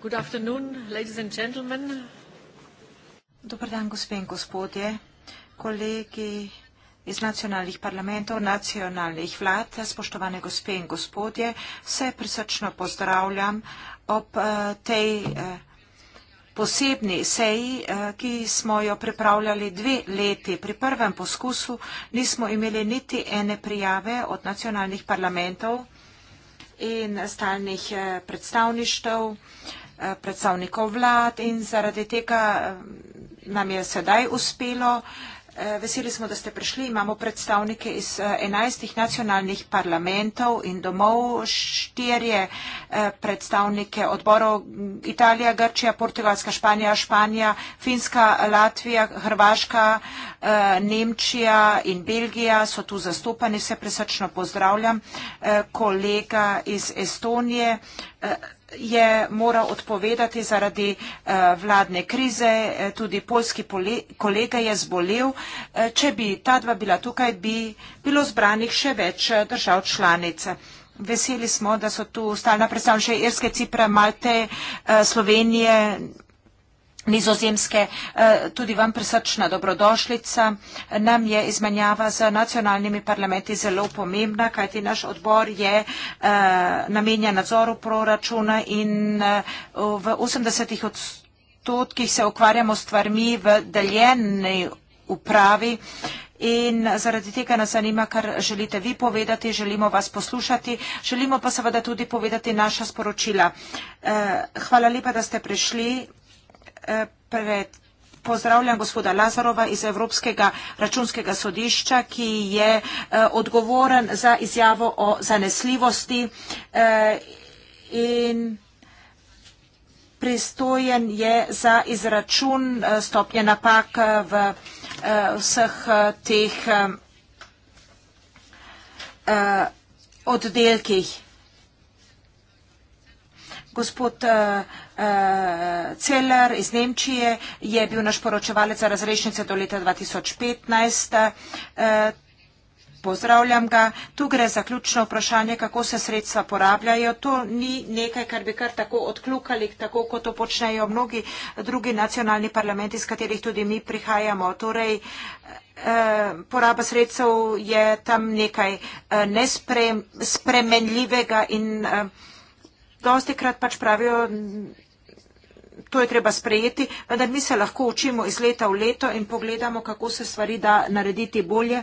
Good afternoon, ladies and gentlemen. Dober dan, gospe in gospodje, kolegi iz nacionalnih parlamentov, nacionalnih vlad, spoštovane gospe in gospodje, vse prisrčno pozdravljam ob uh, tej uh, posebni seji, uh, ki smo jo pripravljali dve leti. Pri prvem poskusu nismo imeli niti ene prijave od nacionalnih parlamentov in stalnih predstavništev predstavnikov vlad in zaradi tega eh, nam je sedaj uspelo. Eh, veseli smo, da ste prišli. Imamo predstavnike iz eh, enajstih nacionalnih parlamentov in domov, štirje predstavnike odborov Italija, Grčija, Portugalska, Španija, Španija, Finska, Latvija, Hrvaška, Nemčija in Belgija so tu zastopani. Vse presrčno pozdravljam kolega iz Estonije je moral odpovedati zaradi eh, vladne krize, eh, tudi polski kolega je zbolel. Eh, če bi ta dva bila tukaj, bi bilo zbranih še več držav članic. Veseli smo, da so tu stalna predstavnica Irske, Cipra, Malte, Slovenije, nizozemske. Eh, tudi vam presrčna dobrodošlica. Nam je izmenjava z nacionalnimi parlamenti zelo pomembna, kajti naš odbor je eh, namenjen nadzoru proračuna in eh, v 80 odstotkih se ukvarjamo stvarmi v deljeni upravi. In zaradi tega nas zanima, kar želite vi povedati, želimo vas poslušati, želimo pa seveda tudi povedati naša sporočila. Hvala lepa, da ste prišli. Eh, pred, pozdravljam gospoda Lazarova iz Evropskega računskega sodišča, ki je eh, odgovoren za izjavo o zanesljivosti eh, in pristojen je za izračun stopnje napak v vseh teh oddelkih. Gospod uh, Celer iz Nemčije je bil naš poročevalec za razrešnice do leta 2015. Uh, eh, Pozdravljam ga. Tu gre za ključno vprašanje, kako se sredstva porabljajo. To ni nekaj, kar bi kar tako odkljukali, tako kot to počnejo mnogi drugi nacionalni parlamenti, iz katerih tudi mi prihajamo. Torej, eh, poraba sredstev je tam nekaj nespremenljivega in dosti krat pač pravijo To je treba sprejeti, vendar mi se lahko učimo iz leta v leto in pogledamo, kako se stvari da narediti bolje.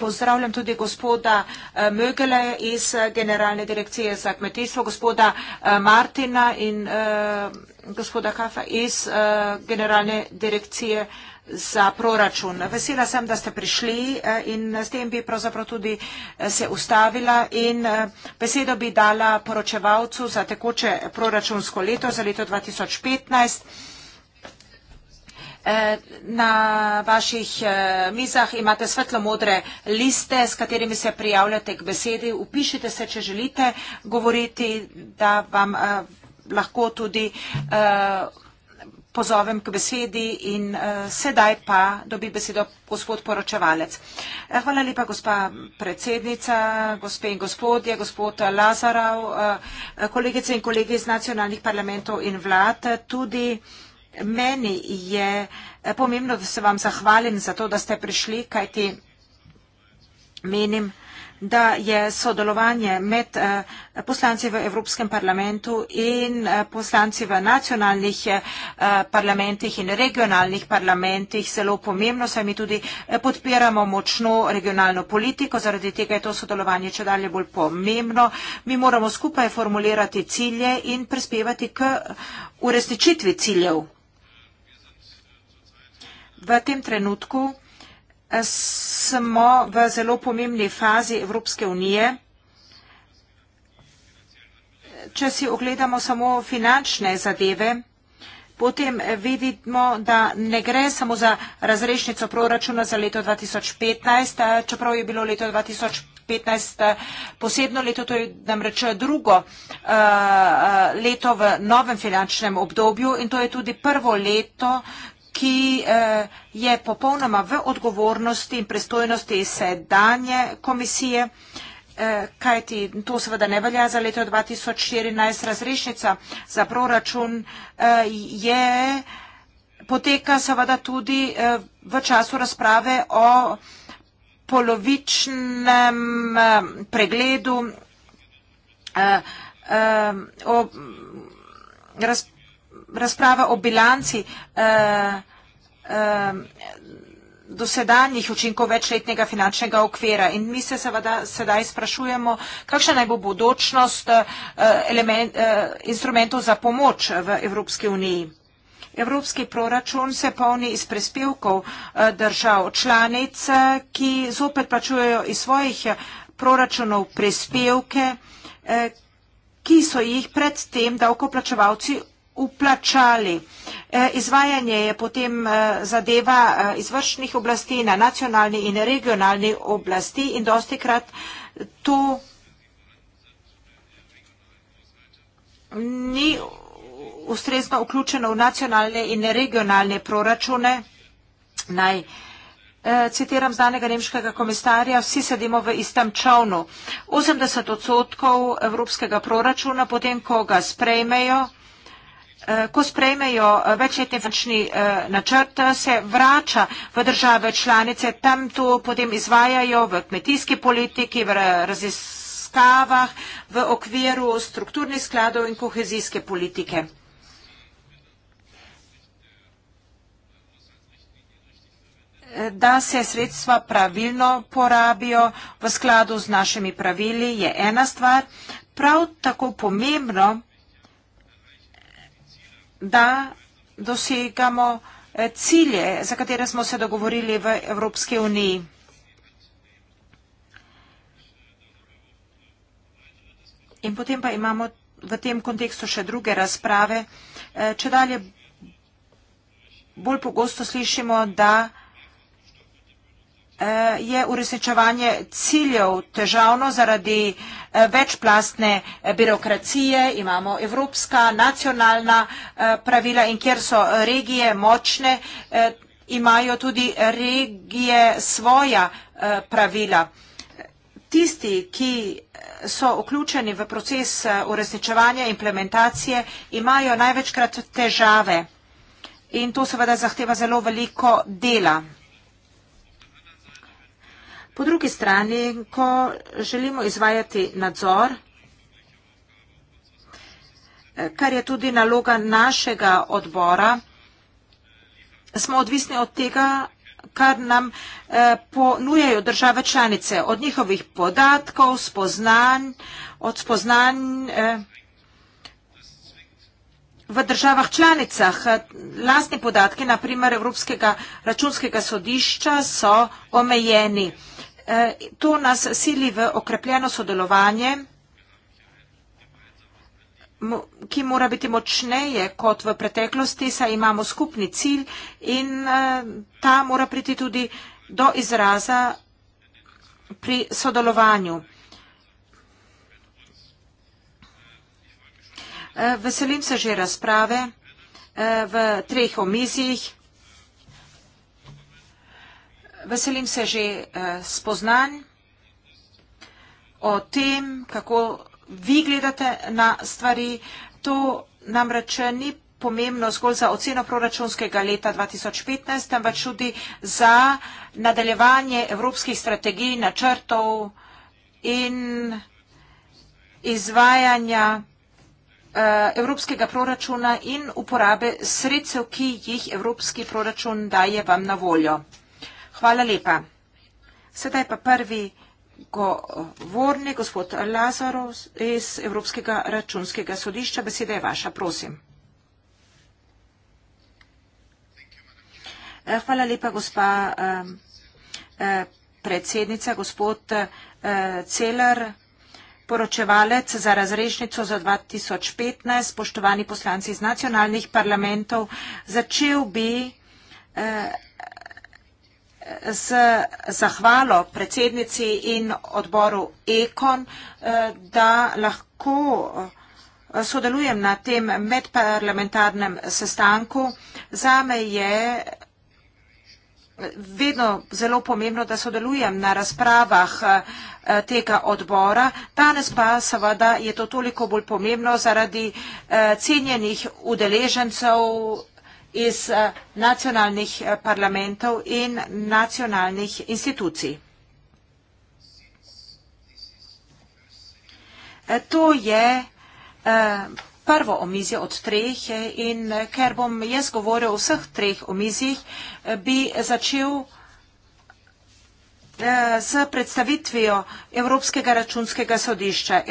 Pozdravljam tudi gospoda eh, Mögele iz eh, Generalne direkcije za kmetijstvo, gospoda eh, Martina in gospoda Hafa iz Generalne direkcije za kmetijstvo za proračun. Vesela sem, da ste prišli eh, in s tem bi pravzaprav tudi eh, se ustavila in eh, besedo bi dala poročevalcu za tekoče proračunsko leto za leto 2015. Na vaših mizah imate svetlomodre liste, s katerimi se prijavljate k besedi. Upišite se, če želite govoriti, da vam lahko tudi uh, pozovem k besedi in uh, sedaj pa dobi besedo gospod poročevalec. Eh, hvala lepa, gospa predsednica, gospe in gospodje, gospod Lazarov, uh, kolegice in kolegi iz nacionalnih parlamentov in vlad. Tudi meni je pomembno, da se vam zahvalim za to, da ste prišli, kajti menim, da je sodelovanje med eh, poslanci v Evropskem parlamentu in eh, poslanci v nacionalnih eh, parlamentih in regionalnih parlamentih zelo pomembno, saj mi tudi podpiramo močno regionalno politiko, zaradi tega je to sodelovanje če dalje bolj pomembno. Mi moramo skupaj formulirati cilje in prispevati k uresničitvi ciljev. V tem trenutku smo v zelo pomembni fazi Evropske unije. Če si ogledamo samo finančne zadeve, potem vidimo, da ne gre samo za razrešnico proračuna za leto 2015, čeprav je bilo leto 2015 eh, posebno leto, to je namreč drugo eh, eh, leto v novem finančnem obdobju in to je tudi prvo leto, ki eh, je popolnoma v odgovornosti in prestojnosti sedanje komisije, eh, kajti to seveda ne velja za leto 2014. Razrešnica za proračun eh, je, poteka seveda tudi v času razprave o polovičnem pregledu o razprave razprava o bilanci eh, eh, dosedanjih učinkov večletnega finančnega okvira. In mi se seveda sedaj sprašujemo, kakšna naj bo bodočnost eh, element, instrumentov za pomoč v Evropski uniji. Evropski proračun se polni iz prispevkov držav članic, ki zopet plačujejo iz svojih proračunov prispevke, ki so jih pred tem davkoplačevalci vplačali. Eh, izvajanje je potem eh, zadeva eh, izvršnih oblasti na nacionalni in regionalni oblasti in dosti krat to ni ustrezno vključeno v nacionalne in regionalne proračune. Naj citiram znanega nemškega komisarja, vsi sedimo v istem čovnu. 80 odstotkov evropskega proračuna, potem ko ga sprejmejo, Eh, ko sprejmejo eh, večletni finančni eh, načrt, se vrača v države članice, tam to potem izvajajo v kmetijski politiki, v raziskavah, v okviru strukturnih skladov in kohezijske politike. Da se sredstva pravilno porabijo v skladu z našimi pravili je ena stvar, prav tako pomembno, da dosegamo eh, cilje, za katere smo se dogovorili v Evropske uniji. In potem pa imamo v tem kontekstu še druge razprave. Eh, če dalje bolj pogosto slišimo, da Eh, je uresničevanje ciljev težavno zaradi eh, večplastne eh, birokracije, imamo evropska, nacionalna pravila in kjer so regije močne, imajo tudi regije svoja pravila. Tisti, ki so vključeni v proces uresničevanja implementacije, imajo največkrat težave in to seveda zahteva zelo veliko dela. Po drugi strani, ko želimo izvajati nadzor, kar je tudi naloga našega odbora, smo odvisni od tega, kar nam eh, ponujajo države članice, od njihovih podatkov, spoznanj, od spoznanj eh, v državah članicah. Lastni podatki, naprimer Evropskega računskega sodišča, so omejeni. Eh, to nas sili v okrepljeno sodelovanje, ki mora biti močneje kot v preteklosti, saj imamo skupni cilj in eh, ta mora priti tudi do izraza pri sodelovanju. Eh, veselim se že razprave v treh omizijih. Veselim se že eh, spoznanj o tem, kako vi gledate na stvari. To namreč ni pomembno zgolj za oceno proračunskega leta 2015, temveč tudi za nadaljevanje evropskih strategij, načrtov in izvajanja eh, evropskega proračuna in uporabe sredstev, ki jih evropski proračun daje vam na voljo. Hvala lepa. Sedaj pa prvi govornik, gospod Lazarov iz Evropskega računskega sodišča. Beseda je vaša, prosim. Eh, hvala lepa, gospa eh, predsednica, gospod eh, Celer, poročevalec za razrešnico za 2015, spoštovani poslanci iz nacionalnih parlamentov. Začel bi z zahvalo predsednici in odboru Ekon, eh, da lahko eh, sodelujem na tem medparlamentarnem sestanku. Zame je vedno zelo pomembno, da sodelujem na razpravah eh, tega odbora. Danes pa seveda je to toliko bolj pomembno zaradi cenjenih udeležencev iz eh, nacionalnih eh, parlamentov in nacionalnih institucij. Eh, to je prvo omizje od treh in ker bom jaz govoril o vseh treh omizjih, bi začel s predstavitvijo Evropskega računskega sodišča.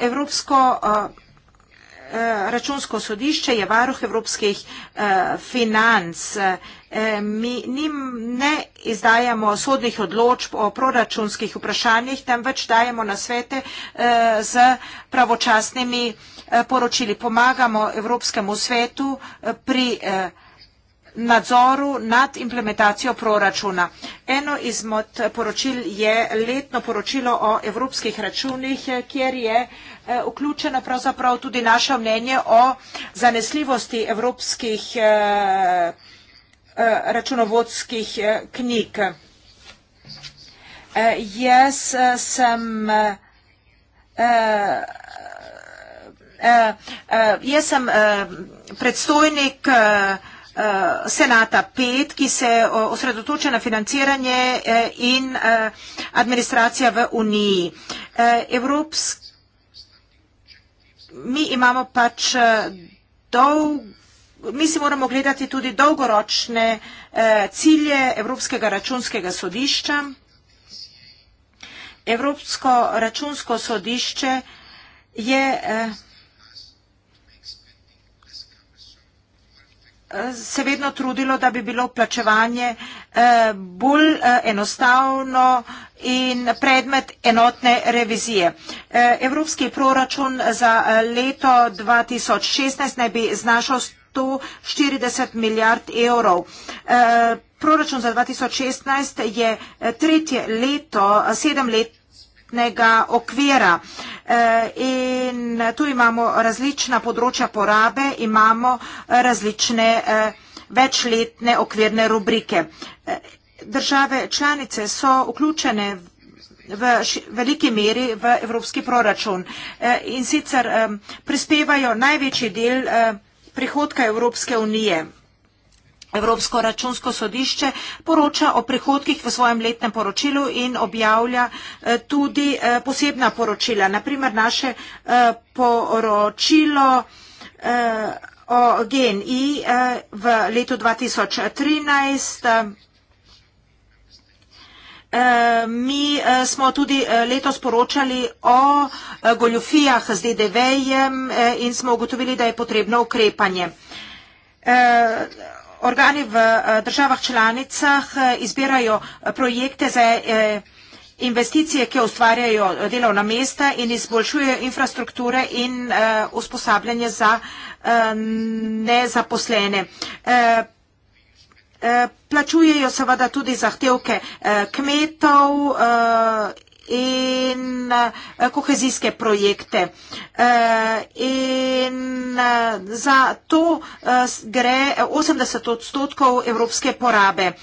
Evropsko Eh, računsko sodišče je varuh evropskih eh, financ. Eh, mi njim ne izdajamo sodnih odločb o proračunskih vprašanjih, temveč dajemo na svete z pravočasnimi poročili. Pomagamo Evropskemu svetu pri nadzoru nad implementacijo proračuna. Eno izmed poročil je letno poročilo o evropskih računih, kjer je eh, Eh, vključeno pravzaprav tudi naše mnenje o zanesljivosti evropskih računovodskih knjig. Jaz sem jaz eh, sem predstojnik eh, Senata 5, ki se osredotoča na financiranje in administracija v Uniji. Evropski mi imamo pač eh, dolg, mi si moramo gledati tudi dolgoročne eh, cilje Evropskega računskega sodišča. Evropsko računsko sodišče je eh, se vedno trudilo, da bi bilo plačevanje eh, bolj eh, enostavno in predmet enotne revizije. Eh, evropski proračun za leto 2016 ne bi znašal 140 milijard evrov. Proračun za 2016 je tretje leto, sedem let skupnega okvira. E, in tu imamo različna področja porabe, imamo različne e, večletne okvirne rubrike. E, države članice so vključene v veliki meri v evropski proračun in sicer prispevajo največji del prihodka Evropske unije. Evropsko računsko sodišče poroča o prihodkih v svojem letnem poročilu in objavlja eh, tudi eh, posebna poročila. Naprimer, naše eh, poročilo o GNI v letu 2013 Mi smo tudi letos poročali o goljofijah z DDV-jem in smo ugotovili, da je potrebno ukrepanje organi v eh, državah članicah eh, izbirajo eh, projekte za investicije, ki ustvarjajo delovna mesta in izboljšujejo infrastrukture in usposabljanje za nezaposlene. Plačujejo seveda tudi zahtevke kmetov in in eh, kohezijske projekte. Eh, in eh, za to gre 80 odstotkov evropske porabe.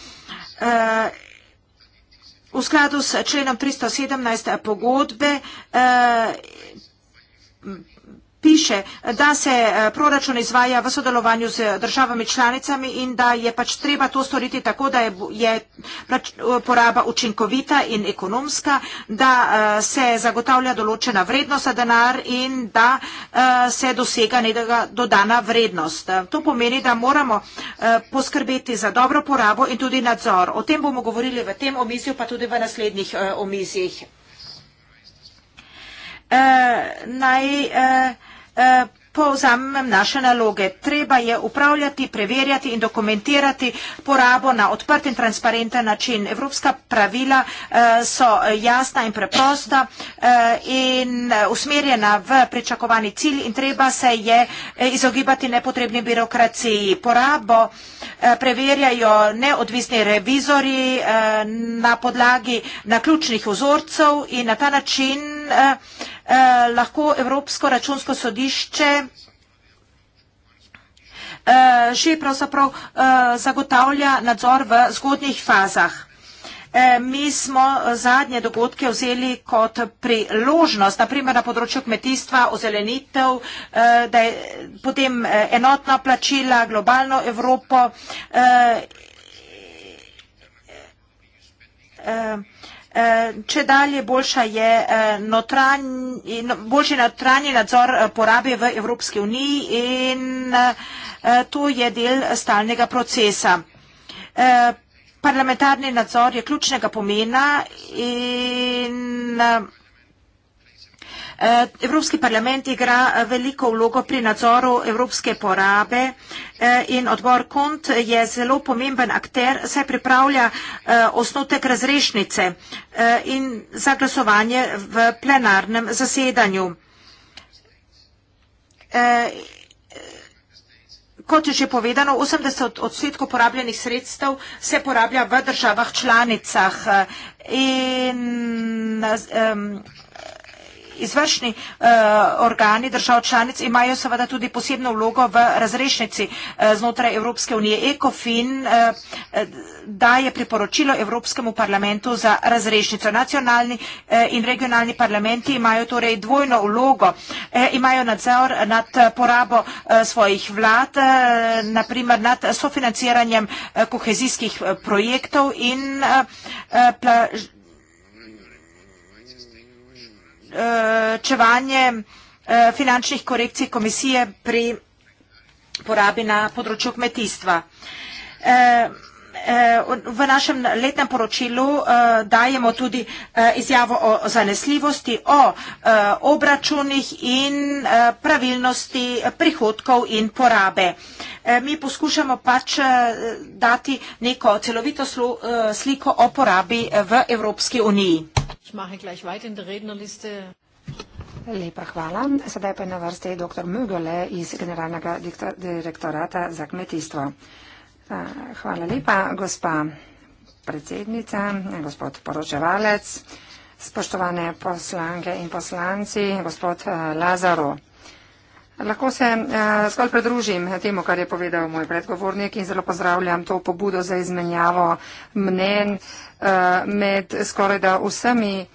V skladu s členom 317 pogodbe piše, da se eh, proračun izvaja v sodelovanju z državami članicami in da je pač treba to storiti tako, da je, je plač, eh, poraba učinkovita in ekonomska, da uh, se zagotavlja določena vrednost za denar in da uh, se dosega nekega dodana vrednost. To pomeni, da moramo uh, poskrbeti za dobro porabo in tudi nadzor. O tem bomo govorili v tem omizju, pa tudi v naslednjih uh, omizjih. Eh, naj uh, povzamem naše naloge. Treba je upravljati, preverjati in dokumentirati porabo na odprt in transparenten način. Evropska pravila uh, so jasna in preprosta uh, in usmerjena v pričakovani cilj in treba se je izogibati nepotrebni birokraciji. Porabo uh, preverjajo neodvisni revizori uh, na podlagi naključnih vzorcev in na ta način uh, Eh, lahko Evropsko računsko sodišče eh, že pravzaprav eh, zagotavlja nadzor v zgodnjih fazah. Mi smo zadnje dogodke vzeli kot priložnost, naprimer na področju kmetijstva, ozelenitev, da je potem enotna plačila, globalno Evropo. Eh, če dalje boljša je eh, notranj, boljši notranji nadzor eh, porabe v Evropski uniji in to je del stalnega procesa. Parlamentarni nadzor je ključnega pomena in Eh, Evropski parlament igra eh, veliko vlogo pri nadzoru evropske porabe eh, in odbor KONT je zelo pomemben akter, saj pripravlja osnotek razrešnice in zaglasovanje v plenarnem zasedanju. Kot je že povedano, 80 odsvetkov porabljenih sredstev se porablja v državah članicah in izvršni uh, organi držav članic imajo seveda tudi posebno vlogo v razrešnici uh, znotraj Evropske unije. ECOFIN uh, daje priporočilo Evropskemu parlamentu za razrešnico. Nacionalni uh, in regionalni parlamenti imajo torej dvojno vlogo, uh, imajo nadzor nad porabo uh, svojih vlad, uh, naprimer nad sofinanciranjem uh, kohezijskih uh, projektov in uh, uh, uničevanje eh, finančnih korekcij komisije pri porabi na področju kmetijstva. Eh, eh, v našem letnem poročilu dajemo tudi izjavo o zanesljivosti, o obračunih in pravilnosti prihodkov in porabe. Mi poskušamo pač dati neko celovito sliko o porabi v Evropski uniji. Lepa hvala. Sedaj pa je na vrsti dr. Mugole iz Generalnega direktorata za kmetijstvo. Eh, hvala lepa, gospa predsednica, gospod poročevalec, spoštovane poslanke in poslanci, gospod eh, Lazaro. Lahko se eh, zgolj predružim temu, kar je povedal moj predgovornik in zelo pozdravljam to pobudo za izmenjavo mnen eh, med skoraj da vsemi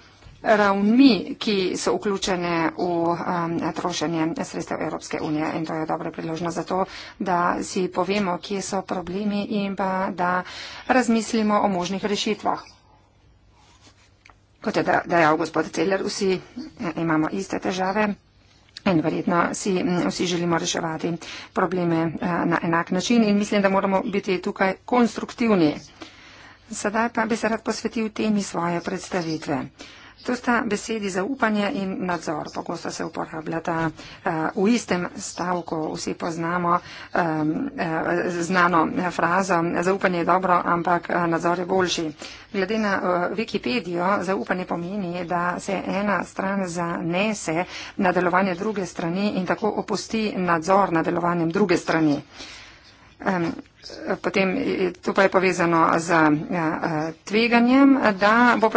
ravni, ki so vključene v um, trošenje sredstev Evropske unije. In to je dobra priložnost za to, da si povemo, kje so problemi in pa da razmislimo o možnih rešitvah. Kot je dejal gospod Celer, vsi eh, imamo iste težave. In verjetno si vsi želimo reševati probleme eh, na enak način in mislim, da moramo biti tukaj konstruktivni. Sedaj pa bi se rad posvetil temi svoje predstavitve. To sta besedi zaupanje in nadzor. Pogosto se uporabljata uh, v istem stavku. Vsi poznamo um, uh, znano frazo. Zaupanje je dobro, ampak eh, nadzor je boljši. Glede na uh, Wikipedijo, zaupanje pomeni, da se ena stran zanese na delovanje druge strani in tako opusti nadzor nad delovanjem druge strani. Uh, Um, potem, to pa je povezano z uh, tveganjem, da, bo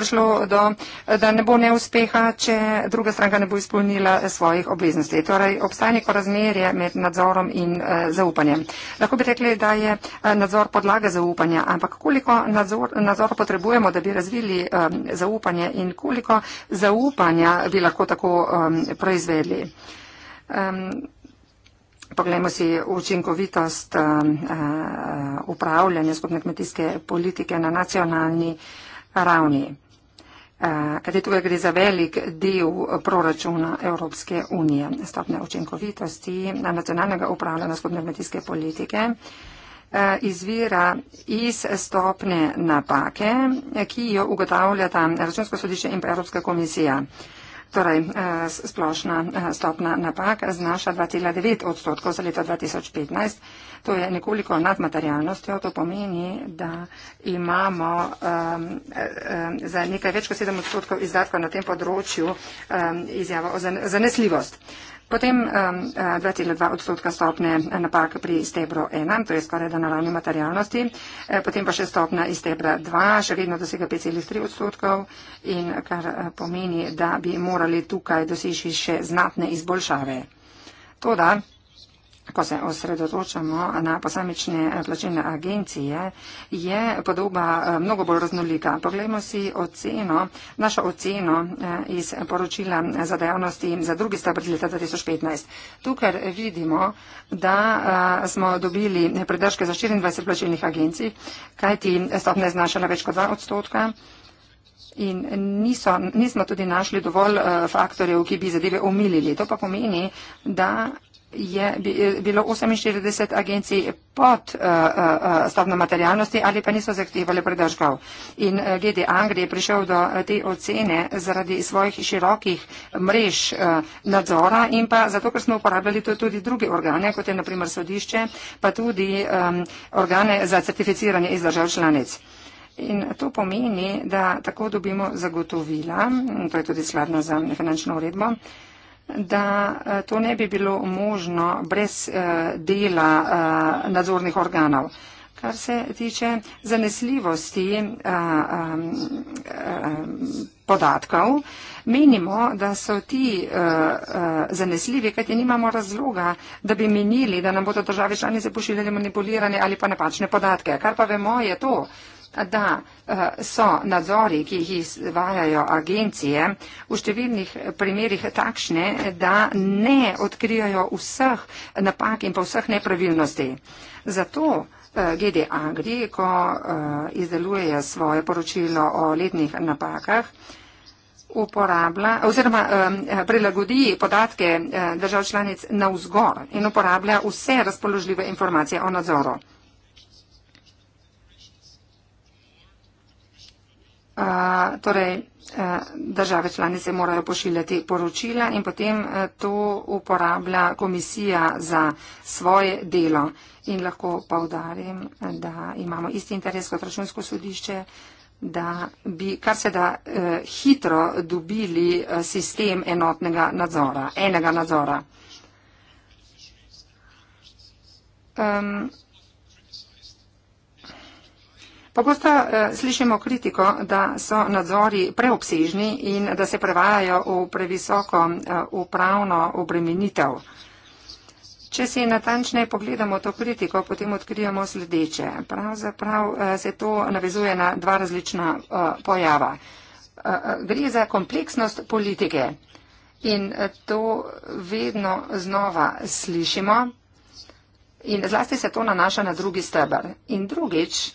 do, da ne bo neuspeha, če druga stranka ne bo izpolnila svojih obveznosti. Torej, obstaja neko razmerje med nadzorom in uh, zaupanjem. Lahko bi rekli, da je eh, nadzor podlaga zaupanja, ampak koliko nadzor, nadzor potrebujemo, da bi razvili um, zaupanje in koliko zaupanja bi lahko tako um, proizvedli. Um, Poglejmo si učinkovitost eh, eh, upravljanja skupne kmetijske politike na nacionalni ravni. Eh, kajti tukaj gre za velik del proračuna Evropske unije, stopne učinkovitosti na nacionalnega upravljanja skupne kmetijske politike izvira iz stopne napake, ki jo ugotavljata Računsko sodišče in pa Evropska komisija. Torej, eh, splošna eh, stopna napak znaša 2,9 odstotkov za leto 2015. To je nekoliko nad materialnostjo. To pomeni, da imamo um, um, za nekaj več kot 7 odstotkov izdatkov na tem področju um, izjavo o zanesljivost. Potem um, 2,2 uh, odstotka stopne napak pri stebru 1, to je skoraj da na ravni materialnosti, eh, potem pa še stopna iz stebra 2, še vedno dosega 5,3 odstotkov in kar eh, pomeni, da bi morali tukaj doseči še znatne izboljšave. Toda, ko se osredotočamo na posamične plačilne agencije, je podoba eh, mnogo bolj raznolika. Poglejmo si oceno, našo oceno eh, iz poročila za dejavnosti za drugi stavbr leta 2015. Tukaj vidimo, da eh, smo dobili predržke za 24 plačilnih agencij, kajti stopne znašala več kot 2 odstotka. In niso, nismo tudi našli dovolj faktorjev, ki bi zadeve omilili. To pa pomeni, da je eh, bilo 48 agencij pod uh, eh, uh, eh, stopno materialnosti ali pa niso zahtevali predržkov. In GD Angri je prišel do te ocene zaradi svojih širokih mrež uh, nadzora in pa zato, ker smo uporabljali tudi druge organe, kot je naprimer sodišče, pa tudi um, organe za certificiranje iz držav članic. In to pomeni, da tako dobimo zagotovila, to je tudi skladno za finančno uredbo, uh, da eh, to ne bi bilo možno brez eh, dela eh, nadzornih organov. Kar se tiče zanesljivosti a, a, a, podatkov, menimo, da so ti a, a, zanesljivi, kajti nimamo razloga, da bi menili, da nam bodo države članice pošiljali manipulirane ali pa napačne podatke. Kar pa vemo je to, da Eh, so nadzori, ki jih izvajajo agencije, v številnih primerjih takšne, da ne odkrijajo vseh napak in pa vseh nepravilnosti. Zato eh, GD Agri, ko eh, izdelujejo svoje poročilo o letnih napakah, uporablja oziroma prilagodi podatke držav članic na vzgor in uporablja vse razpoložljive informacije o nadzoru. torej države članice morajo pošiljati poročila in potem to uporablja komisija za svoje delo. In lahko pa udarim, da imamo isti interes kot računsko sodišče, da bi kar se da e, hitro dobili e, sistem enotnega nadzora, enega nadzora. Um, Pogosto eh, slišimo kritiko, da so nadzori preobsežni in da se prevajajo v previsoko eh, upravno obremenitev. Če si natančne pogledamo to kritiko, potem odkrijemo sledeče. Pravzaprav eh, se to navezuje na dva različna pojava. Gre za kompleksnost politike in to vedno znova slišimo in zlasti se to nanaša na drugi stebr. In drugič,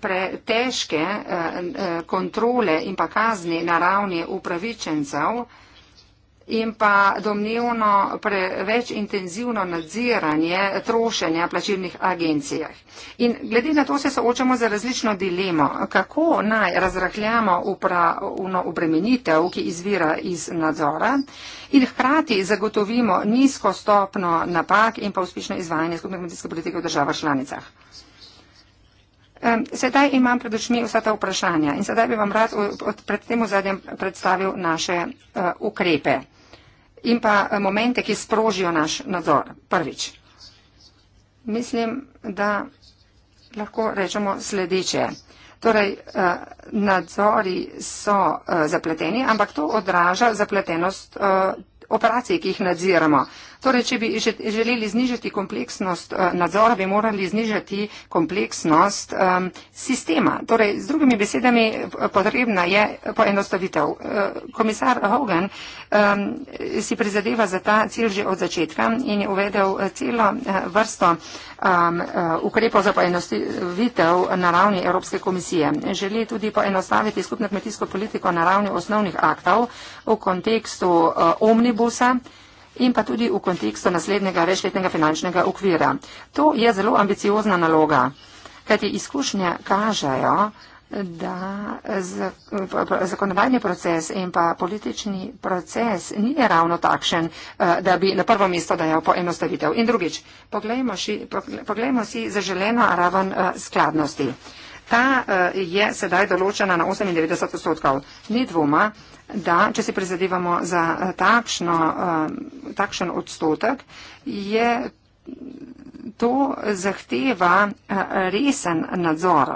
pretežke eh, eh, kontrole in pa kazni na ravni upravičencev in pa domnevno preveč intenzivno nadziranje trošenja plačilnih agencijah. In glede na to se soočamo za različno dilemo, kako naj razrahljamo upravno obremenitev, ki izvira iz nadzora in hkrati zagotovimo nizko stopno napak in pa uspešno izvajanje skupne kmetijske politike v državah članicah. Um, sedaj imam pred očmi vsa ta vprašanja in sedaj bi vam rad pred tem ozadjem predstavil naše uh, ukrepe in pa uh, momente, ki sprožijo naš nadzor. Prvič. Mislim, da lahko rečemo sledeče. Torej, uh, nadzori so uh, zapleteni, ampak to odraža zapletenost uh, operacij, ki jih nadziramo. Torej, če bi želeli znižati kompleksnost eh, nadzora, bi morali znižati kompleksnost um, sistema. Torej, z drugimi besedami, eh, potrebna je poenostavitev. Eh, komisar Hogan um, si prizadeva za ta cilj že od začetka in je uvedel celo vrsto um, ukrepov za poenostavitev na ravni Evropske komisije. Želi tudi poenostaviti skupno kmetijsko politiko na ravni osnovnih aktov v kontekstu omnibus. Um, Airbusa in pa tudi v kontekstu naslednjega večletnega finančnega okvira. To je zelo ambiciozna naloga, kajti izkušnje kažejo, da zakonodajni proces in pa politični proces ni ravno takšen, eh, da bi na prvo mesto dajal poenostavitev. In drugič, poglejmo, ši, poglejmo si zaželeno raven eh, skladnosti. Ta eh, je sedaj določena na 98 odstotkov. Ni dvoma, da če si prizadevamo za eh, takšno, eh, takšen odstotek, je to zahteva eh, resen nadzor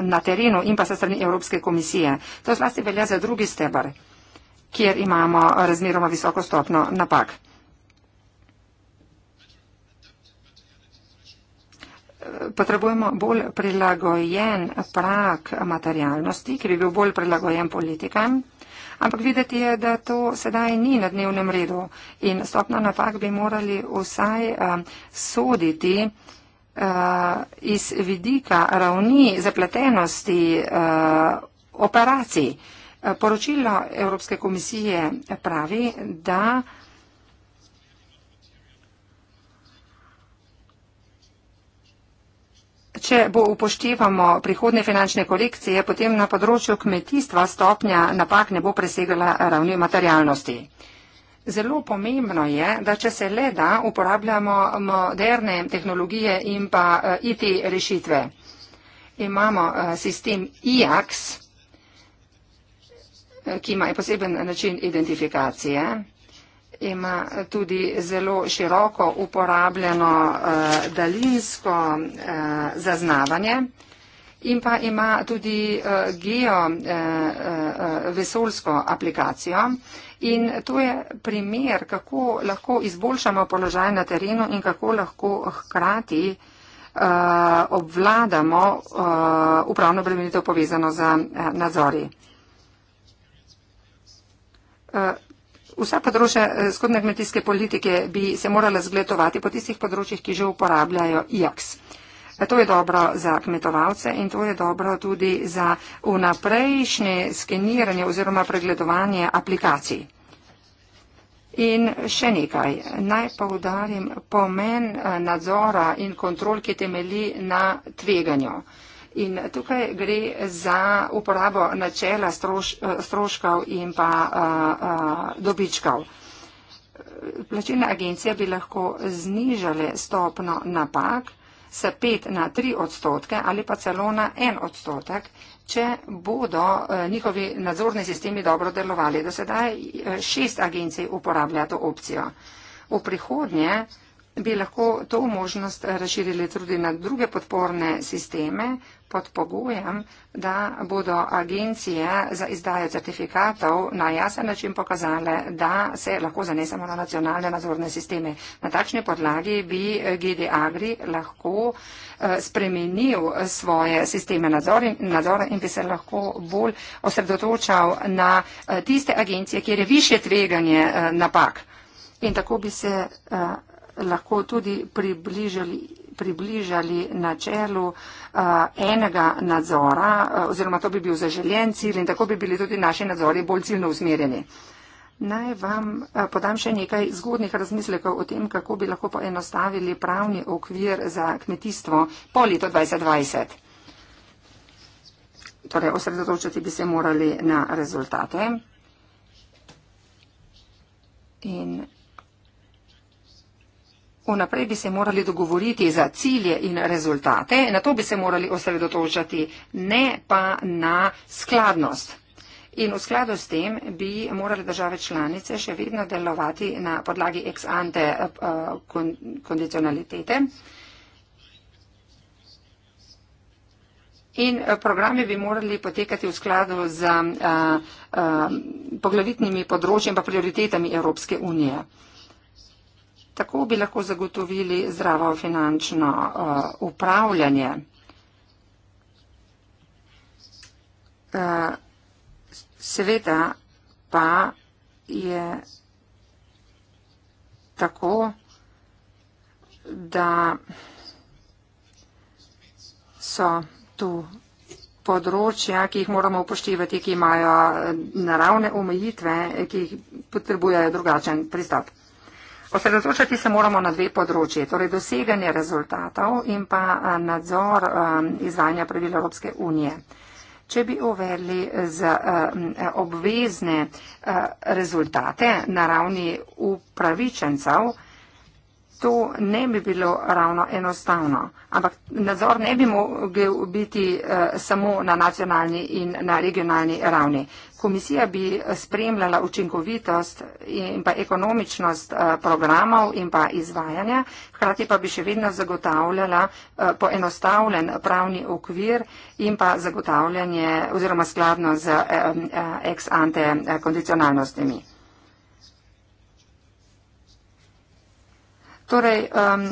na terenu in pa se strani Evropske komisije. To zlasti velja za drugi stebr, kjer imamo razmeroma visoko stopno napak. Potrebujemo bolj prilagojen prak materialnosti, ki bi bil bolj prilagojen politikam ampak videti je, da to sedaj ni na dnevnem redu in stopna napak bi morali vsaj uh, soditi uh, iz vidika ravni zapletenosti uh, operacij. Poročilo Evropske komisije pravi, da. Če bo upoštevamo prihodne finančne kolekcije, potem na področju kmetijstva stopnja napak ne bo presegala ravni materialnosti. Zelo pomembno je, da če se le da, uporabljamo moderne tehnologije in pa eh, IT rešitve. Imamo eh, sistem IACS, eh, ki ima poseben način identifikacije ima tudi zelo široko uporabljeno uh, daljinsko uh, zaznavanje in pa ima tudi uh, eh, geovesolsko uh, uh, aplikacijo. In to je primer, kako lahko izboljšamo položaj na terenu in kako lahko hkrati uh, obvladamo uh, upravno bremenitev povezano z uh, nadzori. Uh, Vsa področja eh, skupne kmetijske politike bi se morala zgledovati po tistih področjih, ki že uporabljajo IAKS. Eh, to je dobro za kmetovalce in to je dobro tudi za vnaprejšnje skeniranje oziroma pregledovanje aplikacij. In še nekaj. Naj povdarim pomen eh, nadzora in kontrol, ki temeli na tveganju. In tukaj gre za uporabo načela stroš, stroškov in pa a, a, dobičkov. Plačilne agencije bi lahko znižale stopno napak s 5 na 3 odstotke ali pa celo na 1 odstotek, če bodo njihovi nadzorni sistemi dobro delovali. Do sedaj šest agencij uporablja to opcijo. V prihodnje bi lahko to možnost razširili tudi na druge podporne sisteme pod pogojem, da bodo agencije za izdajo certifikatov na jasen način pokazale, da se lahko zanesemo na nacionalne nadzorne sisteme. Na takšni podlagi bi eh, GD Agri lahko eh, spremenil eh, svoje sisteme nadzora in bi se lahko bolj osredotočal na tiste agencije, kjer je više tveganje napak. In tako bi se uh, lahko tudi približali, približali načelu uh, eh, enega nadzora, uh, oziroma to bi bil zaželjen cilj in tako bi bili tudi naši nadzori bolj ciljno usmerjeni. Naj vam eh, podam še nekaj zgodnih razmislekov o tem, kako bi lahko poenostavili pravni okvir za kmetijstvo po letu 2020. Torej, osredotočiti bi se morali na rezultate. In Vnaprej bi se morali dogovoriti za cilje in rezultate, na to bi se morali osredotočati, ne pa na skladnost. In v skladu s tem bi morali države članice še vedno delovati na podlagi ex ante eh, kondicionalitete. In eh, programe bi morali potekati v skladu z eh, poglavitnimi področji in prioritetami Evropske unije. Tako bi lahko zagotovili zdravo finančno uh, upravljanje. Uh, seveda pa je tako, da so tu področja, ki jih moramo upoštevati, ki imajo naravne omejitve, ki jih potrebujejo drugačen pristop. Osredotočati se moramo na dve področji, torej doseganje rezultatov in pa eh, nadzor eh, izvajanja pravil Evropske unije. Če bi uvedli z eh, obvezne rezultate na ravni upravičencev, to ne bi bilo ravno enostavno. Ampak nadzor ne bi mogel biti eh, samo na nacionalni in na regionalni ravni. Komisija bi spremljala učinkovitost in pa ekonomičnost eh, programov in pa izvajanja, hkrati pa bi še vedno zagotavljala eh, poenostavljen pravni okvir in pa zagotavljanje oziroma skladno z eh, eh, ex ante eh, kondicionalnostimi. Torej, um,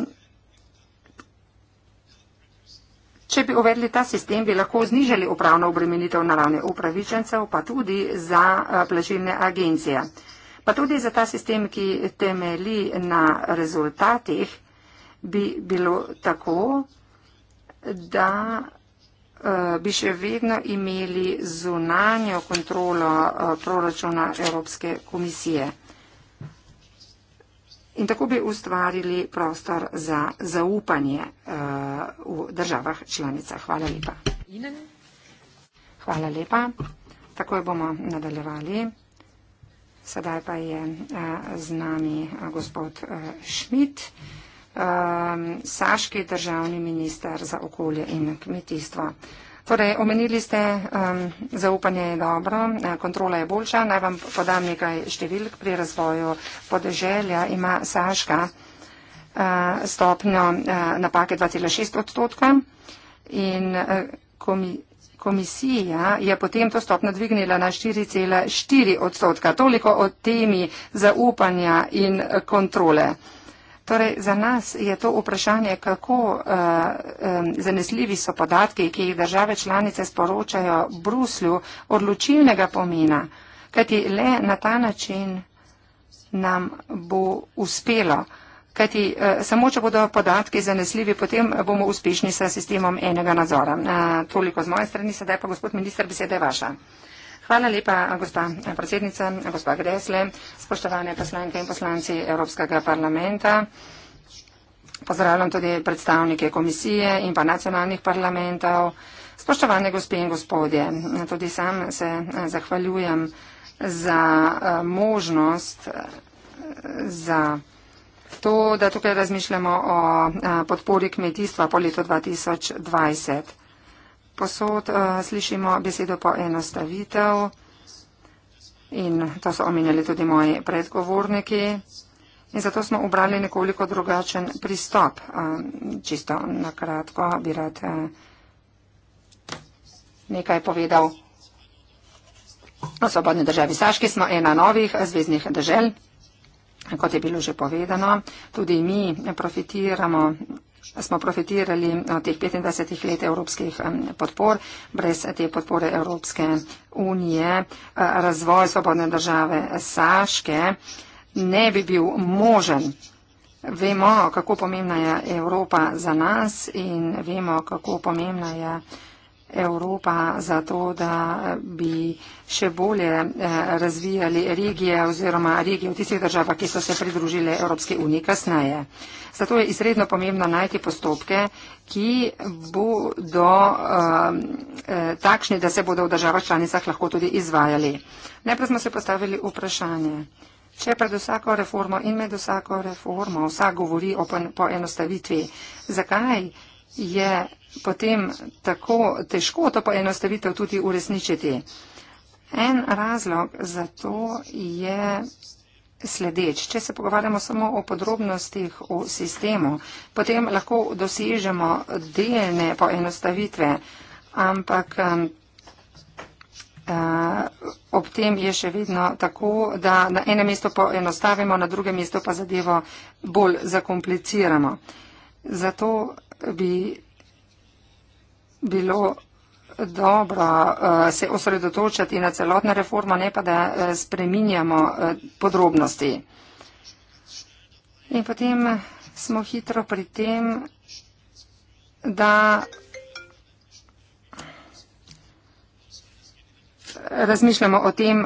če bi uvedli ta sistem, bi lahko znižali upravno obremenitev na ravni upravičencev, pa tudi za uh, plačilne agencije. Pa tudi za ta sistem, ki temeli na rezultatih, bi bilo tako, da uh, bi še vedno imeli zunanjo kontrolo uh, proračuna Evropske komisije. In tako bi ustvarili prostor za zaupanje uh, v državah članicah. Hvala lepa. Hvala lepa. Takoj bomo nadaljevali. Sedaj pa je uh, z nami uh, gospod uh, Šmit, uh, saški državni minister za okolje in kmetijstvo. Uh, Torej, omenili ste, um, zaupanje je dobro, eh, kontrola je boljša. Naj vam podam nekaj številk pri razvoju podeželja. Ima Saška uh, stopnjo uh, napake 2,6 odstotka in uh, komi komisija je potem to stopno dvignila na 4,4 odstotka. Toliko o temi zaupanja in kontrole. Torej, za nas je to vprašanje, kako uh, um, zanesljivi so podatki, ki jih države članice sporočajo Bruslju, odločilnega pomena, kajti le na ta način nam bo uspelo. Kajti uh, samo, če bodo podatki zanesljivi, potem bomo uspešni s sistemom enega nadzora. Uh, toliko z moje strani, sedaj pa gospod minister, beseda je vaša. Uh, Hvala lepa, gospa predsednica, gospa Gresle, spoštovane poslanke in poslanci Evropskega parlamenta. Pozdravljam tudi predstavnike komisije in pa nacionalnih parlamentov. Spoštovane gospe in gospodje, tudi sam se zahvaljujem za možnost, za to, da tukaj razmišljamo o podpori kmetijstva po letu 2020 posod eh, slišimo besedo poenostavitev in to so omenjali tudi moji predgovorniki in zato smo obrali nekoliko drugačen pristop. Eh, čisto nakratko bi rad eh, nekaj povedal. O svobodni državi Saški smo ena novih zvezdnih držel, kot je bilo že povedano. Tudi mi profitiramo smo profitirali od teh 25 let evropskih podpor. Brez te podpore Evropske unije eh, razvoj svobodne države Saške ne bi bil možen. Vemo, kako pomembna je Evropa za nas in vemo, kako pomembna je Evropa. Evropa za to, da bi še bolje eh, razvijali regije oziroma regije v tistih državah, ki so se pridružile Evropske unije kasneje. Zato je izredno pomembno najti postopke, ki bodo eh, eh, takšni, da se bodo v državah članicah lahko tudi izvajali. Najprej smo se postavili vprašanje. Če pred vsako reformo in med vsako reformo vsak govori o poenostavitvi, zakaj je potem tako težko to poenostavitev tudi uresničiti. En razlog za to je sledeč. Če se pogovarjamo samo o podrobnostih v sistemu, potem lahko dosežemo delne poenostavitve, ampak um, eh, ob tem je še vedno tako, da na enem mestu poenostavimo, na drugem mestu pa zadevo bolj zakompliciramo. Zato bi bilo dobro eh, se osredotočiti na celotno reformo, ne pa da eh, spreminjamo eh, podrobnosti. In potem smo hitro pri tem, da razmišljamo o tem,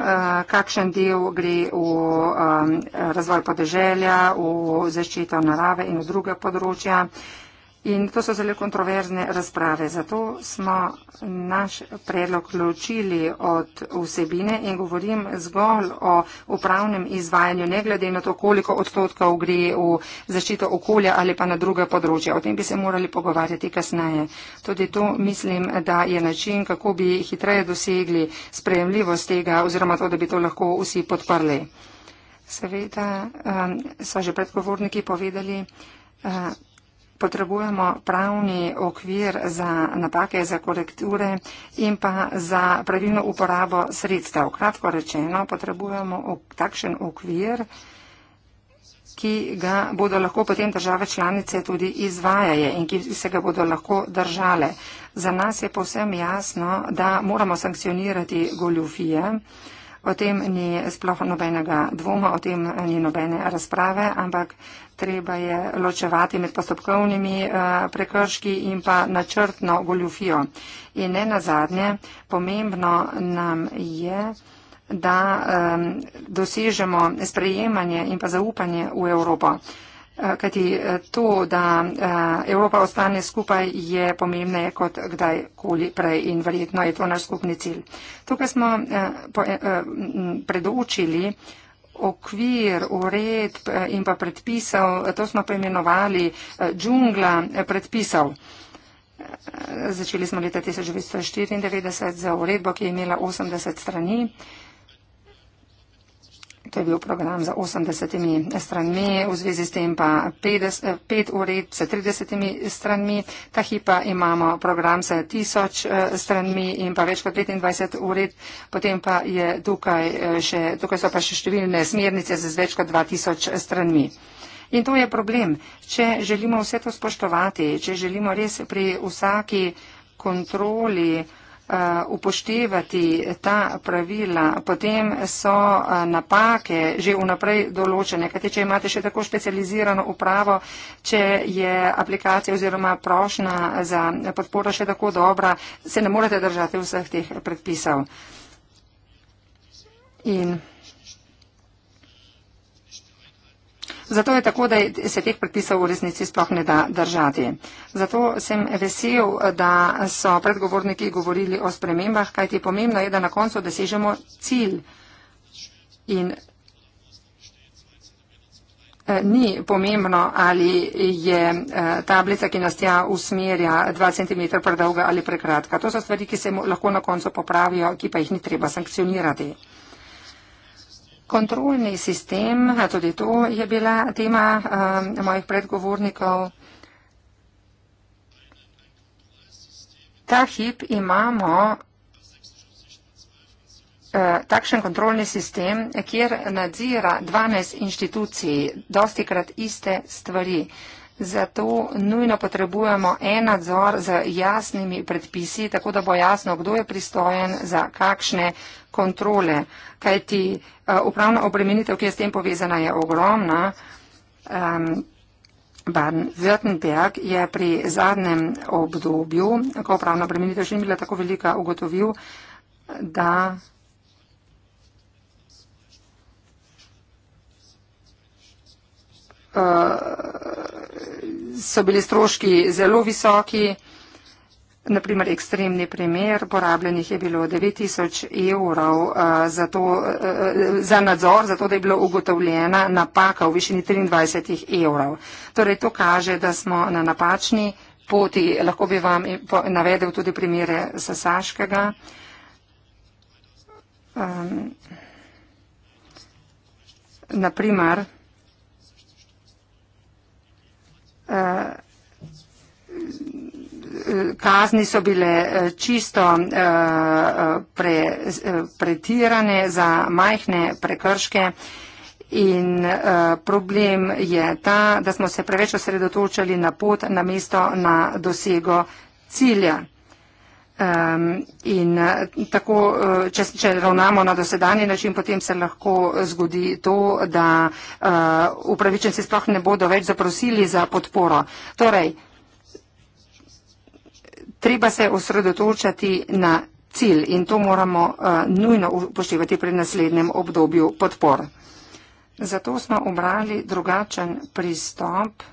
kakšen del gre v razvoj podeželja, v zaščito narave in v druge področja. In to so zelo kontroverzne razprave. Zato smo naš predlog ločili od vsebine in govorim zgolj o upravnem izvajanju, ne glede na to, koliko odstotkov gre v zaščito okolja ali pa na druge področje. O tem bi se morali pogovarjati kasneje. Tudi to mislim, da je način, kako bi hitreje dosegli sprejemljivost tega oziroma to, da bi to lahko vsi podprli. Seveda eh, so že predgovorniki povedali. Eh, potrebujemo pravni okvir za napake, za korekture in pa za pravilno uporabo sredstev. Kratko rečeno, potrebujemo takšen okvir, ki ga bodo lahko potem države članice tudi izvajaje in ki se ga bodo lahko držale. Za nas je povsem jasno, da moramo sankcionirati goljufije. O tem ni sploh nobenega dvoma, o tem ni nobene razprave, ampak treba je ločevati med postopkovnimi eh, prekrški in pa načrtno goljufijo. In ne nazadnje, pomembno nam je, da eh, dosežemo sprejemanje in pa zaupanje v Evropo. Eh, kajti eh, to, da eh, Evropa ostane skupaj, je pomembneje kot kdajkoli prej in verjetno je to naš skupni cilj. Tukaj smo predočili okvir, ured in pa predpisal, to smo poimenovali džungla predpisal. Začeli smo leta 1994 za uredbo, ki je imela 80 strani. To je bil program za 80 stranmi, v zvezi s tem pa 5 eh, ured s 30 stranmi, ta hipa imamo program s 1000 eh, stranmi in pa več kot 25 ured, potem pa je tukaj eh, še, tukaj so pa še številne smernice z več kot 2000 stranmi. In to je problem. Če želimo vse to spoštovati, če želimo res pri vsaki kontroli, Eh, upoštevati ta pravila, potem so eh, napake že vnaprej določene. Kajte, če imate še tako specializirano upravo, če je aplikacija oziroma prošnja za podporo še tako dobra, se ne morete držati vseh teh predpisov. In Zato je tako, da se teh predpisov v resnici sploh ne da držati. Zato sem vesel, da so predgovorniki govorili o spremembah, kajti pomembno je, da na koncu dosežemo cilj. In eh, ni pomembno, ali je eh, tablica, ki nas tja usmerja 2 cm predolga ali prekratka. To so stvari, ki se lahko na koncu popravijo, ki pa jih ni treba sankcionirati. Kontrolni sistem, tudi to je bila tema uh, mojih predgovornikov. Ta hip imamo uh, takšen kontrolni sistem, kjer nadzira 12 inštitucij, dosti krat iste stvari. Uh, Zato nujno potrebujemo en nadzor z jasnimi predpisi, tako da bo jasno, kdo je pristojen za kakšne kontrole. Kajti eh, upravna obremenitev, ki je s tem povezana, je ogromna. Um, ehm, Baden-Württemberg je pri zadnjem obdobju, ko upravna obremenitev še ni bila tako velika, ugotovil, da Eh, so bili stroški zelo visoki. Naprimer, ekstremni primer, porabljenih je bilo 9000 evrov eh, za, to, eh, za nadzor, zato da je bila ugotovljena napaka v višini 23 evrov. Torej, to kaže, da smo na napačni poti. Lahko bi vam navedel tudi primere Sasaškega. Um, ehm, naprimer, Eh, kazni so bile eh, čisto eh, pre, pretirane za majhne prekrške in problem je ta, da smo se preveč osredotočali na pot namesto na dosego cilja. Um, in uh, tako, uh, če, če ravnamo na dosedanji način, potem se lahko zgodi to, da uh, upravičenci sploh ne bodo več zaprosili za podporo. Torej, treba se osredotočati na cilj in to moramo uh, nujno upoštevati pri naslednjem obdobju podpor. Zato smo obrali drugačen pristop.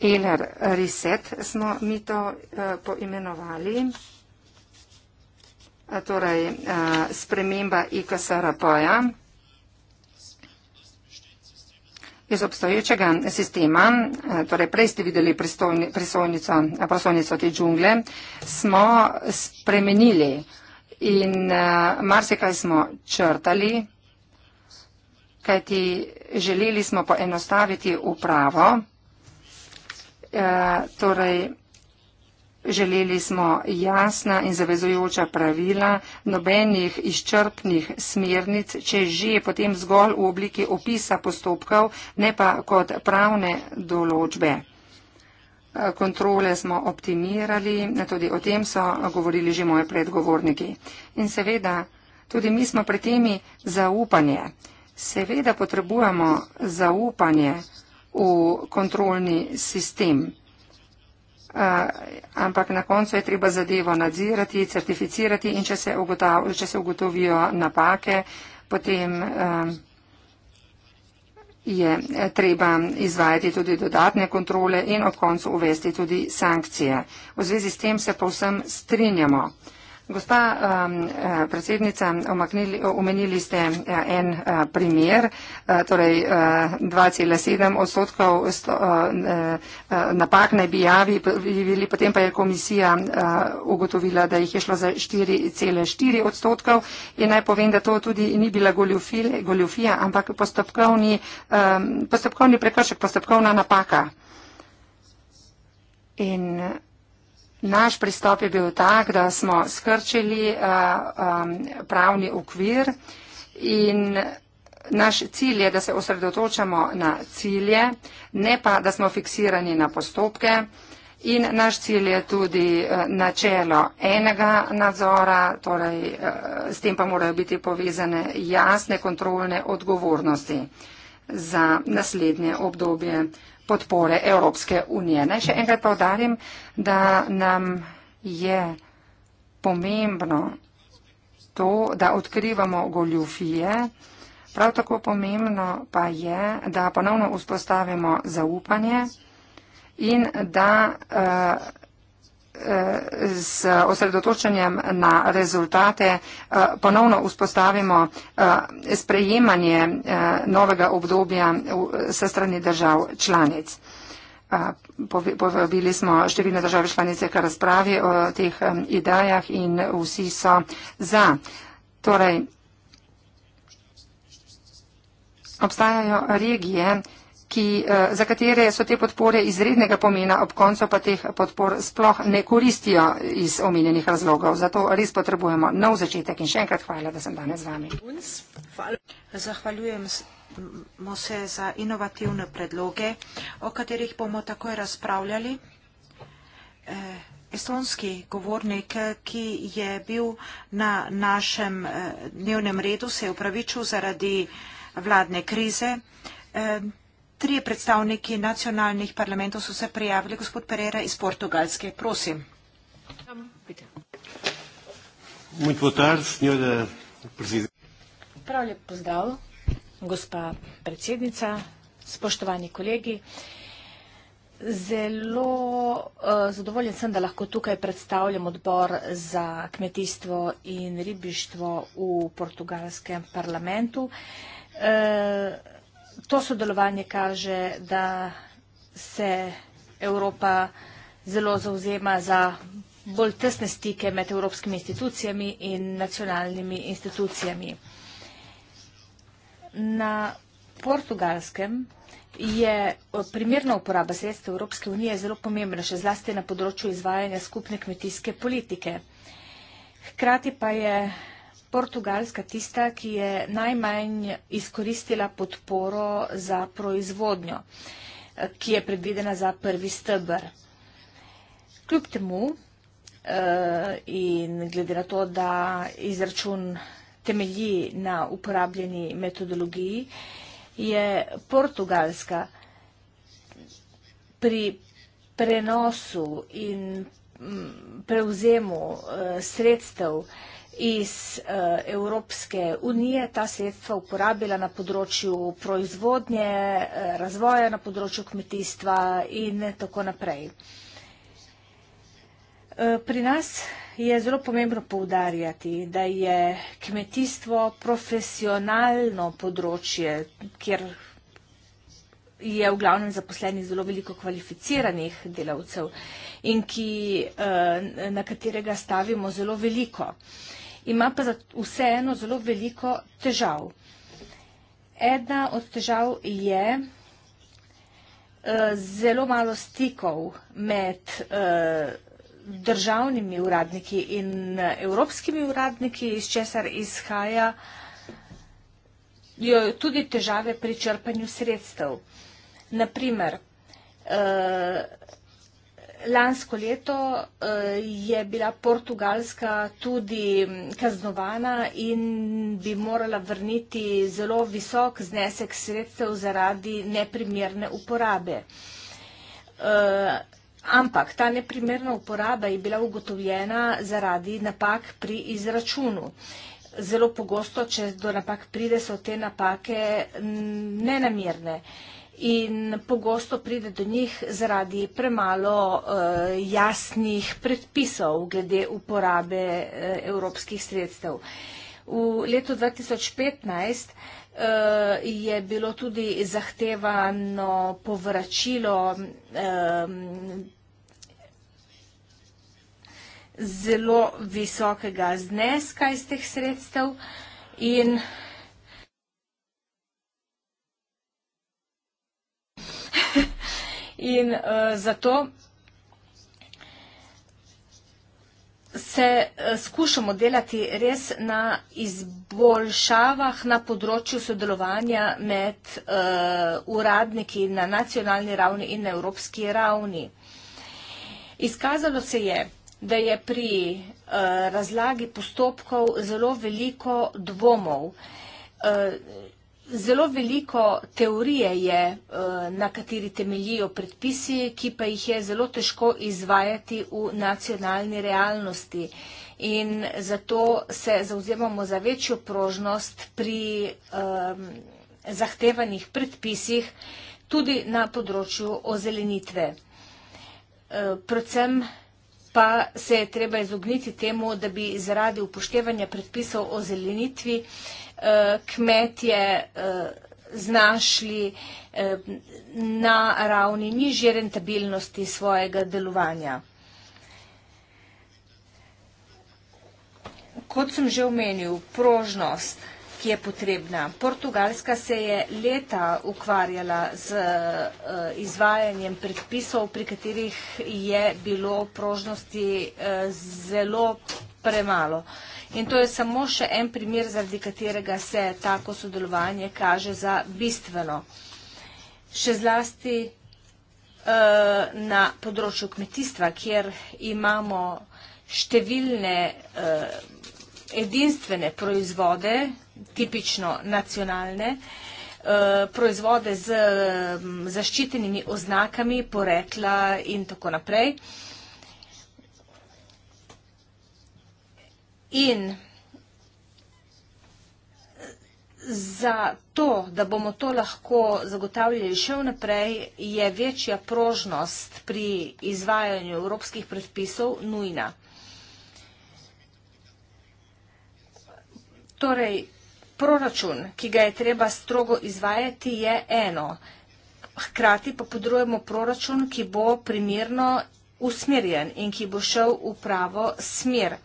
Eler Reset smo mi to eh, poimenovali, torej eh, sprememba IKSRP-ja iz obstoječega sistema, eh, torej prej ste videli prisojnico te džungle, smo spremenili in marsikaj smo črtali, kajti želeli smo poenostaviti upravo, Eh, torej, želeli smo jasna in zavezujoča pravila, nobenih izčrpnih smernic, če že potem zgolj v obliki opisa postopkov, ne pa kot pravne določbe. Eh, kontrole smo optimirali, tudi o tem so govorili že moji predgovorniki. In seveda, tudi mi smo pri temi zaupanje. Seveda potrebujemo zaupanje v kontrolni sistem. Uh, ampak na koncu je treba zadevo nadzirati, certificirati in če se, ugotav, če se ugotovijo napake, potem uh, je treba izvajati tudi dodatne kontrole in ob koncu uvesti tudi sankcije. V zvezi s tem se povsem strinjamo. Uh, Gospa um, eh, predsednica, omaknili, omenili ste eh, en uh, primer, uh, torej uh, 2,7 odstotkov uh, uh, napak naj bi javili, potem pa je komisija uh, ugotovila, da jih je šlo za 4,4 odstotkov in naj povem, da to tudi ni bila goljofija, ampak postopkovni, um, postopkovni prekršek, postopkovna napaka. In, uh, Naš pristop je bil tak, da smo skrčili uh, um, pravni okvir in naš cilj je, da se osredotočamo na cilje, ne pa, da smo fiksirani na postopke. In naš cilj je tudi eh, načelo enega nadzora, torej s tem pa morajo biti povezane jasne kontrolne odgovornosti za naslednje obdobje podpore Evropske unije. Naj še enkrat povdarim, da nam je pomembno to, da odkrivamo goljufije. Prav tako pomembno pa je, da ponovno vzpostavimo zaupanje in da uh, z osredotočenjem na rezultate eh, ponovno vzpostavimo eh, sprejemanje eh, novega obdobja se strani držav članic. Povabili smo številne države članice k razpravi o teh idejah in vsi so za. Torej, obstajajo regije, ki, eh, za katere so te podpore izrednega pomena, ob koncu pa teh podpor sploh ne koristijo iz omenjenih razlogov. Zato res potrebujemo nov začetek in še enkrat hvala, da sem danes z vami. Zahvaljujem smo se za inovativne predloge, o katerih bomo takoj razpravljali. Eh, estonski govornik, ki je bil na našem eh, dnevnem redu, se je upravičil zaradi vladne krize. Tri predstavniki nacionalnih parlamentov so se prijavili. Gospod Pereira iz Portugalske, prosim. Prav lep pozdrav, gospa predsednica, spoštovani kolegi. Zelo uh, zadovoljen sem, da lahko tukaj predstavljam odbor za kmetijstvo in ribištvo v portugalskem parlamentu. Uh, to sodelovanje kaže, da se Evropa zelo zauzema za bolj tesne stike med evropskimi institucijami in nacionalnimi institucijami. Na portugalskem je primerna uporaba sredstva Evropske unije zelo pomembna, še zlasti na področju izvajanja skupne kmetijske politike. Hkrati pa je Portugalska tista, ki je najmanj izkoristila podporo za proizvodnjo, eh, ki je predvidena za prvi stebr. Kljub temu eh, in glede na to, da izračun temelji na uporabljeni metodologiji, je Portugalska pri prenosu in mm, prevzemu eh, sredstev iz eh, Evropske unije ta sredstva uporabila na področju proizvodnje, eh, razvoja na področju kmetijstva in tako naprej. Eh, pri nas je zelo pomembno poudarjati, da je kmetijstvo profesionalno področje, kjer je v glavnem zaposlenih zelo veliko kvalificiranih delavcev in ki, na katerega stavimo zelo veliko ima pa vseeno zelo veliko težav. Ena od težav je eh, zelo malo stikov med eh, državnimi uradniki in eh, evropskimi uradniki, iz česar izhaja tudi težave pri črpanju sredstev. Naprimer, Lansko leto eh, je bila Portugalska tudi mm, kaznovana in bi morala vrniti zelo visok znesek sredstev zaradi neprimerne uporabe. Eh, ampak ta neprimerna uporaba je bila ugotovljena zaradi napak pri izračunu. Zelo pogosto, če do napak pride, so te napake mm, nenamirne. Uh, in pogosto pride do njih zaradi premalo eh, jasnih predpisov glede uporabe eh, evropskih sredstev. V letu 2015 eh, je bilo tudi zahtevano povračilo zelo visokega zneska iz teh sredstev in In uh, zato se uh, skušamo delati res na izboljšavah na področju sodelovanja med uh, uradniki na nacionalni ravni in na evropski ravni. Izkazalo se je, da je pri uh, razlagi postopkov zelo veliko dvomov. Zelo veliko teorije je, eh, na kateri temeljijo predpisi, ki pa jih je zelo težko izvajati v nacionalni realnosti. In zato se zauzemamo za večjo prožnost pri um, zahtevanih predpisih tudi na področju ozelenitve. E, predvsem pa se je treba izogniti temu, da bi zaradi upoštevanja predpisov o zelenitvi kmetje eh, znašli eh, na ravni nižje rentabilnosti svojega delovanja. Kot sem že omenil, prožnost, ki je potrebna. Portugalska se je leta ukvarjala z eh, izvajanjem predpisov, pri katerih je bilo prožnosti zelo potrebno premalo. In to je samo še en primer, zaradi katerega se tako sodelovanje kaže za bistveno. Še zlasti uh, na področju kmetijstva, kjer imamo številne uh, edinstvene proizvode, tipično nacionalne, eh, proizvode z zaščitenimi oznakami, porekla in tako naprej. In za to, da bomo to lahko zagotavljali še vnaprej, je večja prožnost pri izvajanju evropskih predpisov nujna. Torej, proračun, ki ga je treba strogo izvajati, je eno. Hkrati pa podrojemo proračun, ki bo primirno usmerjen in ki bo šel v pravo smer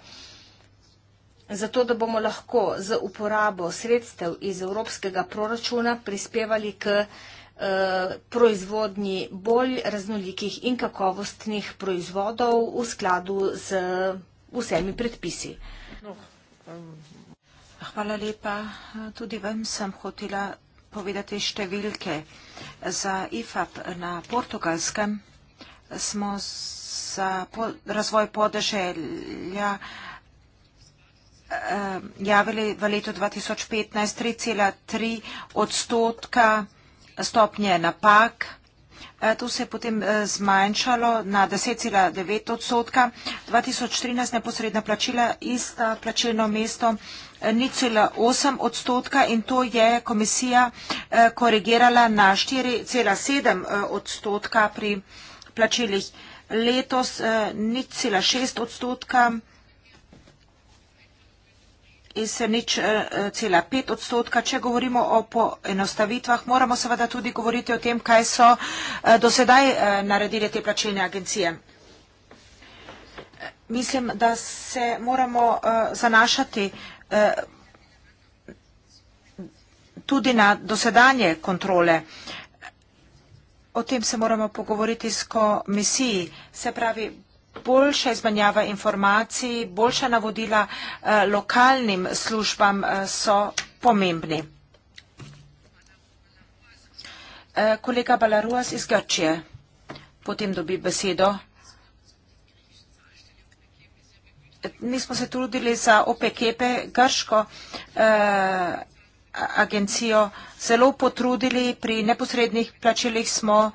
zato da bomo lahko z uporabo sredstev iz evropskega proračuna prispevali k eh, proizvodnji bolj raznolikih in kakovostnih proizvodov v skladu z vsemi predpisi. No, Hvala lepa. Tudi vam sem hotela povedati številke. Za IFAP na portugalskem smo za razvoj podeželja Eh, javili v letu 2015 3,3 odstotka stopnje napak. Eh, to se je potem eh, zmanjšalo na 10,9 odstotka. 2013 neposredna plačila, ista plačilno mesto, 0,8 odstotka in to je komisija korigirala na 4,7 odstotka pri plačilih. Letos 0,6 odstotka in se nič eh, cela pet odstotka. Če govorimo o poenostavitvah, moramo seveda tudi govoriti o tem, kaj so eh, dosedaj eh, naredile te plačilne agencije. Mislim, da se moramo zanašati tudi na dosedanje kontrole. O tem se moramo pogovoriti s komisiji, se pravi boljša izmenjava informacij, boljša navodila eh, lokalnim službam eh, so pomembni. Eh, kolega Balaruas iz Grčije potem dobi besedo. Mi smo se trudili za OPKP, Grško agencijo zelo potrudili. Pri neposrednih plačilih smo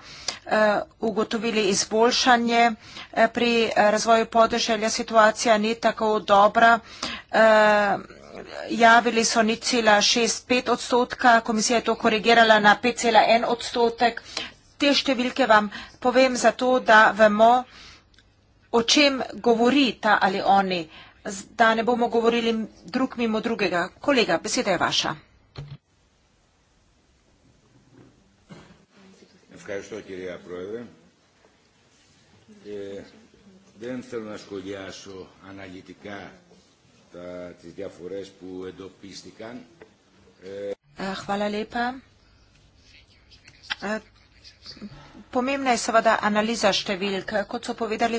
eh, ugotovili izboljšanje. Eh, pri eh, razvoju podeželja situacija ni tako dobra. Javili so ni cela 6,5 odstotka, komisija je to korigirala na 5,1 odstotek. Te številke vam povem zato, da vemo, o čem govori ta ali oni, da ne bomo govorili drug mimo drugega. Kolega, beseda je vaša. Ευχαριστώ κυρία Πρόεδρε. Ε, δεν θέλω να σχολιάσω αναλυτικά τα, τις διαφορές που εντοπίστηκαν. Χαλά ε, λίπα. Pomembna je seveda analiza številk. Kot so povedali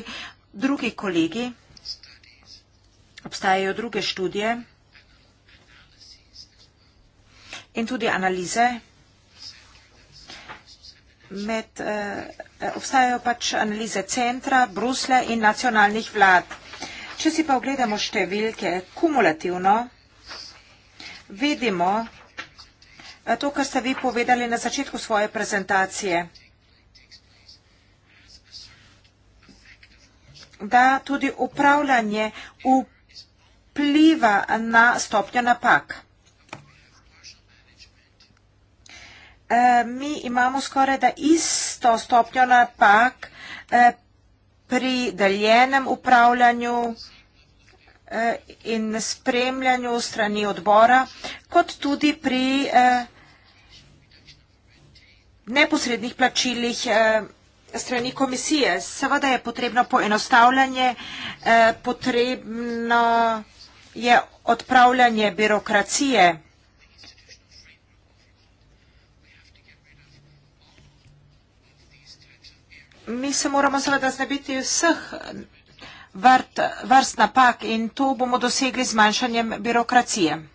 drugi kolegi, obstajajo druge študije in tudi analize med, eh, eh, obstajajo pač analize centra, Bruslja in nacionalnih vlad. Če si pa ogledamo številke kumulativno, vidimo eh, to, kar ste vi povedali na začetku svoje prezentacije, da tudi upravljanje vpliva na stopnjo napak. Eh, mi imamo skoraj da isto stopnjo napak eh, pri deljenem upravljanju eh, in spremljanju strani odbora, kot tudi pri neposrednih plačilih strani komisije. Seveda je potrebno poenostavljanje, potrebno je odpravljanje birokracije. mi se moramo seveda znebiti vseh vrt, vrst napak in to bomo dosegli zmanjšanjem birokracije.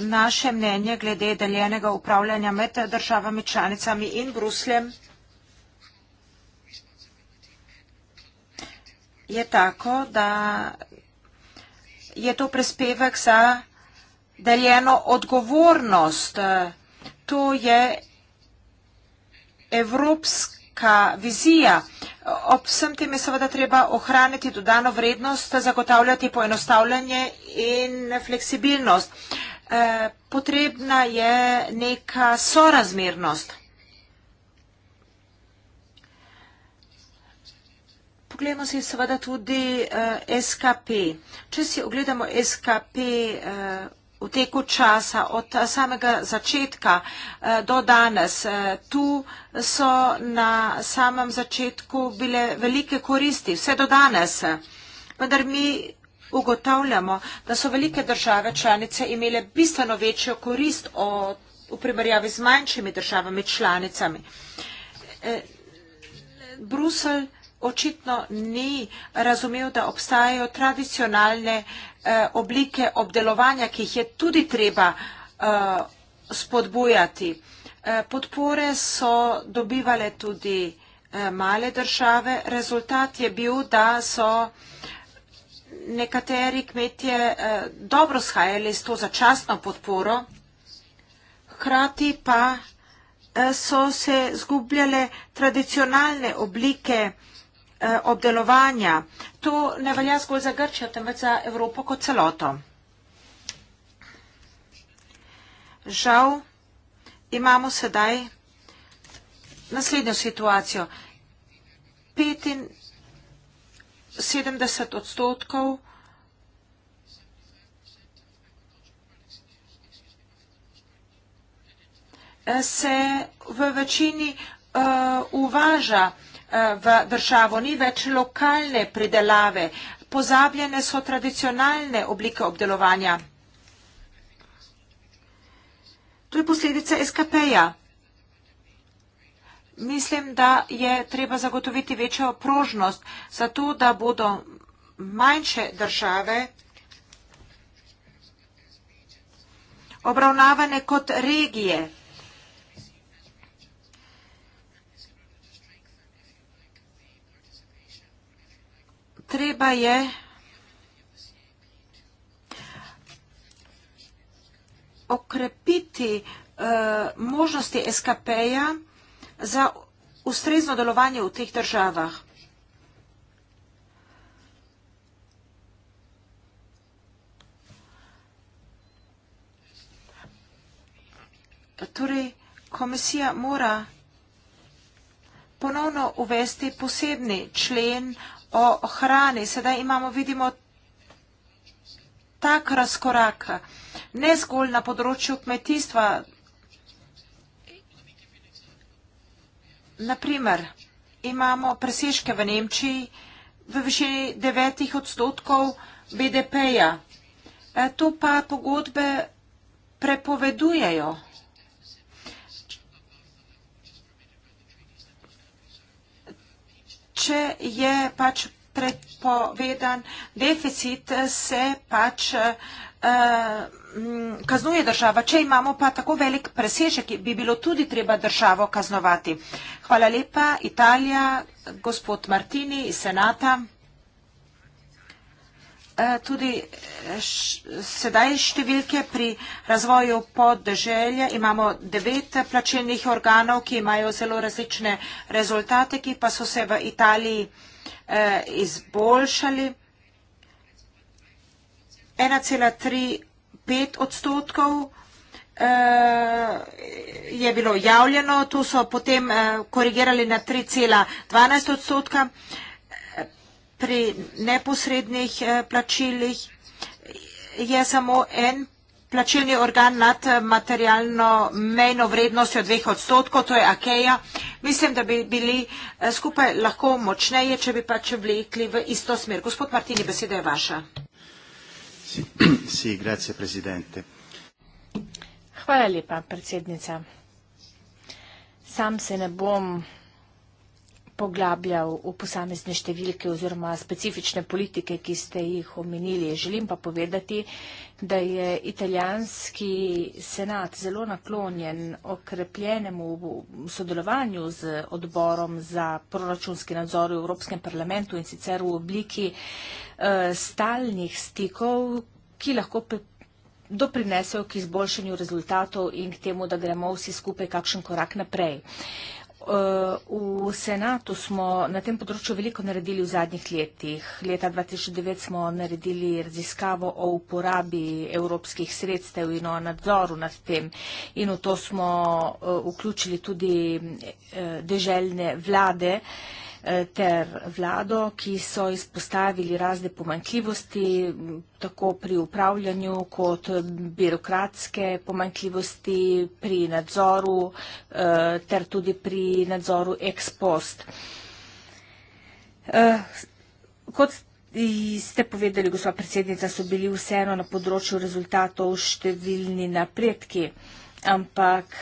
Naše mnenje glede deljenega upravljanja med državami, članicami in Brusljem je tako, da je to prispevek za deljeno odgovornost. To je evropska vizija. Ob vsem tem je seveda treba ohraniti dodano vrednost, zagotavljati poenostavljanje in fleksibilnost. Eh, potrebna je neka sorazmernost. Poglejmo si seveda tudi eh, SKP. Če si ogledamo SKP eh, v teku časa, od eh, samega začetka eh, do danes. Eh, tu so na samem začetku bile velike koristi, vse do danes. Vendar mi ugotavljamo, da so velike države članice imele bistveno večjo korist od v primerjavi z manjšimi državami članicami. Eh, Brusel očitno ni razumel, da obstajajo tradicionalne eh, oblike obdelovanja, ki jih je tudi treba eh, spodbujati. Eh, podpore so dobivale tudi male države. Rezultat je bil, da so nekateri kmetje dobro shajali s to začasno podporo, hkrati pa so se zgubljale tradicionalne oblike obdelovanja, Eh, obdelovanja. To ne velja zgolj za Grčijo, temveč za Evropo kot celoto. Žal imamo sedaj naslednjo situacijo. 75 odstotkov se v večini uh, uvaža. Eh, v državo, ni več lokalne pridelave, pozabljene so tradicionalne oblike obdelovanja. To je posledica SKP-ja. Mislim, da je treba zagotoviti večjo prožnost, zato da bodo manjše države obravnavane kot regije. treba je okrepiti uh, možnosti SKP-ja za ustrezno delovanje v teh državah. Torej, komisija mora ponovno uvesti posebni člen o hrani. Sedaj imamo, vidimo, tak razkorak, ne zgolj na področju kmetijstva. Naprimer, imamo presežke v Nemčiji v višini devetih odstotkov BDP-ja. E, to pa pogodbe prepovedujejo. če je pač predpovedan deficit, se pač eh, mm, kaznuje država. Če imamo pa tako velik presežek, bi bilo tudi treba državo kaznovati. Hvala lepa, Italija, gospod Martini iz Senata. Eh, tudi eh, sedaj številke pri razvoju podeželja. Imamo devet eh, plačilnih organov, ki imajo zelo različne rezultate, ki pa so se v Italiji izboljšali. 1,35 odstotkov je bilo javljeno, tu so potem korigirali na 3,12 odstotka pri neposrednih eh, plačilih je samo en plačilni organ nad eh, materialno mejno vrednostjo dveh odstotkov, to je AKEJA. Mislim, da bi bili eh, skupaj lahko močneje, če bi pač vlekli v isto smer. Gospod Martini, beseda je vaša. Si, grazie, prezidente. Hvala lepa, predsednica. Sam se ne bom poglabljal v posamezne številke oziroma specifične politike, ki ste jih omenili. Želim pa povedati, da je italijanski senat zelo naklonjen okrepljenemu sodelovanju z odborom za proračunski nadzor v Evropskem parlamentu in sicer v obliki eh, stalnih stikov, ki lahko doprinesejo k izboljšanju rezultatov in k temu, da gremo vsi skupaj kakšen korak naprej. Eh, v Senatu smo na tem področju veliko naredili v zadnjih letih. Leta 2009 smo naredili raziskavo o uporabi evropskih sredstev in o nadzoru nad tem. In v to smo eh, vključili tudi eh, deželjne vlade. Eh, ter vlado, ki so izpostavili razne pomankljivosti, tako pri upravljanju kot eh, birokratske pomankljivosti, pri nadzoru eh, ter tudi pri nadzoru ex post. Kot ste povedali, gospod predsednica, so bili vseeno na področju rezultatov številni napredki, ampak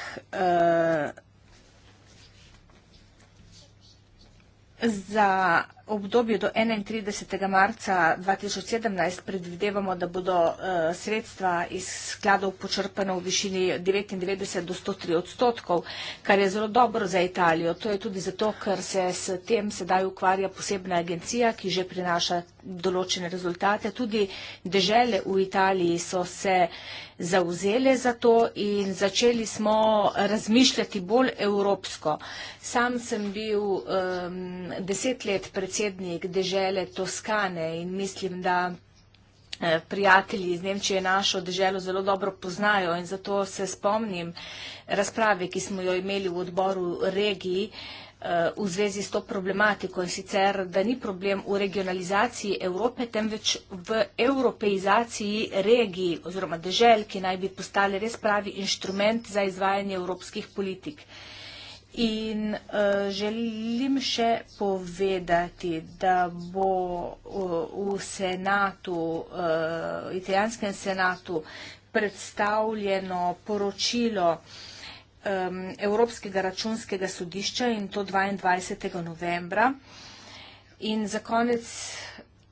za obdobju do 31. marca 2017 predvidevamo, da bodo eh, sredstva iz skladov počrpana v višini 99 do 103 odstotkov, kar je zelo dobro za Italijo. To je tudi zato, ker se s tem sedaj ukvarja posebna agencija, ki že prinaša določene rezultate. Tudi dežele v Italiji so se zauzele za to in začeli smo razmišljati bolj evropsko. Sam sem bil um, deset let predsednik predsednik dežele Toskane in mislim, da eh, prijatelji iz Nemčije našo deželo zelo dobro poznajo in zato se spomnim razprave, ki smo jo imeli v odboru regiji eh, v zvezi s to problematiko in sicer, da ni problem v regionalizaciji Evrope, temveč v evropeizaciji regiji oziroma dežel, ki naj bi postali res pravi inštrument za izvajanje evropskih politik. In uh, želim še povedati, da bo uh, v senatu, uh, italijanskem senatu predstavljeno poročilo um, Evropskega računskega sodišča in to 22. novembra. In za konec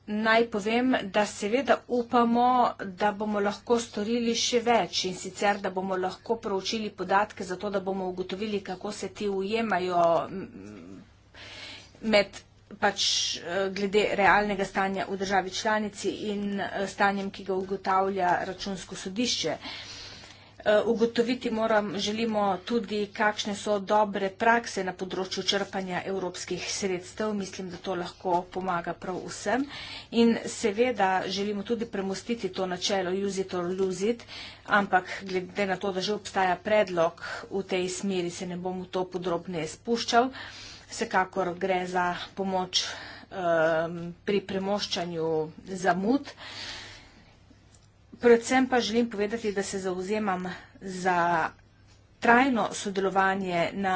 naj povem, da seveda upamo, da bomo lahko storili še več in sicer, da bomo lahko proučili podatke za to, da bomo ugotovili, kako se ti ujemajo med pač eh, glede realnega stanja v državi članici in eh, stanjem, ki ga ugotavlja računsko sodišče. Eh, ugotoviti moram, želimo tudi, kakšne so dobre prakse na področju črpanja evropskih sredstev. Mislim, da to lahko pomaga prav vsem. In seveda želimo tudi premostiti to načelo use it or lose it, ampak glede na to, da že obstaja predlog v tej smeri, se ne bom v to podrobne spuščal. Vsekakor gre za pomoč um, pri premoščanju zamud. Uh, Predvsem pa želim povedati, da se zauzemam za trajno sodelovanje na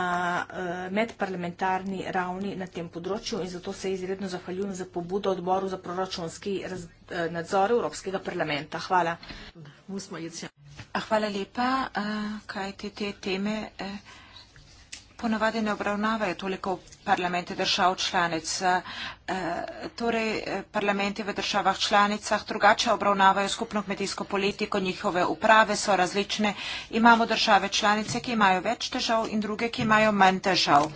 eh, medparlamentarni ravni na tem področju in zato se izredno zahvaljujem za pobudo odboru za proračunski eh, nadzor Evropskega parlamenta. Hvala. Hvala lepa, eh, kaj te teme ponovadi ne obravnavajo toliko parlamente držav članic. Eh, torej, eh, parlamenti v državah članicah drugače obravnavajo skupno kmetijsko politiko, njihove uprave so različne. Imamo države članice, ki imajo več težav in druge, ki imajo manj težav.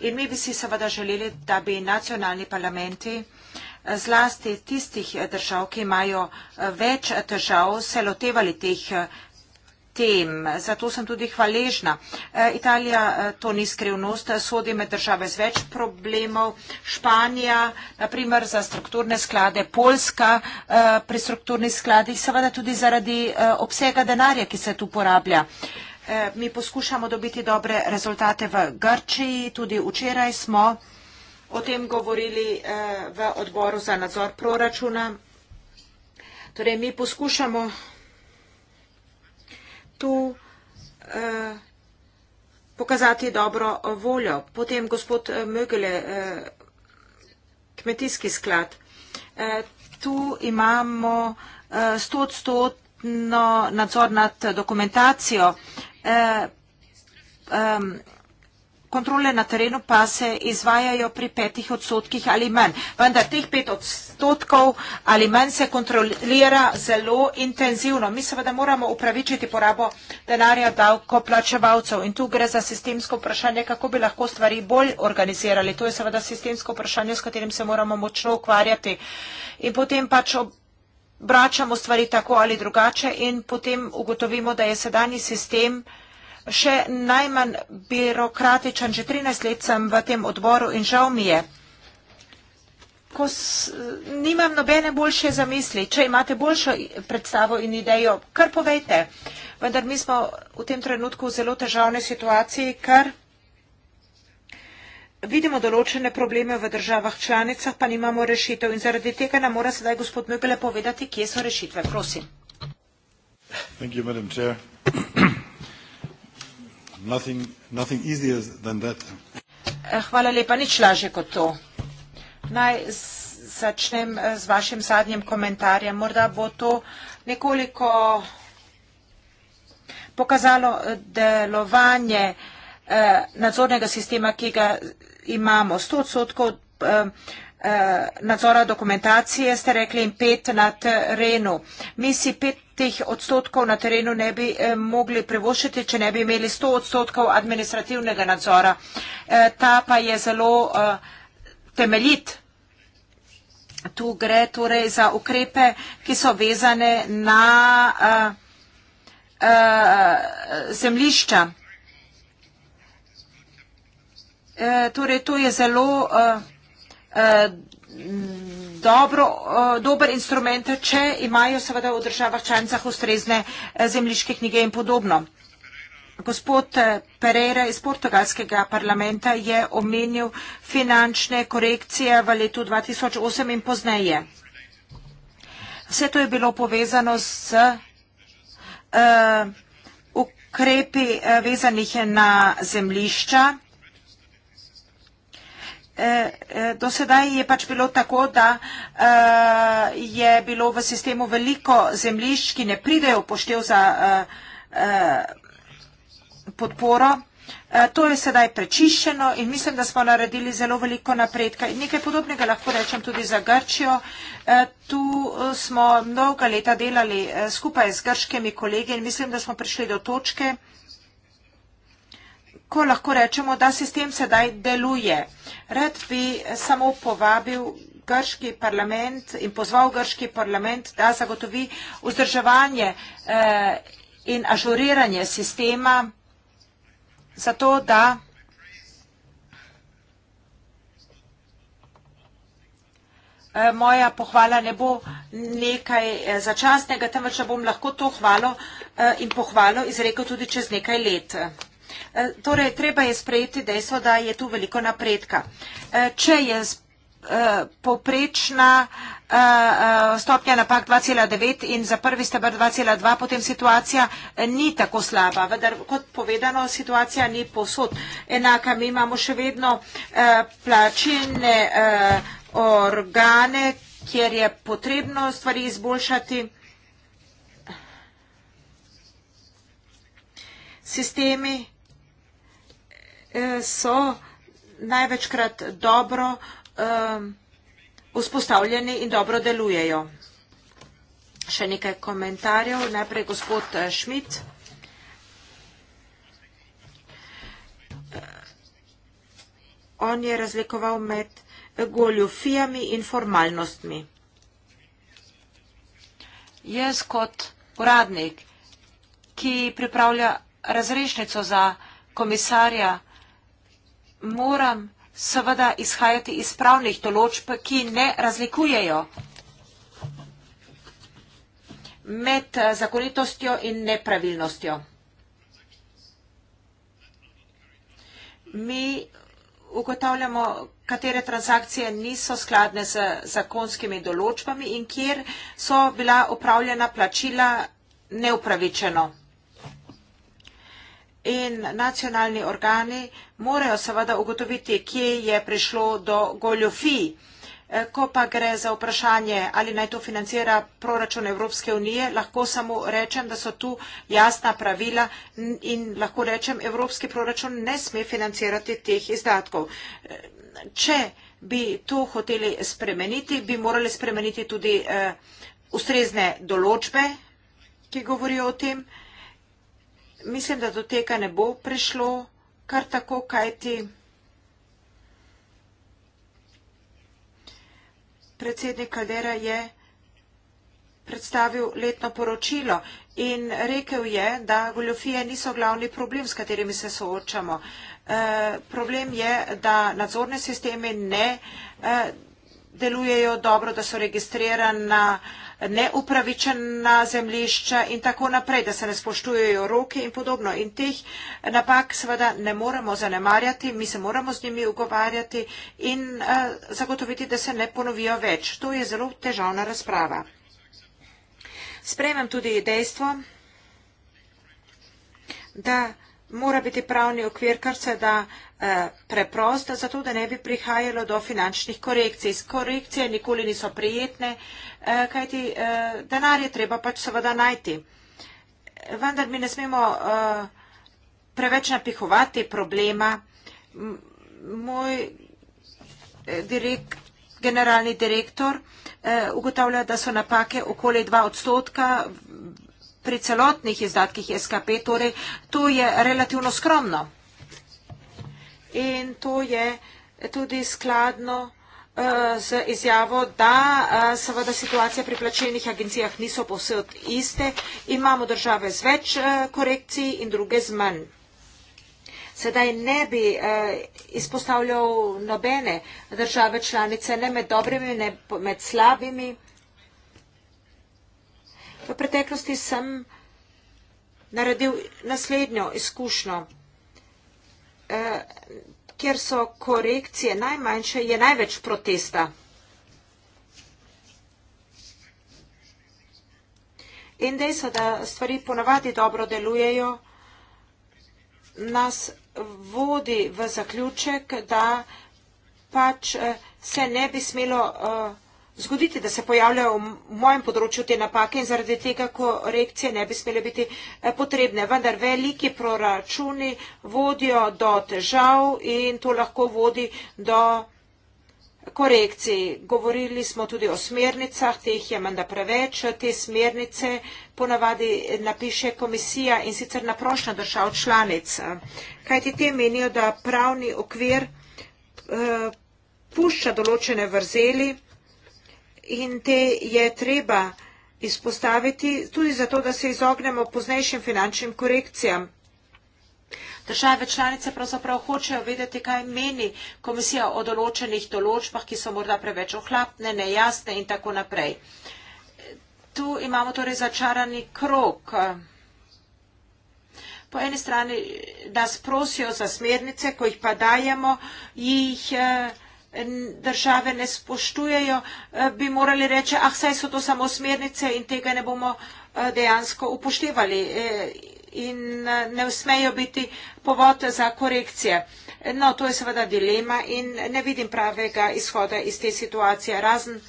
In mi bi si seveda želeli, da bi nacionalni parlamenti eh, zlasti tistih držav, ki imajo več težav, se lotevali teh tem. Zato sem tudi hvaležna. E, Italija, e, to ni skrivnost, sodi med države z več problemov. Španija, naprimer za strukturne sklade, Poljska e, pri strukturnih skladih, seveda tudi zaradi obsega denarja, ki se tu porablja. Mi poskušamo dobiti dobre rezultate v Grčiji, tudi včeraj smo o tem govorili v odboru za nadzor proračuna. Torej, mi poskušamo tu eh, pokazati dobro voljo. Potem gospod eh, Mögele, eh, kmetijski sklad. Eh, tu imamo eh, stotstotno nadzor nad dokumentacijo. Eh, eh, kontrole na terenu pa se izvajajo pri petih odstotkih ali manj. Vendar teh pet odstotkov ali manj se kontrolira zelo intenzivno. Mi seveda moramo upravičiti porabo denarja davkoplačevalcev in tu gre za sistemsko vprašanje, kako bi lahko stvari bolj organizirali. To je seveda sistemsko vprašanje, s katerim se moramo močno ukvarjati. In potem pač obračamo stvari tako ali drugače in potem ugotovimo, da je sedanji sistem še najmanj birokratičen. Že 13 let sem v tem odboru in žal mi je. Ko s, nimam nobene boljše zamisli, če imate boljšo predstavo in idejo, kar povejte. Vendar mi smo v tem trenutku v zelo težavni situaciji, ker vidimo določene probleme v državah članicah, pa nimamo rešitev. In zaradi tega nam mora sedaj gospod Möbele povedati, kje so rešitve. Prosim. Thank you, Madam Chair nothing, nothing easier than that. Eh, hvala lepa, nič lažje kot to. Naj začnem eh, z vašim zadnjim komentarjem. Morda bo to nekoliko pokazalo eh, delovanje nadzornega sistema, ki ga imamo. 100 odstotkov nadzora dokumentacije ste rekli in pet na terenu. Mi si pet teh odstotkov na terenu ne bi eh, mogli prevošiti, če ne bi imeli 100 odstotkov administrativnega nadzora. Eh, ta pa je zelo eh, temeljit. Tu gre torej za ukrepe, ki so vezane na eh, eh, zemlišča. Eh, torej, to je zelo eh, eh, dobro, dober instrument, če imajo seveda v državah članicah ustrezne e, zemljiške knjige in podobno. Gospod e, Pereira iz portugalskega parlamenta je omenil finančne korekcije v letu 2008 in pozneje. Vse to je bilo povezano s uh, e, ukrepi vezanih na zemljišča. Eh, eh, do sedaj je pač bilo tako, da eh, je bilo v sistemu veliko zemljišč, ki ne pridejo poštev za podporo. To je sedaj prečiščeno in mislim, da smo naredili zelo veliko napredka. Nekaj podobnega lahko rečem tudi za Grčijo. Tu smo mnoga leta delali skupaj z grškimi kolegi in mislim, da smo prišli do točke, tako lahko rečemo, da sistem sedaj deluje. Rad bi samo povabil grški parlament in pozval grški parlament, da zagotovi vzdrževanje eh, in ažuriranje sistema zato, da eh, moja pohvala ne bo nekaj eh, začasnega, temveč da bom lahko to hvalo in pohvalo izrekel tudi čez nekaj let. Eh, torej, treba je sprejeti dejstvo, da je tu veliko napredka. Eh, če je eh, povprečna stopnja napak 2,9 in za prvi stebr 2,2, potem situacija ni tako slaba. Vendar, kot povedano, situacija ni posod. Enaka, mi imamo še vedno plačilne organe, kjer je potrebno stvari izboljšati. Sistemi, Eh, so največkrat dobro eh, vzpostavljeni in dobro delujejo. Še nekaj komentarjev. Najprej gospod Šmit. Eh, on je razlikoval med goljufijami in formalnostmi. Jaz kot uradnik, ki pripravlja razrešnico za komisarja komisarja, moram seveda izhajati iz pravnih določb, ki ne razlikujejo med eh, zakonitostjo in nepravilnostjo. Mi ugotavljamo, katere transakcije niso skladne z zakonskimi določbami in kjer so bila upravljena plačila neupravičeno in nacionalni organi morajo seveda ugotoviti, kje je prišlo do goljofij. E, ko pa gre za vprašanje, ali naj to financira proračun Evropske unije, lahko samo rečem, da so tu jasna pravila in lahko rečem, Evropski proračun ne sme financirati teh izdatkov. E, če bi to hoteli spremeniti, bi morali spremeniti tudi e, ustrezne določbe, ki govorijo o tem mislim, da do tega ne bo prišlo kar tako, kajti predsednik Kaldera je predstavil letno poročilo in rekel je, da goljofije niso glavni problem, s katerimi se soočamo. E, problem je, da nadzorne sisteme ne e, delujejo dobro, da so registrirana neupravičena zemlišča in tako naprej, da se ne spoštujejo roke in podobno. In teh napak seveda ne moremo zanemarjati, mi se moramo z njimi ugovarjati in uh, zagotoviti, da se ne ponovijo več. To je zelo težavna razprava. Sprejemam tudi dejstvo, da mora biti pravni okvir kar se da eh, preprost, zato da ne bi prihajalo do finančnih korekcij. Korekcije nikoli niso prijetne, eh, kajti eh, denar je treba pač seveda najti. Vendar mi ne smemo preveč napihovati problema. Moj generalni direktor ugotavlja, da so napake okoli 2 odstotka pri celotnih izdatkih SKP, torej to je relativno skromno. In to je tudi skladno uh, z izjavo, da uh, seveda situacija pri plačilnih agencijah niso povsod iste. Imamo države z več uh, korekcij in druge z manj. Sedaj ne bi uh, izpostavljal nobene države članice, ne med dobrimi, ne med slabimi. V preteklosti sem naredil naslednjo izkušnjo, eh, kjer so korekcije najmanjše, je največ protesta. In dejstvo, da stvari ponavadi dobro delujejo, nas vodi v zaključek, da pač eh, se ne bi smelo uh, zgoditi, da se pojavljajo v mojem področju te napake in zaradi tega korekcije ne bi smele biti eh, potrebne. Vendar veliki proračuni vodijo do težav in to lahko vodi do korekcij. Govorili smo tudi o smernicah, teh je manda preveč. Te smernice ponavadi napiše komisija in sicer na prošnjo držav članic. Kajti te menijo, da pravni okvir eh, pušča določene vrzeli, in te je treba izpostaviti tudi zato, da se izognemo poznejšim finančnim korekcijam. Države članice pravzaprav hočejo vedeti, kaj meni komisija o določenih določbah, ki so morda preveč ohlapne, nejasne in tako naprej. Tu imamo torej začarani krok. Po eni strani nas prosijo za smernice, ko jih pa dajemo, jih eh, države ne spoštujejo, eh, bi morali reči, ah, saj so to samo smernice in tega ne bomo eh, dejansko upoštevali eh, in ne smejo biti povod za korekcije. No, to je seveda dilema in ne vidim pravega izhoda iz te situacije, razen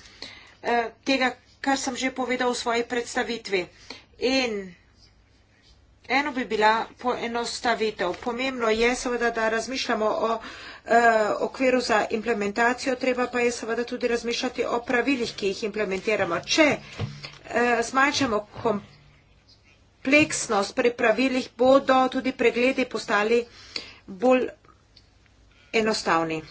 tega, kar sem že povedal v svoji predstavitvi. In Eno bi bila poenostavitev. Pomembno je seveda, da razmišljamo o eh, okviru za implementacijo, treba pa je seveda tudi razmišljati o pravilih, ki jih implementiramo. Če eh, zmanjšamo kompleksnost pri pravilih, bodo tudi pregledi postali bolj enostavni.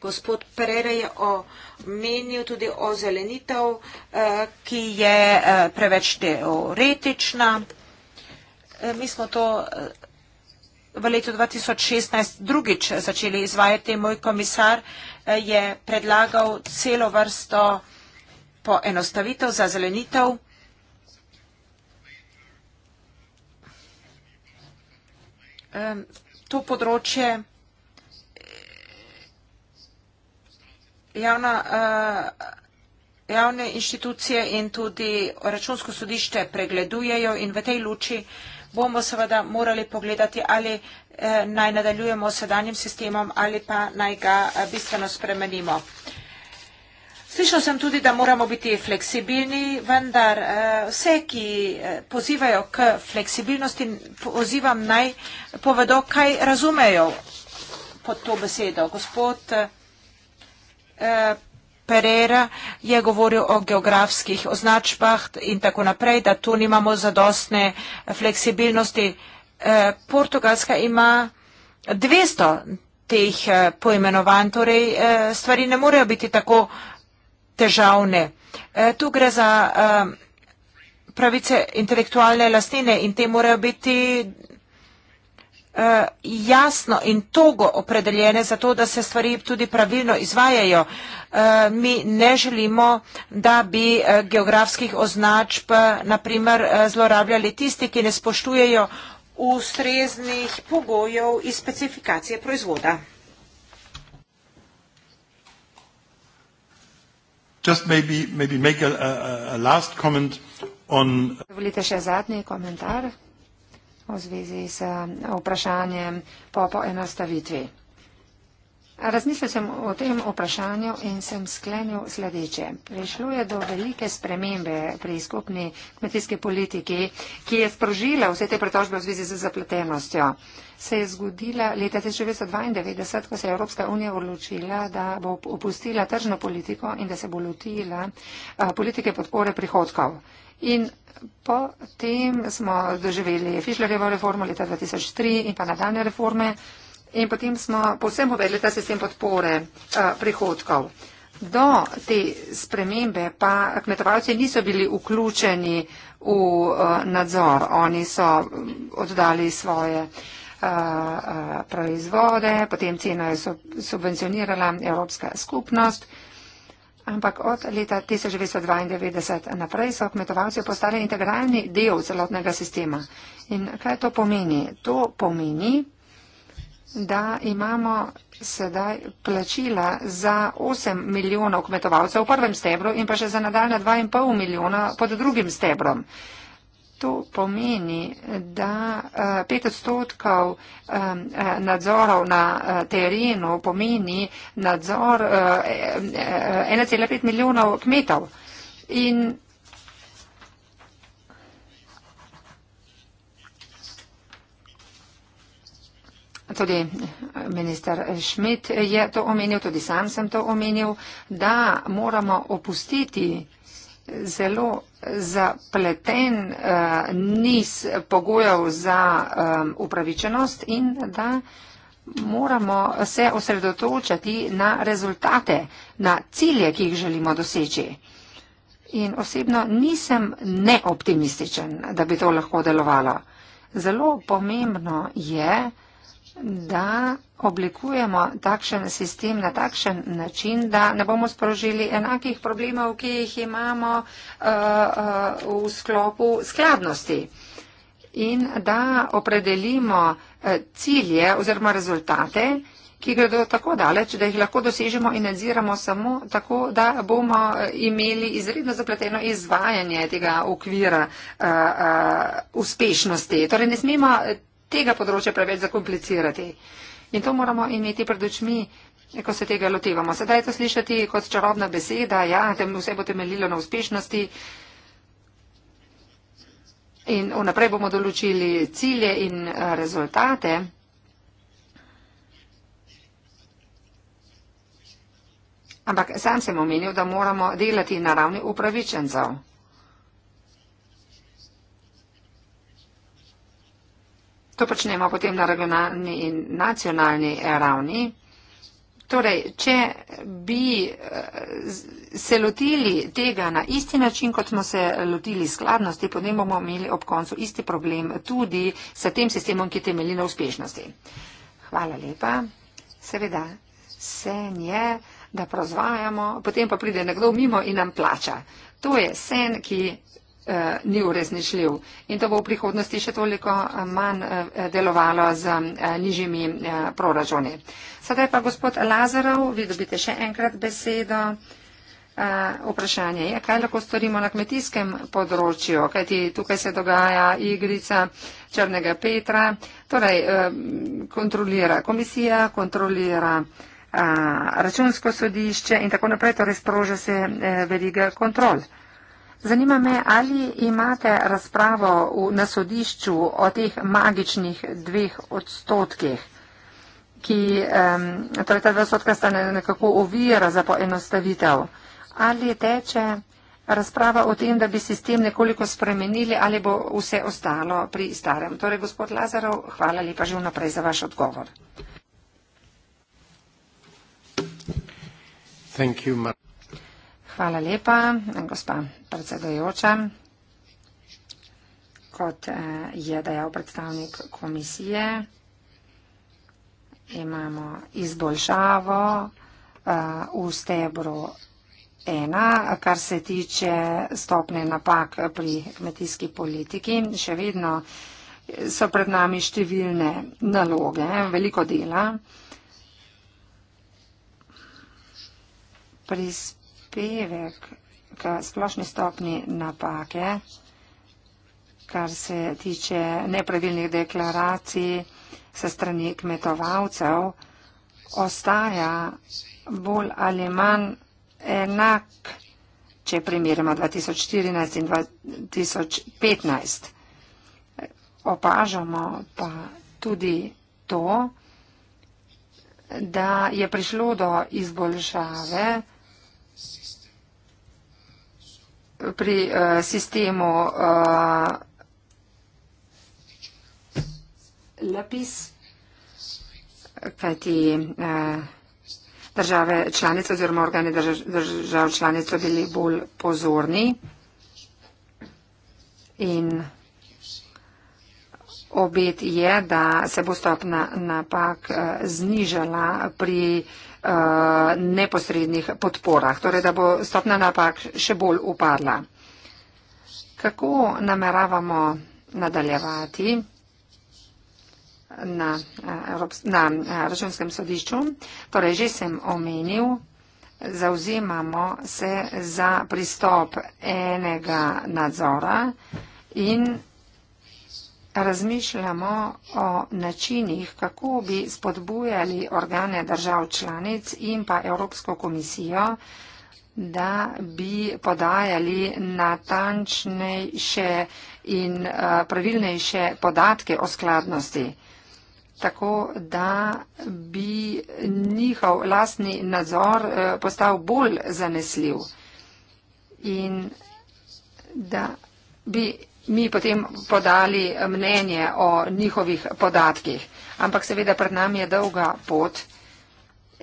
Gospod Pereira je omenil tudi o zelenitev, eh, ki je preveč teoretična. Eh, mi smo to eh, v letu 2016 drugič začeli izvajati. Moj komisar eh, je predlagal celo vrsto poenostavitev za zelenitev. To področje javna, javne inštitucije in tudi računsko sodišče pregledujejo in v tej luči bomo seveda morali pogledati, ali eh, naj nadaljujemo s sedanjim sistemom ali pa naj ga eh, bistveno spremenimo. Slišal sem tudi, da moramo biti fleksibilni, vendar eh, vse, ki eh, pozivajo k fleksibilnosti, pozivam naj povedo, kaj razumejo pod to besedo. Gospod, eh, Pereira je govoril o geografskih označbah in tako naprej, da tu nimamo zadostne fleksibilnosti. Eh, Portugalska ima 200 teh eh, poimenovanj, torej eh, stvari ne morejo biti tako težavne. Tu gre za pravice intelektualne lastnine in te morajo biti Eh, jasno in togo opredeljene za to, da se stvari tudi pravilno izvajajo. Eh, mi ne želimo, da bi eh, geografskih označb, naprimer, zlorabljali tisti, ki ne spoštujejo ustreznih pogojev iz specifikacije proizvoda. Just maybe, maybe make a, a, a last comment on... Dovolite še zadnji komentar v zvezi z eh, vprašanjem po poenostavitvi. Razmislil sem o tem vprašanju in sem sklenil sledeče. Prišlo je do velike spremembe pri skupni kmetijski politiki, ki je sprožila vse te pretožbe v zvezi z zapletenostjo. Se je zgodila leta 1992, ko se je Evropska unija odločila, da bo opustila tržno politiko in da se bo lotila eh, politike podpore prihodkov. In potem smo doživeli Fišlerjevo reformo leta 2003 in pa nadaljne reforme in potem smo povsem uvedli ta sistem podpore a, eh, prihodkov. Do te spremembe pa kmetovalci niso bili vključeni v a, eh, nadzor. Oni so mm, oddali svoje a, eh, a, proizvode, potem ceno je sub, subvencionirala Evropska skupnost. A, ampak od leta 1992 naprej so kmetovalci postali integralni del celotnega sistema. In kaj to pomeni? To pomeni, da imamo sedaj plačila za 8 milijonov kmetovalcev v prvem stebru in pa še za nadaljna 2,5 milijona pod drugim stebrom. To pomeni, da eh, pet odstotkov eh, eh, nadzorov na terenu pomeni nadzor 1,5 milijonov kmetov. In tudi minister Schmidt je to omenil, tudi sam sem to omenil, da moramo opustiti zelo zapleten uh, niz pogojev za um, upravičenost in da moramo se osredotočati na rezultate, na cilje, ki jih želimo doseči. In osebno nisem neoptimističen, da bi to lahko delovalo. Zelo pomembno je, da oblikujemo takšen sistem na takšen način, da ne bomo sprožili enakih problemov, ki jih imamo uh, uh, v sklopu skladnosti in da opredelimo uh, cilje oziroma rezultate, ki gredo tako daleč, da jih lahko dosežemo in nadziramo samo tako, da bomo uh, imeli izredno zapleteno izvajanje tega okvira uh, uh, uspešnosti. Torej, tega področja preveč zakomplicirati. In to moramo imeti pred očmi, ko se tega lotevamo. Sedaj je to slišati kot čarobna beseda, ja, vse bo temeljilo na uspešnosti. In vnaprej bomo določili cilje in eh, rezultate. Ampak sam sem omenil, da moramo delati na ravni upravičencev. To počnemo potem na regionalni in nacionalni eh, ravni. Torej, če bi eh, se lotili tega na isti način, kot smo se lotili skladnosti, potem bomo imeli ob koncu isti problem tudi s tem sistemom, ki temelji na uspešnosti. Hvala lepa. Seveda, sen je, da prozvajamo, potem pa pride nekdo mimo in nam plača. To je sen, ki Eh, ni uresničljiv. In to bo v prihodnosti še toliko eh, manj eh, delovalo z nižjimi proračuni. Sedaj pa gospod Lazarov, vi dobite še enkrat besedo. Vprašanje je, kaj lahko storimo na kmetijskem področju, kajti tukaj se dogaja igrica Črnega Petra. Torej, kontrolira komisija, kontrolira računsko sodišče in tako naprej, torej sproža se veliga kontrol. Zanima me, ali imate razpravo v nasodišču o teh magičnih dveh odstotkih, ki, um, torej ta dva odstotka sta nekako ovira za poenostavitev. Ali teče razprava o tem, da bi sistem nekoliko spremenili ali bo vse ostalo pri starem. Torej, gospod Lazarov, hvala lepa že vnaprej za vaš odgovor. Thank you, Mar Hvala lepa, gospa predsedojoča. Kot eh, je dejal predstavnik komisije, imamo izboljšavo eh, v stebru ena, kar se tiče stopne napak pri kmetijski politiki. Še vedno so pred nami številne naloge, veliko dela. Prispe prispevek k splošni stopni napake, kar se tiče nepravilnih deklaracij se strani kmetovalcev, ostaja bolj ali manj enak, če primerjamo 2014 in 2015. Opažamo pa tudi to, da je prišlo do izboljšave, pri uh, sistemu uh, eh, LAPIS, kajti uh, države članice oziroma organe drž držav članice so bili bolj pozorni in obet je, da se bo stopna napak uh, znižala pri uh, Eh, neposrednih podporah, torej da bo stopna napak še bolj upadla. Kako nameravamo nadaljevati na, eh, na eh, računskem sodišču? Torej, že sem omenil, zauzemamo se za pristop enega nadzora in razmišljamo o načinih, kako bi spodbujali organe držav članic in pa Evropsko komisijo, da bi podajali natančnejše in eh, pravilnejše podatke o skladnosti, tako da bi njihov lastni nadzor eh, postal bolj zanesljiv in da bi mi potem podali mnenje o njihovih podatkih. Ampak seveda pred nami je dolga pot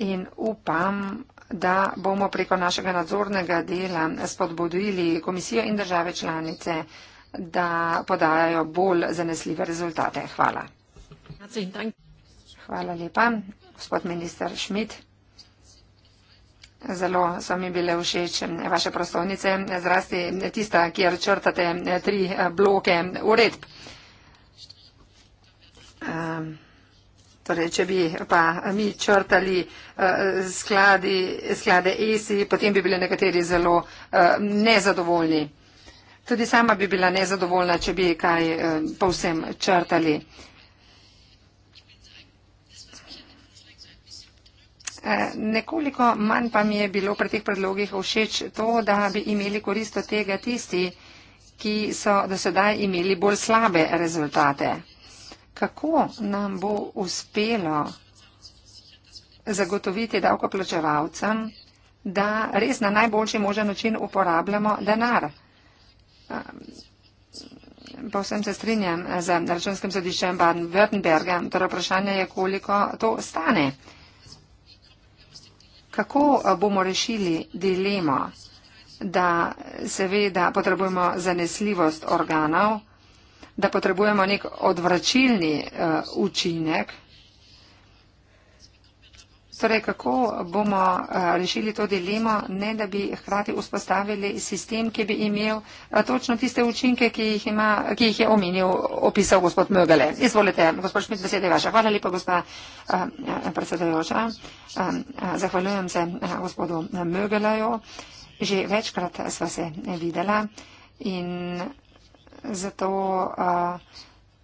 in upam, da bomo preko našega nadzornega dela spodbudili komisijo in države članice, da podajajo bolj zanesljive rezultate. Hvala. Hvala lepa, gospod minister Schmidt. Zelo so mi bile všeč eh, vaše prostovnice, eh, zrasti eh, tista, kjer črtate tri bloke uredb. Ehm, torej, če bi pa mi črtali skladi, sklade ESI, potem bi bili nekateri zelo nezadovoljni. Tudi sama bi bila nezadovoljna, če bi kaj povsem črtali. Eh, nekoliko manj pa mi je bilo pri teh predlogih všeč to, da bi imeli korist od tega tisti, ki so do sedaj imeli bolj slabe rezultate. Kako nam bo uspelo zagotoviti davkoplačevalcem, da res na najboljši možen način uporabljamo denar? Eh, povsem se strinjam z računskim sodiščem Baden-Württembergem, torej vprašanje je, koliko to stane kako eh, bomo rešili dilemo, da seveda potrebujemo zanesljivost organov, da potrebujemo nek odvračilni eh, učinek, Torej, kako bomo eh, rešili to dilemo, ne da bi hkrati vzpostavili sistem, ki bi imel eh, točno tiste učinke, ki jih, ima, ki jih je omenil, opisal gospod Mögele. Izvolite, gospod Šmit, beseda je vaša. Hvala lepa, gospod eh, predsedajoča. Zahvaljujem se gospodu Mögeleju. Že večkrat sva se videla in zato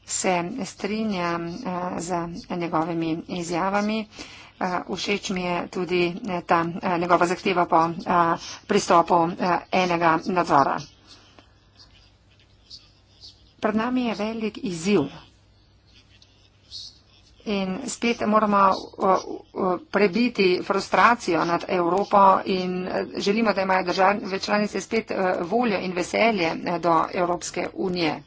se strinjam z njegovimi izjavami. Eh, všeč mi je tudi eh, ta eh, njegova zahteva po pristopu enega nadzora. Pred nami je velik izziv. In spet moramo prebiti frustracijo nad Evropo in želimo, da imajo države članice spet voljo in veselje do Evropske unije.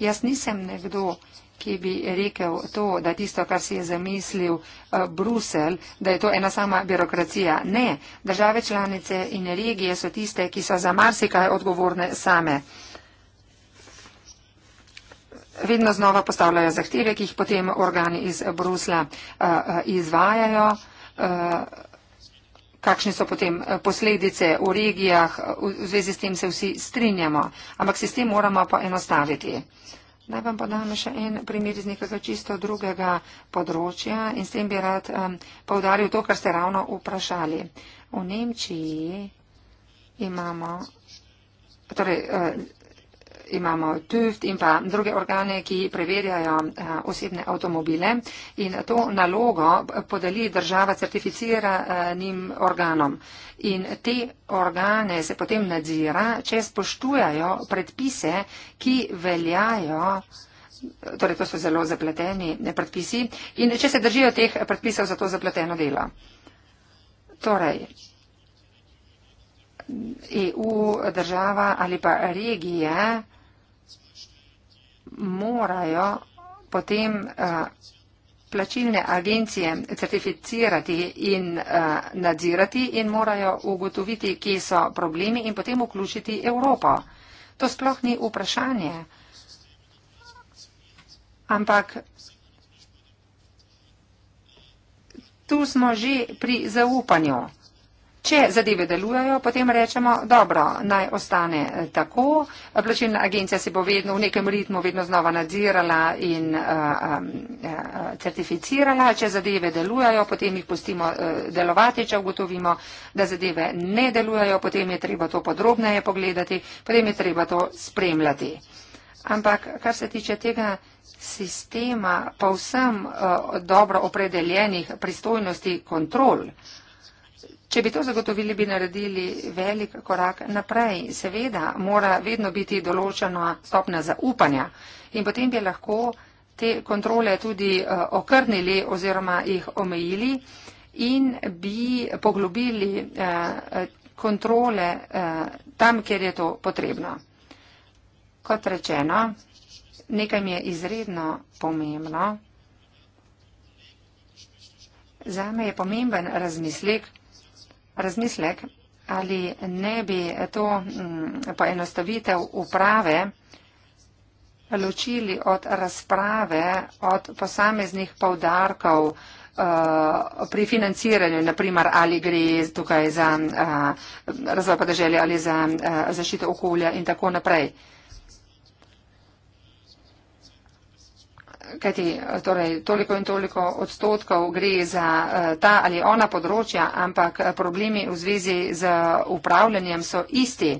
Jaz nisem nekdo, ki ki bi rekel to, da tisto, kar si je zamislil eh, Brusel, da je to ena sama birokracija. Ne, države članice in regije so tiste, ki so za marsikaj odgovorne same. Vedno znova postavljajo zahteve, ki jih potem organi iz Brusla eh, izvajajo. Eh, kakšne so potem posledice v regijah, v zvezi s tem se vsi strinjamo, ampak sistem moramo poenostaviti. enostaviti. Naj vam podam še en primer iz nekega čisto drugega področja in s tem bi rad um, povdaril to, kar ste ravno vprašali. V Nemčiji imamo. Torej, uh, imamo TÜVT in pa druge organe, ki preverjajo eh, osebne avtomobile in to nalogo podeli država certificiranim organom. In te organe se potem nadzira, če spoštujajo predpise, ki veljajo. Torej, to so zelo zapleteni eh, predpisi in če se držijo teh predpisov za to zapleteno delo. Torej, EU država ali pa regije morajo potem eh, plačilne agencije certificirati in eh, nadzirati in morajo ugotoviti, kje so problemi in potem vključiti Evropo. To sploh ni vprašanje. Ampak tu smo že pri zaupanju. Če zadeve delujejo, potem rečemo, dobro, naj ostane eh, tako. Plačilna agencija se bo vedno v nekem ritmu vedno znova nadzirala in uh, um, uh, certificirala. Če zadeve delujejo, potem jih pustimo uh, delovati. Če ugotovimo, da zadeve ne delujejo, potem je treba to podrobneje pogledati, potem je treba to spremljati. Ampak kar se tiče tega sistema, pa vsem uh, eh, dobro opredeljenih pristojnosti kontrol, uh, Če bi to zagotovili, bi naredili velik korak naprej. Seveda mora vedno biti določena stopna zaupanja in potem bi lahko te kontrole tudi eh, okrnili oziroma jih omejili in bi poglobili eh, kontrole eh, tam, kjer je to potrebno. Kot rečeno, nekaj mi je izredno pomembno. Zame je pomemben razmislek, razmislek, ali ne bi to mm, poenostavitev uprave ločili od razprave, od posameznih povdarkov eh, pri financiranju, naprimer, ali gre tukaj za eh, razvoj podeželja ali za eh, zaščito okolja in tako naprej. kajti torej, toliko in toliko odstotkov gre za eh, ta ali ona področja, ampak eh, problemi v zvezi z upravljanjem so isti.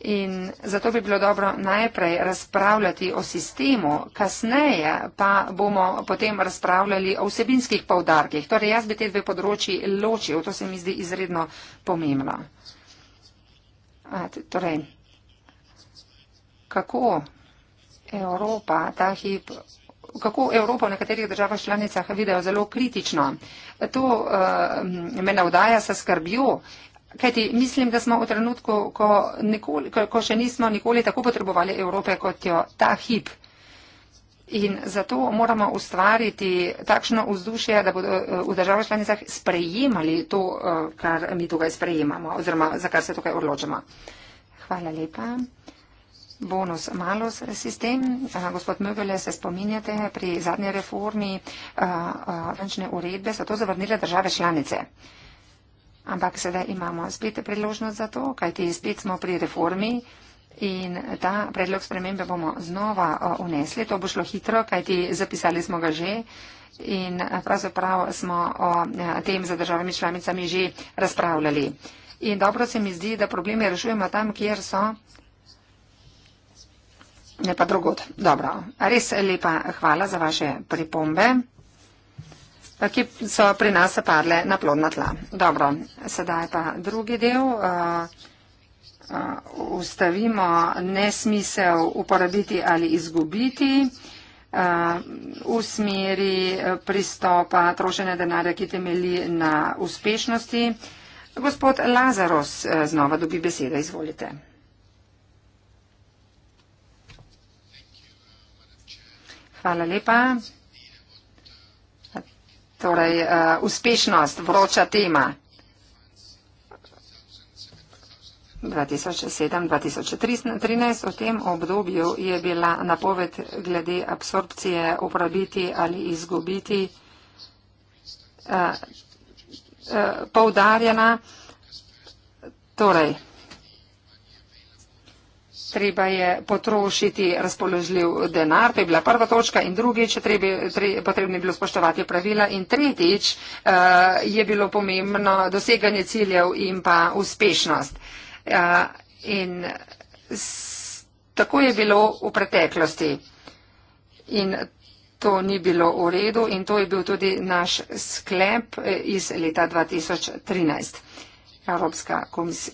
In zato bi bilo dobro najprej razpravljati o sistemu, kasneje pa bomo potem razpravljali o vsebinskih povdarkih. Torej, jaz bi te dve področji ločil, to se mi zdi izredno pomembno. A, torej, kako Evropa ta hip kako Evropa v nekaterih državah članicah vidijo zelo kritično. To uh, me navdaja sa skrbjo. Kajti mislim, da smo v trenutku, ko, nikoli, ko, ko še nismo nikoli tako potrebovali Evrope, kot jo ta hip. In zato moramo ustvariti takšno vzdušje, da bodo eh, v državah članicah sprejemali to, eh, kar mi tukaj sprejemamo oziroma za kar se tukaj odločamo. Hvala lepa bonus malus sistem. Gospod Mögele, se spominjate, pri zadnji reformi finančne uredbe so to zavrnile države članice. Ampak sedaj imamo spet priložnost za to, kajti spet smo pri reformi in ta predlog spremembe bomo znova unesli. To bo šlo hitro, kajti zapisali smo ga že. In pravzaprav smo o tem za državami članicami že razpravljali. In dobro se mi zdi, da probleme rešujemo tam, kjer so ne pa drugod. Dobro, res lepa hvala za vaše pripombe, ki so pri nas padle na plodna tla. Dobro, sedaj pa drugi del. Uh, uh, ustavimo nesmisel uporabiti ali izgubiti eh, v smeri pristopa trošene denarja, ki temeli na uspešnosti. Gospod Lazaros znova dobi besedo. Izvolite. Hvala lepa. Torej, uh, uspešnost, vroča tema. 2007-2013 v tem obdobju je bila napoved glede absorpcije uporabiti ali izgubiti uh, uh, poudarjena. Torej, treba je potrošiti razpoložljiv denar, to je bila prva točka in drugič trebi, tre, potrebno je bilo spoštovati pravila in tretjič uh, je bilo pomembno doseganje ciljev in pa uspešnost. Uh, in s, tako je bilo v preteklosti in to ni bilo v redu in to je bil tudi naš sklep eh, iz leta 2013. Evropska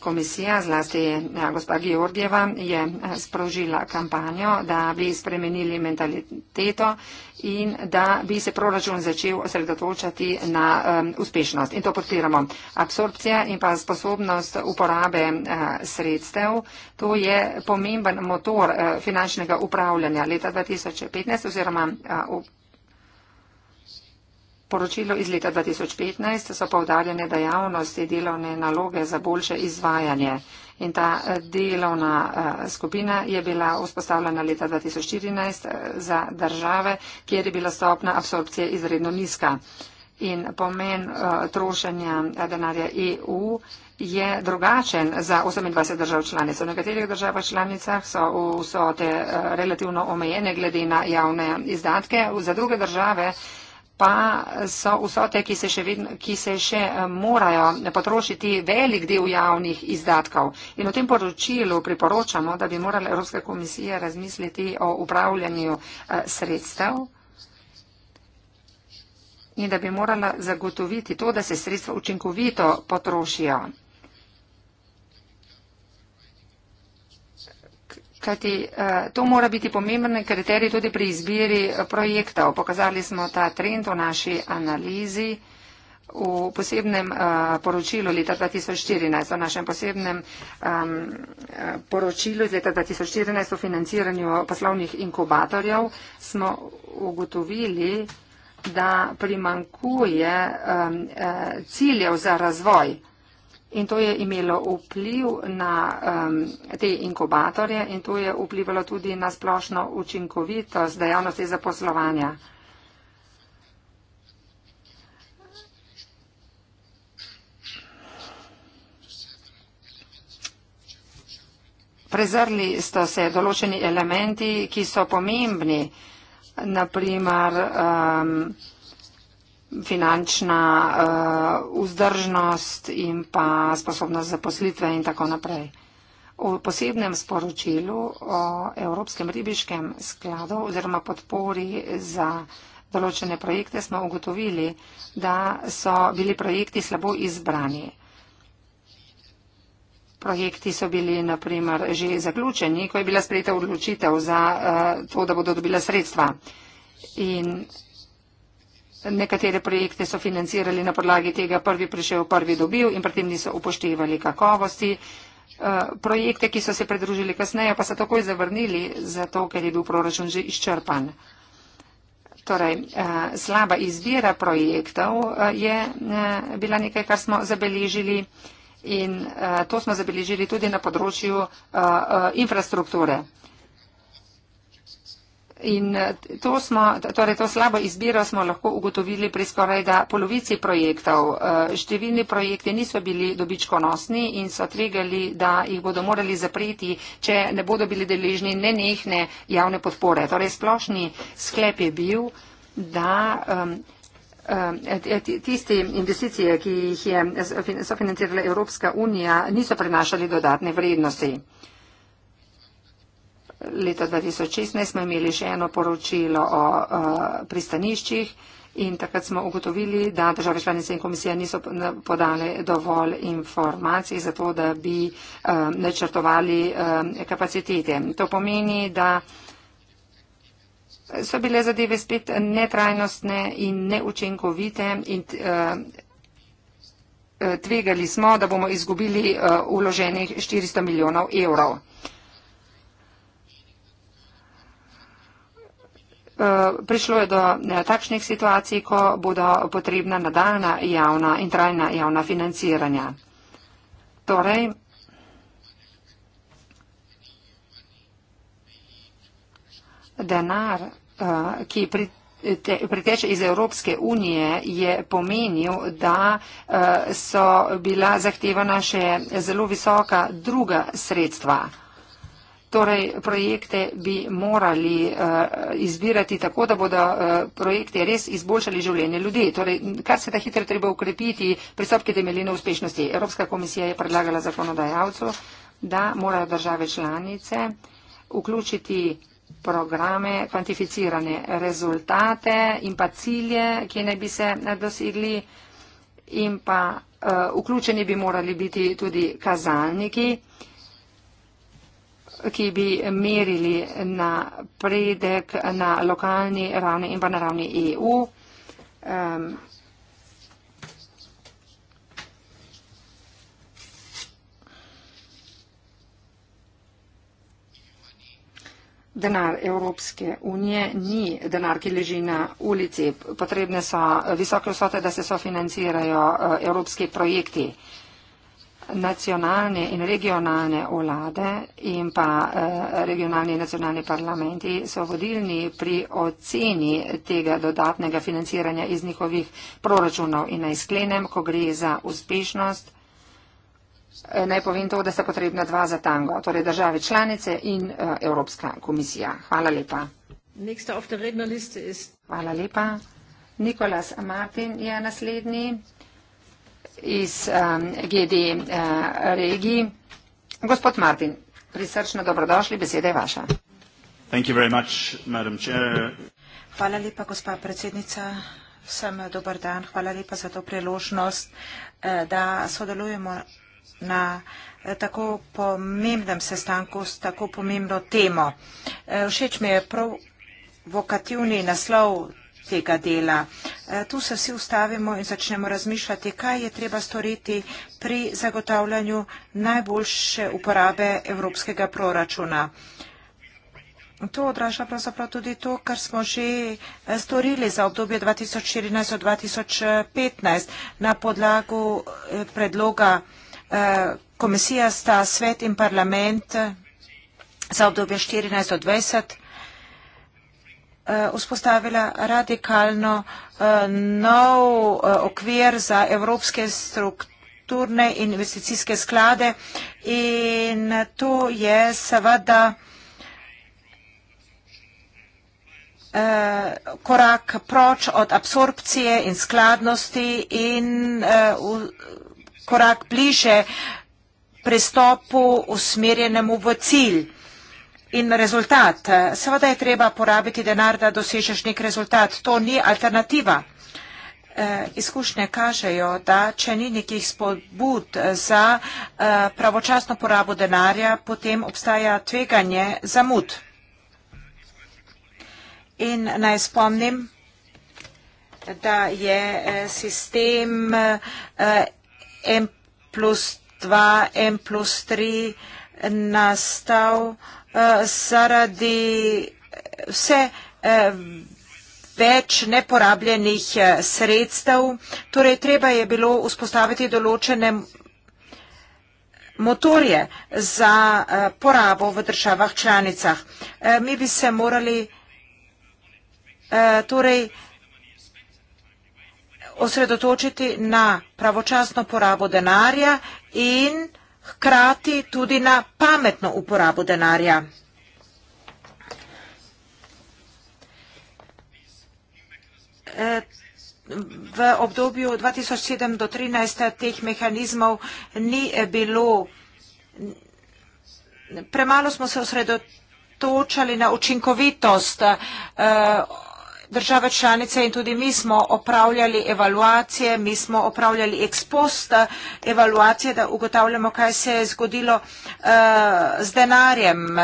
komisija, zlasti eh, gospa Georgijeva, je eh, sprožila kampanjo, da bi spremenili mentaliteto in da bi se proračun začel osredotočati na um, uspešnost. In to podpiramo. Absorpcija in pa sposobnost uporabe uh, sredstev, to je pomemben motor uh, finančnega upravljanja leta 2015 oziroma uh, poročilu iz leta 2015 so povdarjene dejavnosti delovne naloge za boljše izvajanje. In ta eh, delovna eh, skupina je bila vzpostavljena leta 2014 eh, za države, kjer je bila stopna absorpcije izredno nizka. In pomen trošenja denarja EU je drugačen za 28 držav članic. V nekaterih državah članicah so vsote relativno omejene glede na javne izdatke. Za druge države pa so vsote, ki se še, vedno, ki se še eh, morajo potrošiti velik del javnih izdatkov. In v tem poročilu priporočamo, da bi morala Evropska komisija razmisliti o upravljanju eh, sredstev in da bi morala zagotoviti to, da se sredstva učinkovito potrošijo. kajti eh, to mora biti pomemben kriterij tudi pri izbiri eh, projektov. Pokazali smo ta trend v naši analizi v posebnem eh, poročilu leta 2014, v našem posebnem poročilu iz leta 2014 o financiranju poslovnih inkubatorjev smo ugotovili, da primankuje ciljev za razvoj. In to je imelo vpliv na um, te inkubatorje in to je vplivalo tudi na splošno učinkovitost dejavnosti zaposlovanja. Prezrli sta se določeni elementi, ki so pomembni, naprimer um, finančna uh, vzdržnost in pa sposobnost zaposlitve in tako naprej. V posebnem sporočilu o Evropskem ribiškem skladu oziroma podpori za določene projekte smo ugotovili, da so bili projekti slabo izbrani. Projekti so bili naprimer že zaključeni, ko je bila sprejeta odločitev za uh, to, da bodo dobila sredstva. In nekatere projekte so financirali na podlagi tega prvi prišel, prvi dobil in pri tem niso upoštevali kakovosti. Eh, projekte, ki so se pridružili kasneje, pa so takoj zavrnili, zato ker je bil proračun že izčrpan. Torej, eh, slaba izbira projektov eh, je bila nekaj, kar smo zabeležili in to smo zabeležili tudi na področju infrastrukture. In eh, to, smo, torej to slabo izbiro smo lahko ugotovili pri skoraj da polovici projektov. Eh, številni projekti niso bili dobičkonosni in so tvegali, da jih bodo morali zapreti, če ne bodo bili deležni nenehne javne podpore. Torej splošni sklep je bil, da um, tiste investicije, ki jih je sofinancirala Evropska unija, niso prenašali dodatne vrednosti. Uh, leta 2016 smo imeli še eno poročilo o a, eh, pristaniščih in takrat smo ugotovili, da države članice in komisija niso podale dovolj informacij za to, da bi a, eh, načrtovali a, eh, kapacitete. To pomeni, da so bile zadeve spet netrajnostne in neučinkovite in a, tvegali smo, da bomo izgubili a, uloženih 400 milijonov evrov. A, Eh, prišlo je do eh, takšnih situacij, ko bodo potrebna nadaljna javna in trajna javna financiranja. Torej, denar, eh, ki priteče iz Evropske unije, je pomenil, da so bila zahtevana še zelo visoka druga sredstva. Torej, projekte bi morali uh, izbirati tako, da bodo uh, projekte res izboljšali življenje ljudi. Torej, kar se da hitro treba ukrepiti, pristopke temeljino uspešnosti. Evropska komisija je predlagala zakonodajalcu, da morajo države članice vključiti programe, kvantificirane rezultate in pa cilje, ki naj bi se eh, dosegli in pa uh, vključeni bi morali biti tudi kazalniki. Uh, ki bi merili na predek na lokalni ravni in pa na ravni EU. Um, Denar Evropske unije ni denar, ki leži na ulici. Potrebne so visoke vsote, da se sofinancirajo eh, evropski projekti nacionalne in regionalne vlade in pa eh, regionalni in nacionalni parlamenti so vodilni pri oceni tega dodatnega financiranja iz njihovih proračunov. In naj sklenem, ko gre za uspešnost, eh, naj povem to, da sta potrebna dva za tango, torej države članice in eh, Evropska komisija. Hvala lepa. Hvala lepa. Nikolas Martin je naslednji iz um, GD uh, regiji. Gospod Martin, prisrčno dobrodošli, beseda je vaša. Hvala lepa, gospa predsednica. Vsem dober dan. Hvala lepa za to priložnost, eh, da sodelujemo na eh, tako pomembnem sestanku s tako pomembno temo. Eh, všeč mi je provokativni naslov tega dela. Eh, tu se vsi ustavimo in začnemo razmišljati, kaj je treba storiti pri zagotavljanju najboljše uporabe evropskega proračuna. To odraža pravzaprav tudi to, kar smo že eh, storili za obdobje 2014-2015 na podlagu eh, predloga komisija sta svet in parlament za obdobje 14-20 Eh, vzpostavila radikalno eh, nov eh, okvir za evropske strukturne in investicijske sklade in to je seveda korak proč od absorpcije in skladnosti in korak bliže pristopu usmerjenemu v cilj in rezultat. Seveda je treba porabiti denar, da dosežeš nek rezultat. To ni alternativa. Eh, izkušnje kažejo, da če ni nekih spodbud za eh, pravočasno porabo denarja, potem obstaja tveganje zamud. In naj spomnim, da je eh, sistem M plus 2, M plus 3 nastal Eh, zaradi vse eh, več neporabljenih eh, sredstev. Torej, treba je bilo vzpostaviti določene motorje za porabo v državah članicah. Mi bi se morali torej osredotočiti na pravočasno porabo denarja in vsega, hkrati tudi na pametno uporabo denarja. E, v obdobju 2007 do 2013 teh mehanizmov ni bilo. Premalo smo se osredotočali na učinkovitost e, države članice in tudi mi smo opravljali evaluacije, mi smo opravljali ekspost eh, evaluacije, da ugotavljamo, kaj se je zgodilo eh, z denarjem.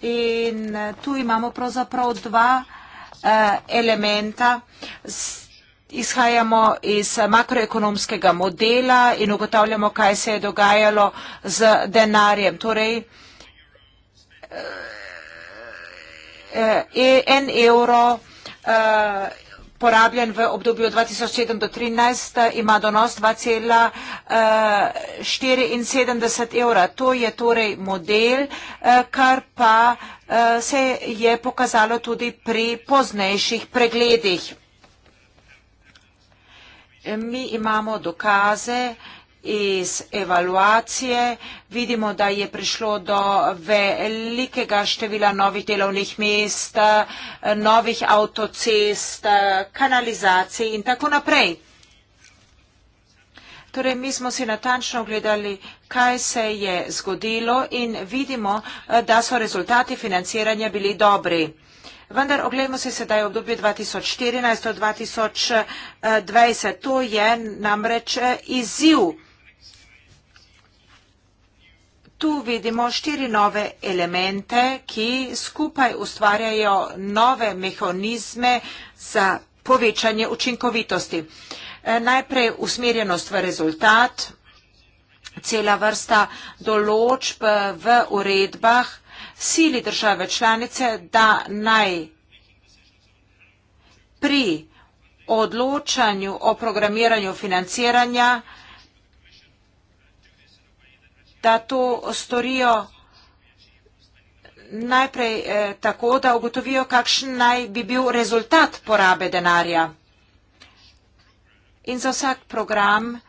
In eh, tu imamo pravzaprav dva elementa. Izhajamo iz makroekonomskega modela in ugotavljamo, kaj se je dogajalo z denarjem. Torej, Eh, en evro eh, porabljen v obdobju 2007 do 2013 eh, ima donos 2,74 evra. To je torej model, kar pa se je pokazalo tudi pri poznejših pregledih. Mi imamo dokaze, da iz evaluacije. Vidimo, da je prišlo do velikega števila novih delovnih mest, novih avtocest, kanalizacij in tako naprej. Torej, mi smo si natančno ogledali, kaj se je zgodilo in vidimo, da so rezultati financiranja bili dobri. Vendar oglejmo se sedaj obdobje 2014-2020. To je namreč eh, izziv. Tu vidimo štiri nove elemente, ki skupaj ustvarjajo nove mehanizme za povečanje učinkovitosti. Eh, najprej usmerjenost v rezultat, cela vrsta določb eh, v uredbah, sili države članice, da naj pri odločanju o programiranju financiranja da to storijo najprej eh, tako, da ugotovijo, kakšen naj bi bil rezultat porabe denarja. In za vsak program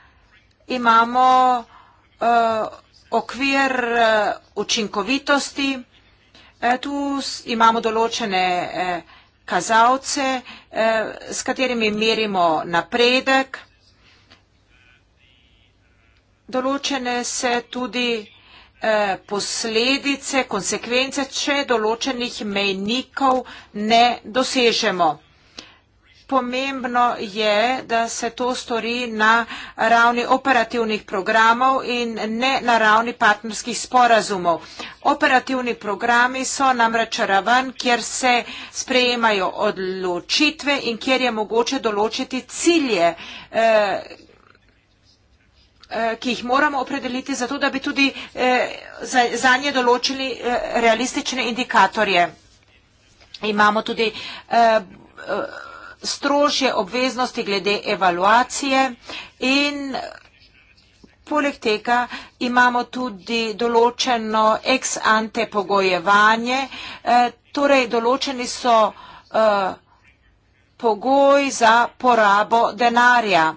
imamo eh, okvir eh, učinkovitosti, eh, tu imamo določene eh, kazalce, eh, s katerimi merimo napredek določene se tudi eh, posledice, konsekvence, če določenih mejnikov ne dosežemo. Pomembno je, da se to stori na ravni operativnih programov in ne na ravni partnerskih sporazumov. Operativni programi so namreč raven, kjer se sprejemajo odločitve in kjer je mogoče določiti cilje, eh, Eh, ki jih moramo opredeliti, zato da bi tudi eh, za, za nje določili eh, realistične indikatorje. Imamo tudi strožje obveznosti glede evaluacije in poleg tega imamo tudi določeno ex ante pogojevanje, torej določeni so pogoj za porabo denarja.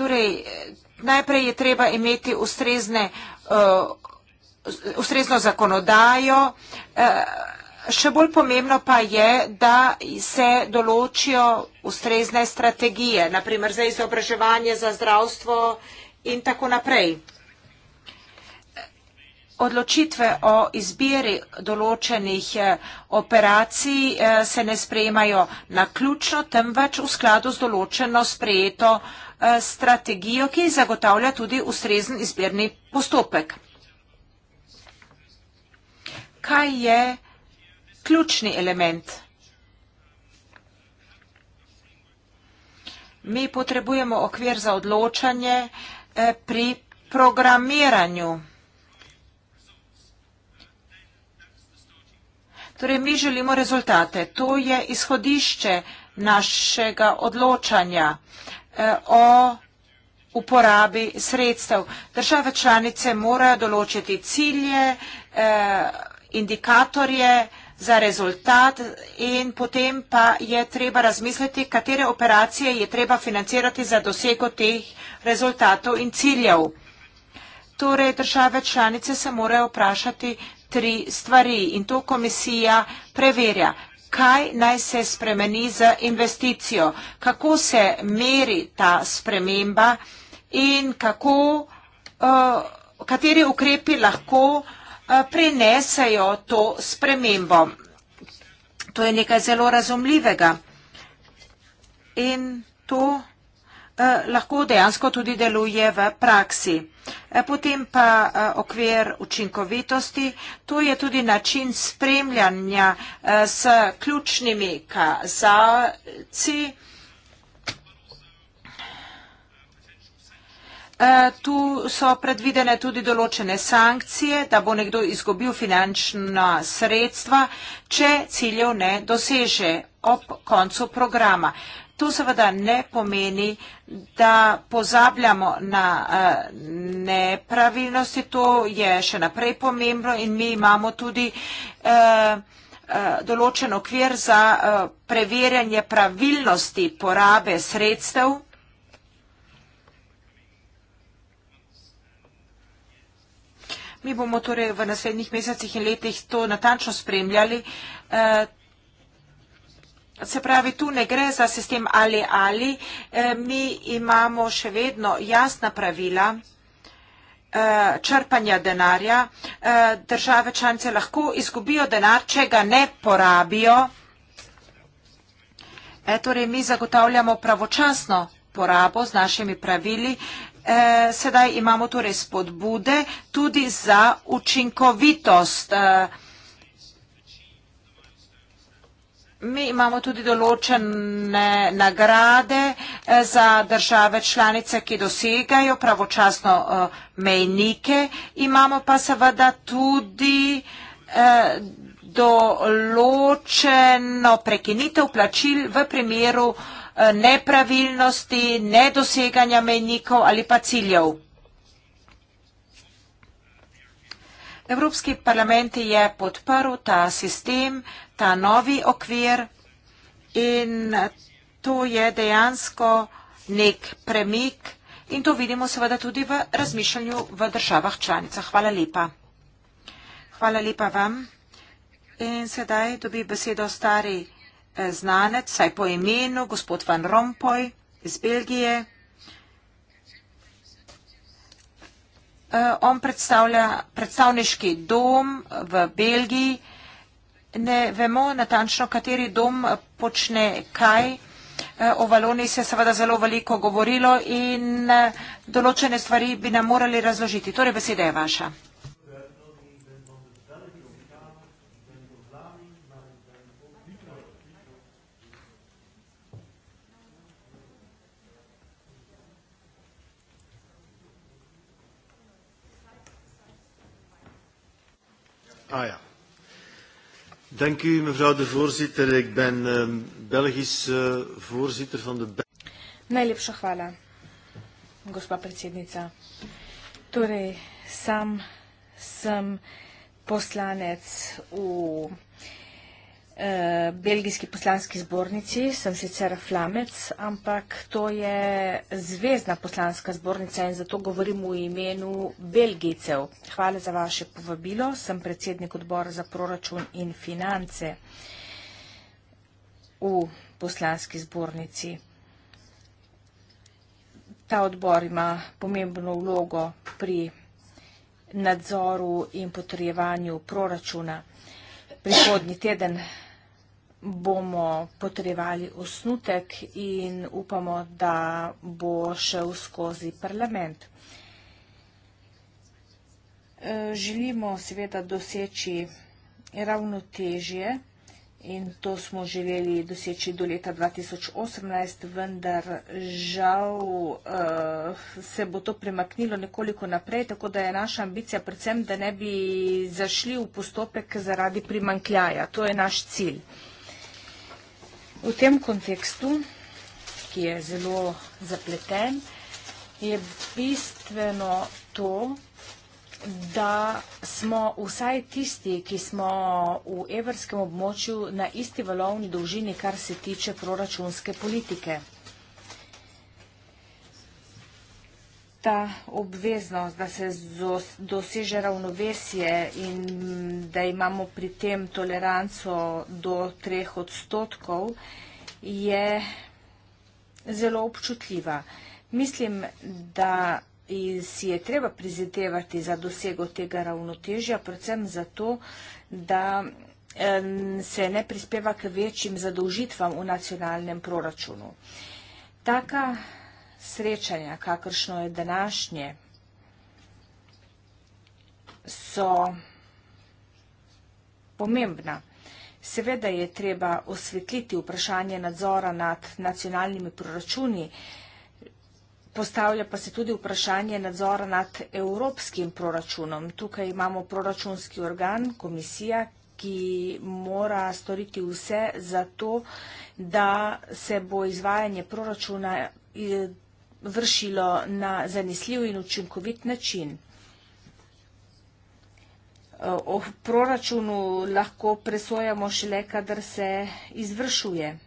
Torej, najprej je treba imeti ustrezne, uh, ustrezno zakonodajo. Uh, še bolj pomembno pa je, da se določijo ustrezne strategije, naprimer za izobraževanje, za zdravstvo in tako naprej odločitve o izbiri določenih eh, operacij eh, se ne sprejemajo naključno, temveč v skladu z določeno sprejeto eh, strategijo, ki zagotavlja tudi ustrezen izbirni postopek. Kaj je ključni element? Mi potrebujemo okvir za odločanje pri programiranju. Torej, mi želimo rezultate. To je izhodišče našega odločanja eh, o uporabi sredstev. Države članice morajo določiti cilje, eh, indikatorje za rezultat in potem pa je treba razmisliti, katere operacije je treba financirati za dosego teh rezultatov in ciljev. Torej, države članice se morajo vprašati, tri stvari in to komisija preverja. Kaj naj se spremeni za investicijo, kako se meri ta sprememba in kako, uh, kateri ukrepi lahko uh, prinesejo to spremembo. To je nekaj zelo razumljivega. In to Eh, lahko dejansko tudi deluje v praksi. Eh, potem pa eh, okvir učinkovitosti, to je tudi način spremljanja s ključnimi kazalci. Tu so predvidene tudi določene sankcije, da bo nekdo izgubil finančna sredstva, če ciljev ne doseže ob koncu programa. To seveda ne pomeni, da pozabljamo na uh, nepravilnosti, to je še naprej pomembno in mi imamo tudi uh, uh, določen okvir za uh, preverjanje pravilnosti porabe sredstev. Mi bomo torej v naslednjih mesecih in letih to natančno spremljali. Uh, Se pravi, tu ne gre za sistem ali ali, e, mi imamo še vedno jasna pravila e, črpanja denarja. E, države članice lahko izgubijo denar, če ga ne porabijo. E, torej, mi zagotavljamo pravočasno porabo z našimi pravili. E, sedaj imamo torej spodbude tudi za učinkovitost. E, Mi imamo tudi določene nagrade eh, za države članice, ki dosegajo pravočasno eh, mejnike. Imamo pa seveda tudi eh, določeno prekinitev plačil v primeru nepravilnosti, nedoseganja mejnikov ali pa ciljev. Evropski parlament je podprl ta sistem ta novi okvir in tu je dejansko nek premik in to vidimo seveda tudi v razmišljanju v državah članica. Hvala lepa. Hvala lepa vam. In sedaj dobi besedo stari eh, znanec, saj po imenu, gospod Van Rompuy iz Belgije. Eh, on predstavlja predstavniški dom v Belgiji, ne vemo natančno, kateri dom počne kaj. E, o Valoni se je seveda zelo veliko govorilo in e, določene stvari bi nam morali razložiti. Torej, beseda je vaša. A ah, ja. Dank u, mevrouw de voorzitter. Ik ben uh, Belgisch uh, voorzitter van de. Najlepša hvala, gospa predsednica. Torej, sam sem poslanec v Eh, belgijski poslanski zbornici, sem sicer flamec, ampak to je zvezdna poslanska zbornica in zato govorim v imenu Belgijcev. Hvala za vaše povabilo, sem predsednik odbora za proračun in finance v poslanski zbornici. Ta odbor ima pomembno vlogo pri nadzoru in potrjevanju proračuna. Prihodnji teden bomo potrevali osnutek in upamo, da bo šel skozi parlament. E, želimo seveda doseči ravno težje in to smo želeli doseči do leta 2018, vendar žal e, se bo to premaknilo nekoliko naprej, tako da je naša ambicija predvsem, da ne bi zašli v postopek zaradi primankljaja. To je naš cilj. V tem kontekstu, ki je zelo zapleten, je bistveno to, da smo vsaj tisti, ki smo v evrskem območju na isti valovni dolžini, kar se tiče proračunske politike. ta obveznost, da se doseže ravnovesje in da imamo pri tem toleranco do treh odstotkov, je zelo občutljiva. Mislim, da si je treba prizadevati za dosego tega ravnotežja, predvsem zato, da se ne prispeva k večjim zadolžitvam v nacionalnem proračunu. Taka srečanja, kakršno je današnje, so pomembna. Seveda je treba osvetliti vprašanje nadzora nad nacionalnimi proračuni, postavlja pa se tudi vprašanje nadzora nad evropskim proračunom. Tukaj imamo proračunski organ, komisija, ki mora storiti vse za to, da se bo izvajanje proračuna izvajanje vršilo na zanesljiv in učinkovit način. O proračunu lahko presojamo šele, kadar se izvršuje.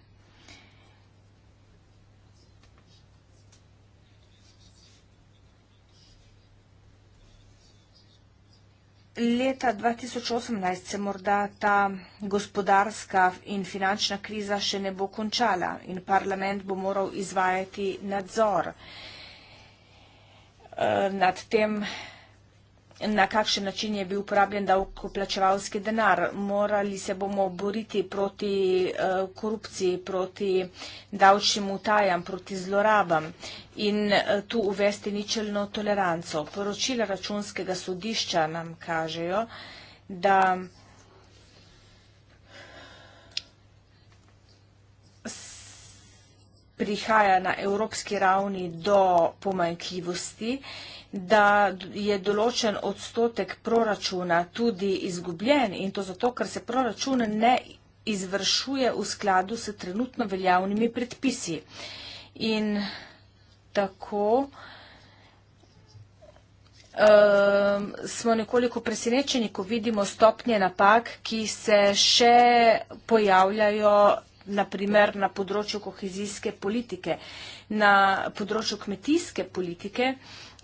leta 2018 se morda ta gospodarska in finančna kriza še ne bo končala in parlament bo moral izvajati nadzor eh, nad tem, na kakšen način je bil uporabljen davkoplačevalski denar. Morali se bomo boriti proti eh, korupciji, proti davčnim utajam, proti zlorabam in eh, tu uvesti ničelno toleranco. Poročila računskega sodišča nam kažejo, da prihaja na evropski ravni do pomankljivosti da je določen odstotek proračuna tudi izgubljen in to zato, ker se proračun ne izvršuje v skladu s trenutno veljavnimi predpisi. In tako um, smo nekoliko presenečeni, ko vidimo stopnje napak, ki se še pojavljajo naprimer na področju kohezijske politike, na področju kmetijske politike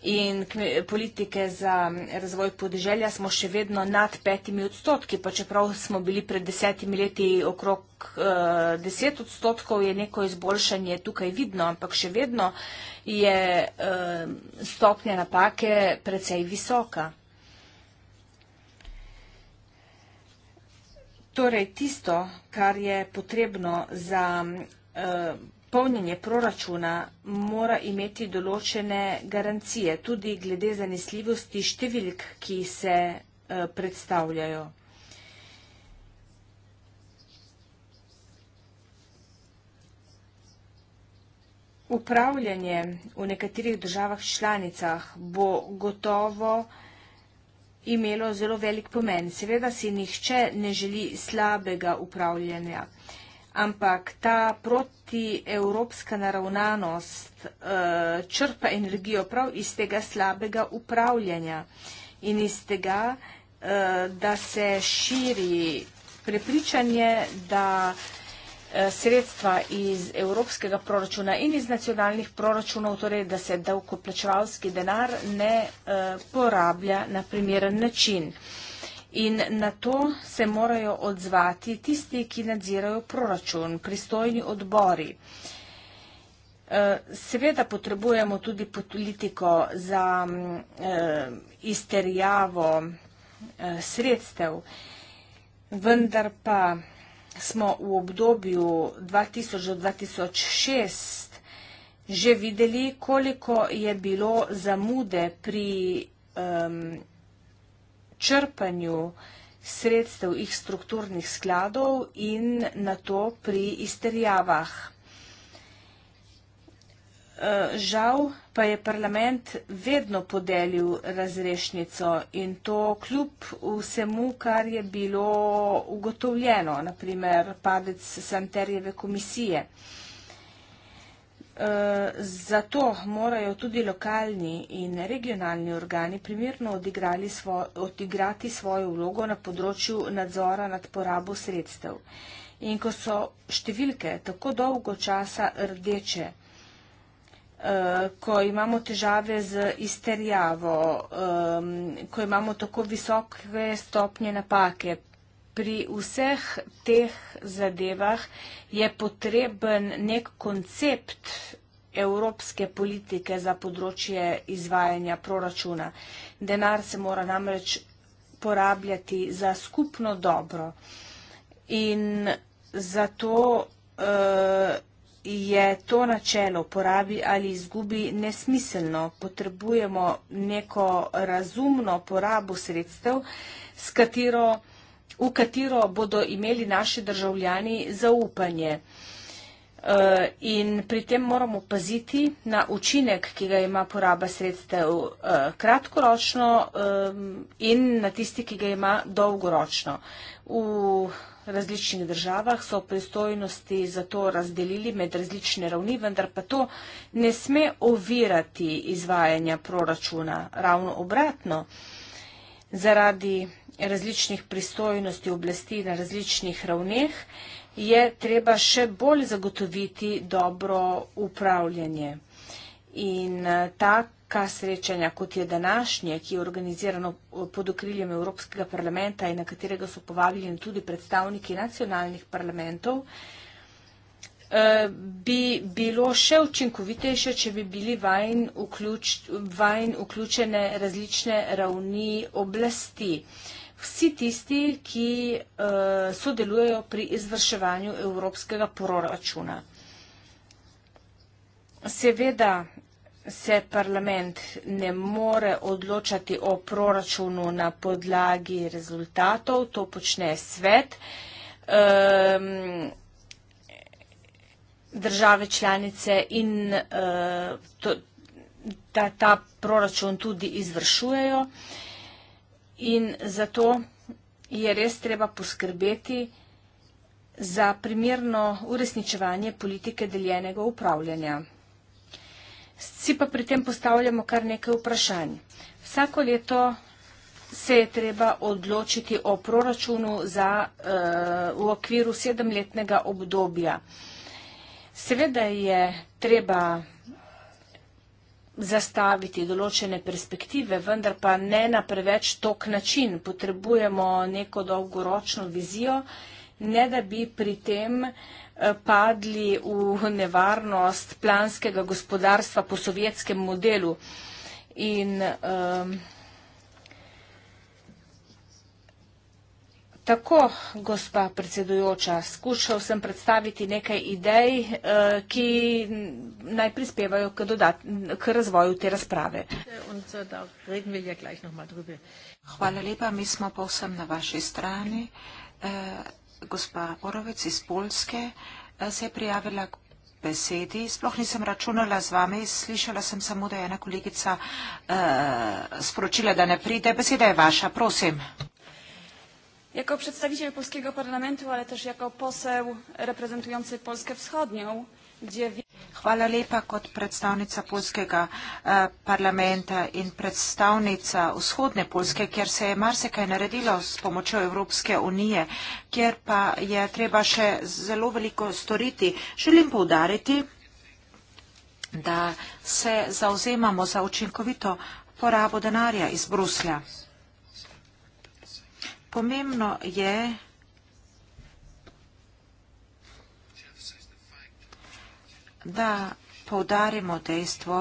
in politike za razvoj podeželja smo še vedno nad petimi odstotki, pa čeprav smo bili pred desetimi leti okrog eh, deset odstotkov, je neko izboljšanje tukaj vidno, ampak še vedno je eh, stopnja napake precej visoka. Torej, tisto, kar je potrebno za eh, Polnjenje proračuna mora imeti določene garancije, tudi glede zanesljivosti številk, ki se eh, predstavljajo. Upravljanje v nekaterih državah članicah bo gotovo imelo zelo velik pomen. Seveda si nihče ne želi slabega upravljanja ampak ta protievropska naravnanost uh, črpa energijo prav iz tega slabega upravljanja in iz tega, uh, da se širi prepričanje, da eh, sredstva iz evropskega proračuna in iz nacionalnih proračunov, torej da se davkoplačevalski denar ne uh, porablja na primeren način. Uh, In na to se morajo odzvati tisti, ki nadzirajo proračun, pristojni odbori. Eh, seveda potrebujemo tudi politiko za mm, eh, izterjavo eh, sredstev, vendar pa smo v obdobju 2000-2006 že videli, koliko je bilo zamude pri izterjavo črpanju sredstev iz strukturnih skladov in na to pri izterjavah. E, žal pa je parlament vedno podelil razrešnico in to kljub vsemu, kar je bilo ugotovljeno, naprimer padec Santerjeve komisije. Eh, zato morajo tudi lokalni in regionalni organi primerno svo, odigrati svojo vlogo na področju nadzora nad porabo sredstev. In ko so številke tako dolgo časa rdeče, eh, ko imamo težave z izterjavo, eh, ko imamo tako visoke stopnje napake, pri vseh teh zadevah je potreben nek koncept evropske politike za področje izvajanja proračuna. Denar se mora namreč porabljati za skupno dobro in zato uh, je to načelo porabi ali izgubi nesmiselno. Potrebujemo neko razumno porabo sredstev, s katero uh, v katero bodo imeli naši državljani zaupanje. Eh, in pri tem moramo paziti na učinek, ki ga ima poraba sredstev eh, kratkoročno eh, in na tisti, ki ga ima dolgoročno. V različnih državah so pristojnosti za to razdelili med različne ravni, vendar pa to ne sme ovirati izvajanja proračuna. Ravno obratno, zaradi različnih pristojnosti oblasti na različnih ravneh, je treba še bolj zagotoviti dobro upravljanje. In eh, taka srečanja, kot je današnje, ki je organizirano eh, pod okriljem Evropskega parlamenta in na katerega so povabljeni tudi predstavniki nacionalnih parlamentov, eh, bi bilo še učinkovitejše, če bi bili vajn, vključ, vajn vključene različne ravni oblasti vsi tisti, ki uh, sodelujejo pri izvrševanju evropskega proračuna. Seveda se parlament ne more odločati o proračunu na podlagi rezultatov, to počne svet. Um, države članice in uh, to, ta, ta proračun tudi izvršujejo. Uh, In zato je res treba poskrbeti za primerno uresničevanje politike deljenega upravljanja. Si pa pri tem postavljamo kar nekaj vprašanj. Vsako leto se je treba odločiti o proračunu za, uh, v okviru sedemletnega obdobja. Seveda je treba zastaviti določene perspektive, vendar pa ne na preveč tok način. Potrebujemo neko dolgoročno vizijo, ne da bi pri tem eh, padli v nevarnost planskega gospodarstva po sovjetskem modelu. In, um, Tako, gospa predsedujoča, skušal sem predstaviti nekaj idej, eh, ki naj prispevajo k, dodat, k razvoju te razprave. Eh, ja Hvala lepa, mi smo pa vsem na vaši strani. Eh, gospa Borovec iz Polske se je prijavila k besedi. Sploh nisem računala z vami, slišala sem samo, da je ena kolegica sporočila, da ne pride. Beseda je vaša, prosim. Jako przedstawiciel polskiego parlamentu, ale też jako poseł reprezentujący Polskę Wschodnią, gdzie... Hvala lepa kot predstavnica polskega e, parlamenta in predstavnica vzhodne Polske, kjer se je marsikaj naredilo s pomočjo Evropske unije, kjer pa je treba še zelo veliko storiti. Želim poudariti, da se zauzemamo za učinkovito porabo denarja iz Bruslja. Pomembno je, da povdarimo dejstvo,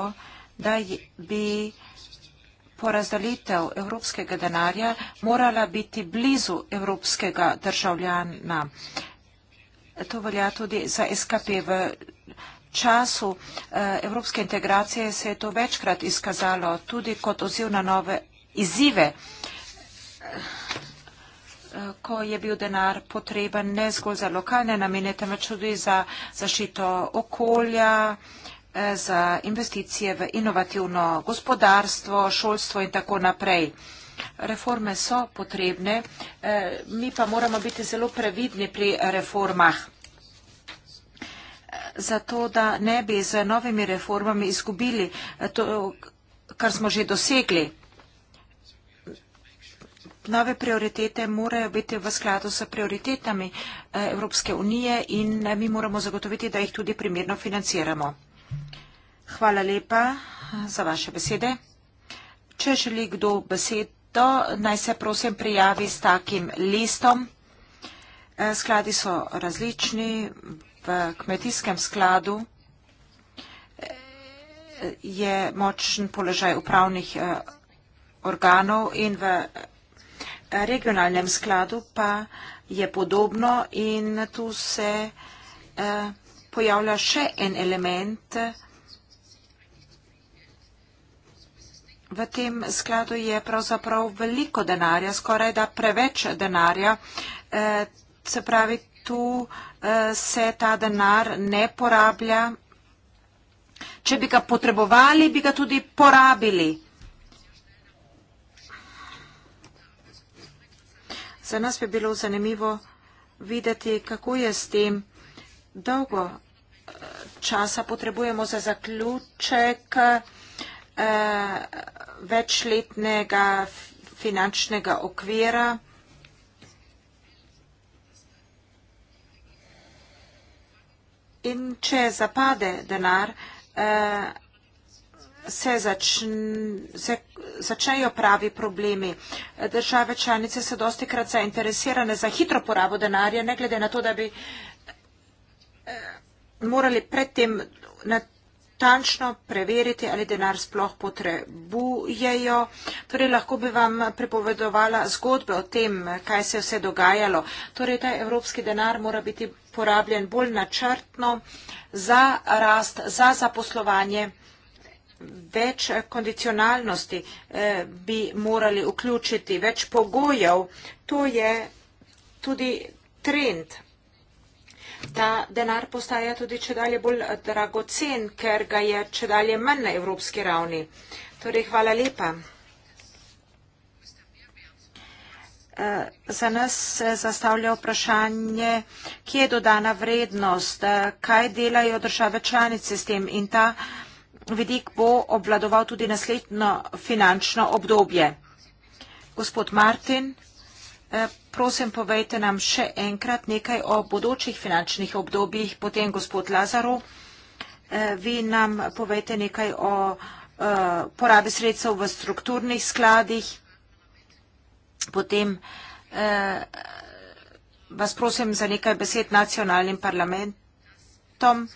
da bi porazdalitev evropskega denarja morala biti blizu evropskega državljana. To velja tudi za SKP. V času eh, evropske integracije se je to večkrat izkazalo tudi kot oziv na nove izzive. Eh, ko je bil denar potreben ne zgolj za lokalne namene, temveč tudi za zašito okolja, eh, za investicije v inovativno gospodarstvo, šolstvo in tako naprej. Reforme so potrebne, eh, mi pa moramo biti zelo previdni pri reformah. Zato, da ne bi z novimi reformami izgubili to, kar smo že dosegli nove prioritete morajo biti v skladu s prioritetami eh, Evropske unije in eh, mi moramo zagotoviti, da jih tudi primerno financiramo. Hvala lepa eh, za vaše besede. Če želi kdo besedo, naj se prosim prijavi s takim listom. Skladi so različni v kmetijskem skladu je močen položaj upravnih organov in v regionalnem skladu pa je podobno in tu se eh, pojavlja še en element. V tem skladu je pravzaprav veliko denarja, skoraj da preveč denarja. Eh, se pravi, tu eh, se ta denar ne porablja. Če bi ga potrebovali, bi ga tudi porabili. Za nas bi bilo zanimivo videti, kako je s tem. Dolgo eh, časa potrebujemo za zaključek eh, večletnega finančnega okvira. In če zapade denar, eh, se, začn, se začnejo pravi problemi. Države članice so dosti krat zainteresirane za hitro porabo denarja, ne glede na to, da bi eh, morali predtem natančno preveriti, ali denar sploh potrebujejo. Torej, lahko bi vam prepovedovala zgodbe o tem, kaj se je vse dogajalo. Torej, ta evropski denar mora biti porabljen bolj načrtno za rast, za zaposlovanje več kondicionalnosti eh, bi morali vključiti, več pogojev. To je tudi trend. Ta denar postaja tudi čedalje bolj eh, dragocen, ker ga je čedalje manj na evropski ravni. Torej, hvala lepa. Eh, za nas se zastavlja vprašanje, kje je dodana vrednost, kaj delajo države članice s tem in ta vrednost vidik bo obvladoval tudi naslednjo finančno obdobje. Gospod Martin, eh, prosim povejte nam še enkrat nekaj o bodočih finančnih obdobjih, potem gospod Lazaru, eh, vi nam povejte nekaj o eh, porabi sredstev v strukturnih skladih, potem vas prosim za nekaj besed nacionalnim parlamentom, projektom.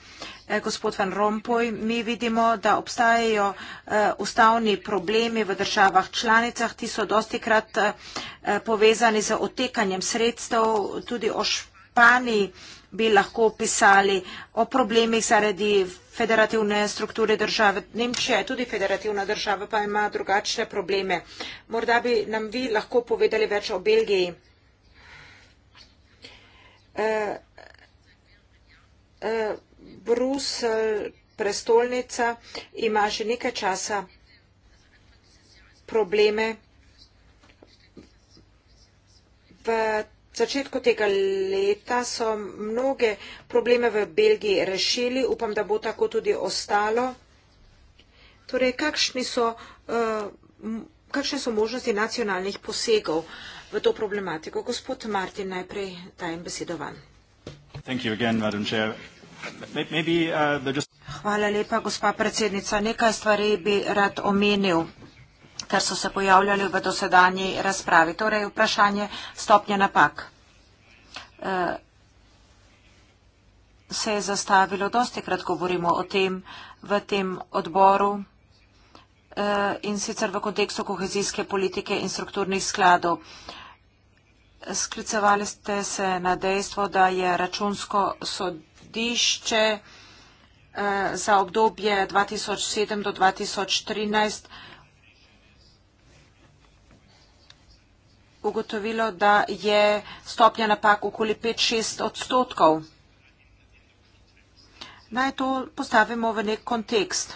Eh, gospod Van Rompuy, mi vidimo, da obstajajo eh, ustavni problemi v državah članicah, ti so dosti krat eh, povezani z otekanjem sredstev, tudi o Španiji bi lahko pisali o problemih zaradi federativne strukture države. Nemčija je tudi federativna država, pa ima drugačne probleme. Morda bi nam vi lahko povedali več o Belgiji. Brusel, prestolnica, ima že nekaj časa probleme. V začetku tega leta so mnoge probleme v Belgiji rešili, upam, da bo tako tudi ostalo. Torej, kakšni so, eh, kakšne so možnosti nacionalnih posegov v to problematiko? Gospod Martin, najprej dajem besedo vam. Uh, Hvala lepa, gospa predsednica. Nekaj stvari bi rad omenil ker so se pojavljali v dosedanji razpravi. Torej, vprašanje stopnje napak. Eh, se je zastavilo, dosti krat govorimo o tem v tem odboru eh, in sicer v kontekstu kohezijske politike in strukturnih skladov sklicevali ste se na dejstvo, da je računsko sodišče eh, za obdobje 2007 do 2013 ugotovilo, da je stopnja napak okoli 5-6 odstotkov. Naj to postavimo v nek kontekst.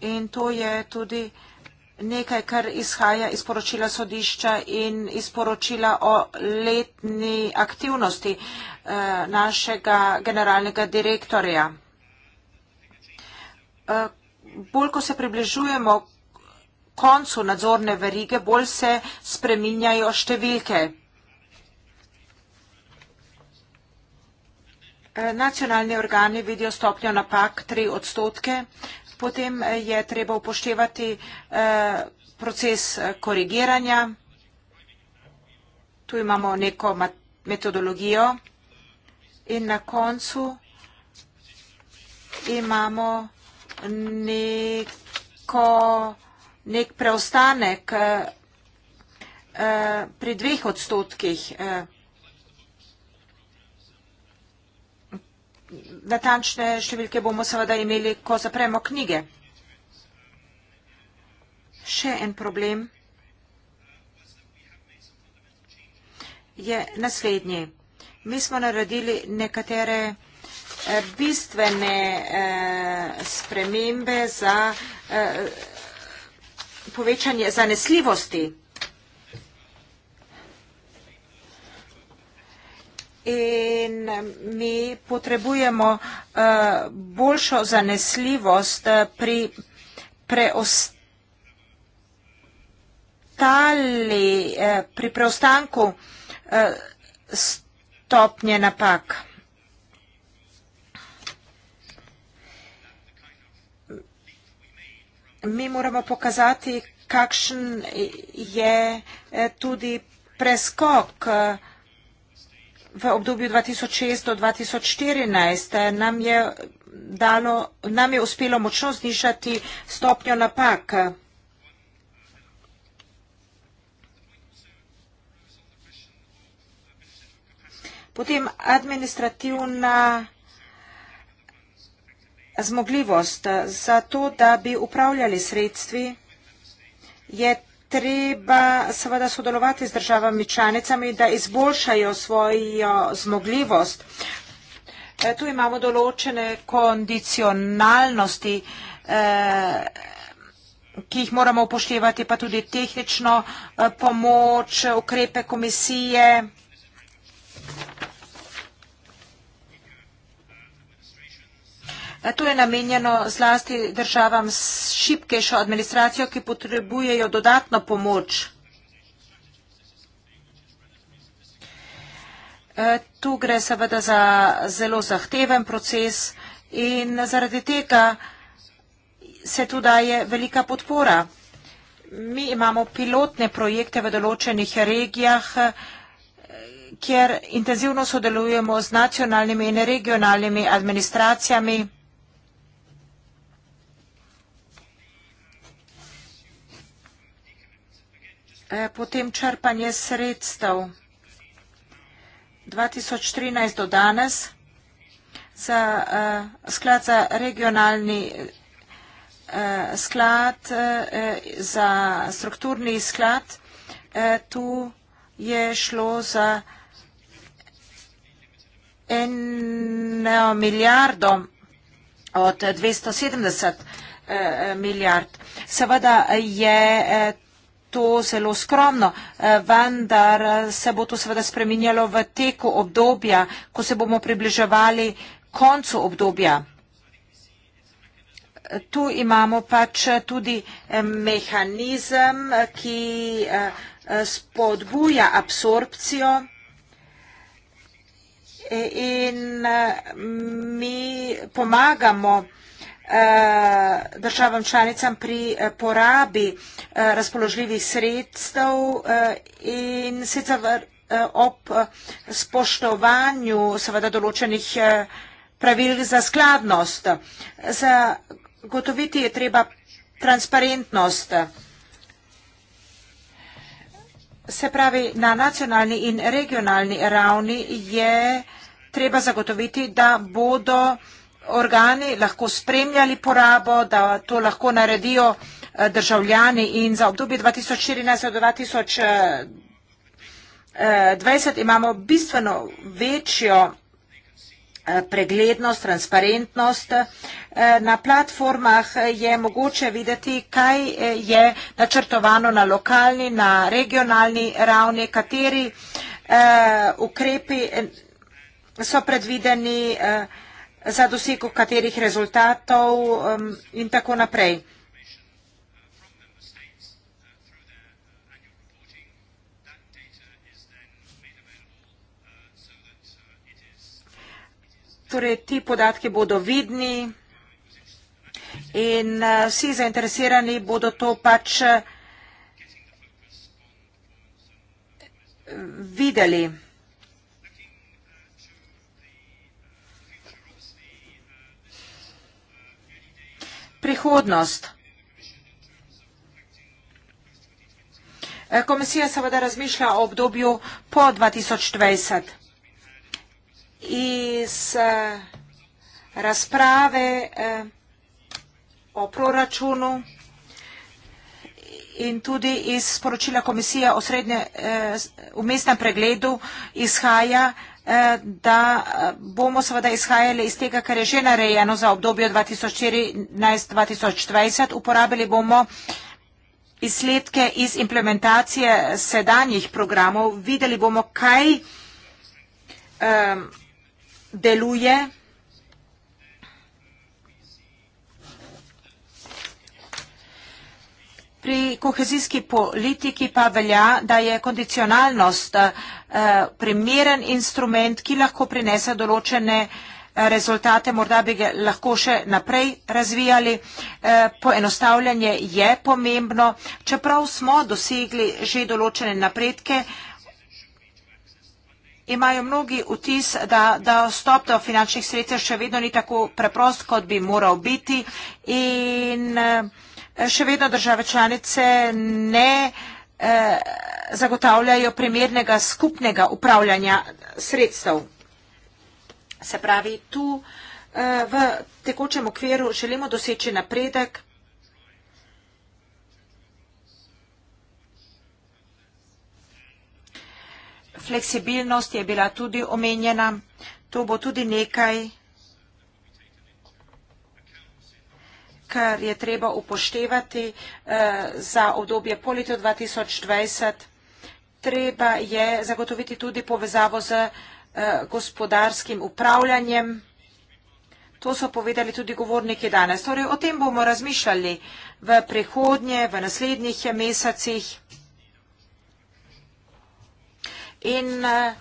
In to je tudi nekaj, nekaj, kar izhaja iz poročila sodišča in iz poročila o letni aktivnosti eh, našega generalnega direktorja. Eh, bolj, ko se približujemo koncu nadzorne verige, bolj se spreminjajo številke. Eh, nacionalni organi vidijo stopnjo napak 3 odstotke, potem eh, je treba upoštevati eh, proces eh, korigiranja. Tu imamo neko metodologijo in na koncu imamo neko, nek preostanek pri dveh odstotkih proizvodnosti natančne številke bomo seveda imeli, ko zapremo knjige. Še en problem je naslednji. Mi smo naredili nekatere eh, bistvene eh, spremembe za eh, povečanje zanesljivosti. in eh, mi potrebujemo uh, boljšo zanesljivost eh, pri preostali, uh, pri preostanku uh, stopnje napak. Mi moramo pokazati, kakšen je tudi preskok uh, v obdobju 2006 do 2014 eh, nam je, dalo, nam je uspelo močno znižati stopnjo napak. Potem administrativna zmogljivost za to, da bi upravljali sredstvi, je treba seveda sodelovati z državami članicami, da izboljšajo svojo zmogljivost. E, tu imamo določene kondicionalnosti, e, ki jih moramo upoštevati, pa tudi tehnično e, pomoč, ukrepe komisije. Tu je namenjeno zlasti državam s šipkejšo administracijo, ki potrebujejo dodatno pomoč. E, tu gre seveda za zelo zahteven proces in zaradi tega se tu daje velika podpora. Mi imamo pilotne projekte v določenih regijah, e, kjer intenzivno sodelujemo z nacionalnimi in regionalnimi administracijami in Eh, potem črpanje sredstev 2013 do danes za eh, sklad za regionalni eh, sklad, za strukturni sklad. Tu je šlo za eno milijardo od 270 milijard. Seveda je tudi to zelo skromno, eh, vendar eh, se bo to seveda spreminjalo v teku obdobja, ko se bomo približevali koncu obdobja. Tu imamo pač tudi eh, mehanizem, ki spodbuja absorpcijo e, in mi pomagamo Eh, državam članicam pri eh, porabi eh, razpoložljivih sredstev in sicer ob spoštovanju seveda določenih pravil za skladnost. Zagotoviti je treba transparentnost. Se pravi, na nacionalni in regionalni ravni je treba zagotoviti, da bodo uh, organi lahko spremljali porabo, da to lahko naredijo eh, državljani in za obdobje 2014-2020 imamo bistveno večjo eh, preglednost, transparentnost. Eh, na platformah je mogoče videti, kaj je načrtovano na lokalni, na regionalni ravni, kateri ukrepi so predvideni, kateri za dosego katerih rezultatov um, in tako naprej. Torej, ti podatki bodo vidni in uh, vsi zainteresirani bodo to pač uh, videli. prihodnost. Komisija seveda razmišlja o obdobju po 2020. Iz eh, razprave eh, o proračunu in tudi iz sporočila komisije o srednje umestnem eh, pregledu izhaja, Eh, da eh, bomo seveda izhajali iz tega, kar je že narejeno za obdobje 2014-2020. Uporabili bomo izsledke iz implementacije sedanjih programov, videli bomo, kaj um, deluje, Pri kohezijski politiki pa velja, da je kondicionalnost eh, primeren instrument, ki lahko prinese določene eh, rezultate, morda bi ga lahko še naprej razvijali. Eh, poenostavljanje je pomembno, čeprav smo dosegli že določene napredke, imajo mnogi vtis, da, da stop do finančnih sredstev še vedno ni tako preprost, kot bi moral biti in eh, še vedno države članice ne eh, zagotavljajo primernega skupnega upravljanja sredstev. Se pravi, tu eh, v tekočem okviru želimo doseči napredek. Fleksibilnost je bila tudi omenjena. To bo tudi nekaj, kar je treba upoštevati eh, za obdobje po letu 2020. Treba je zagotoviti tudi povezavo z eh, gospodarskim upravljanjem. To so povedali tudi govorniki danes. Torej, o tem bomo razmišljali v prihodnje, v naslednjih mesecih. In uh,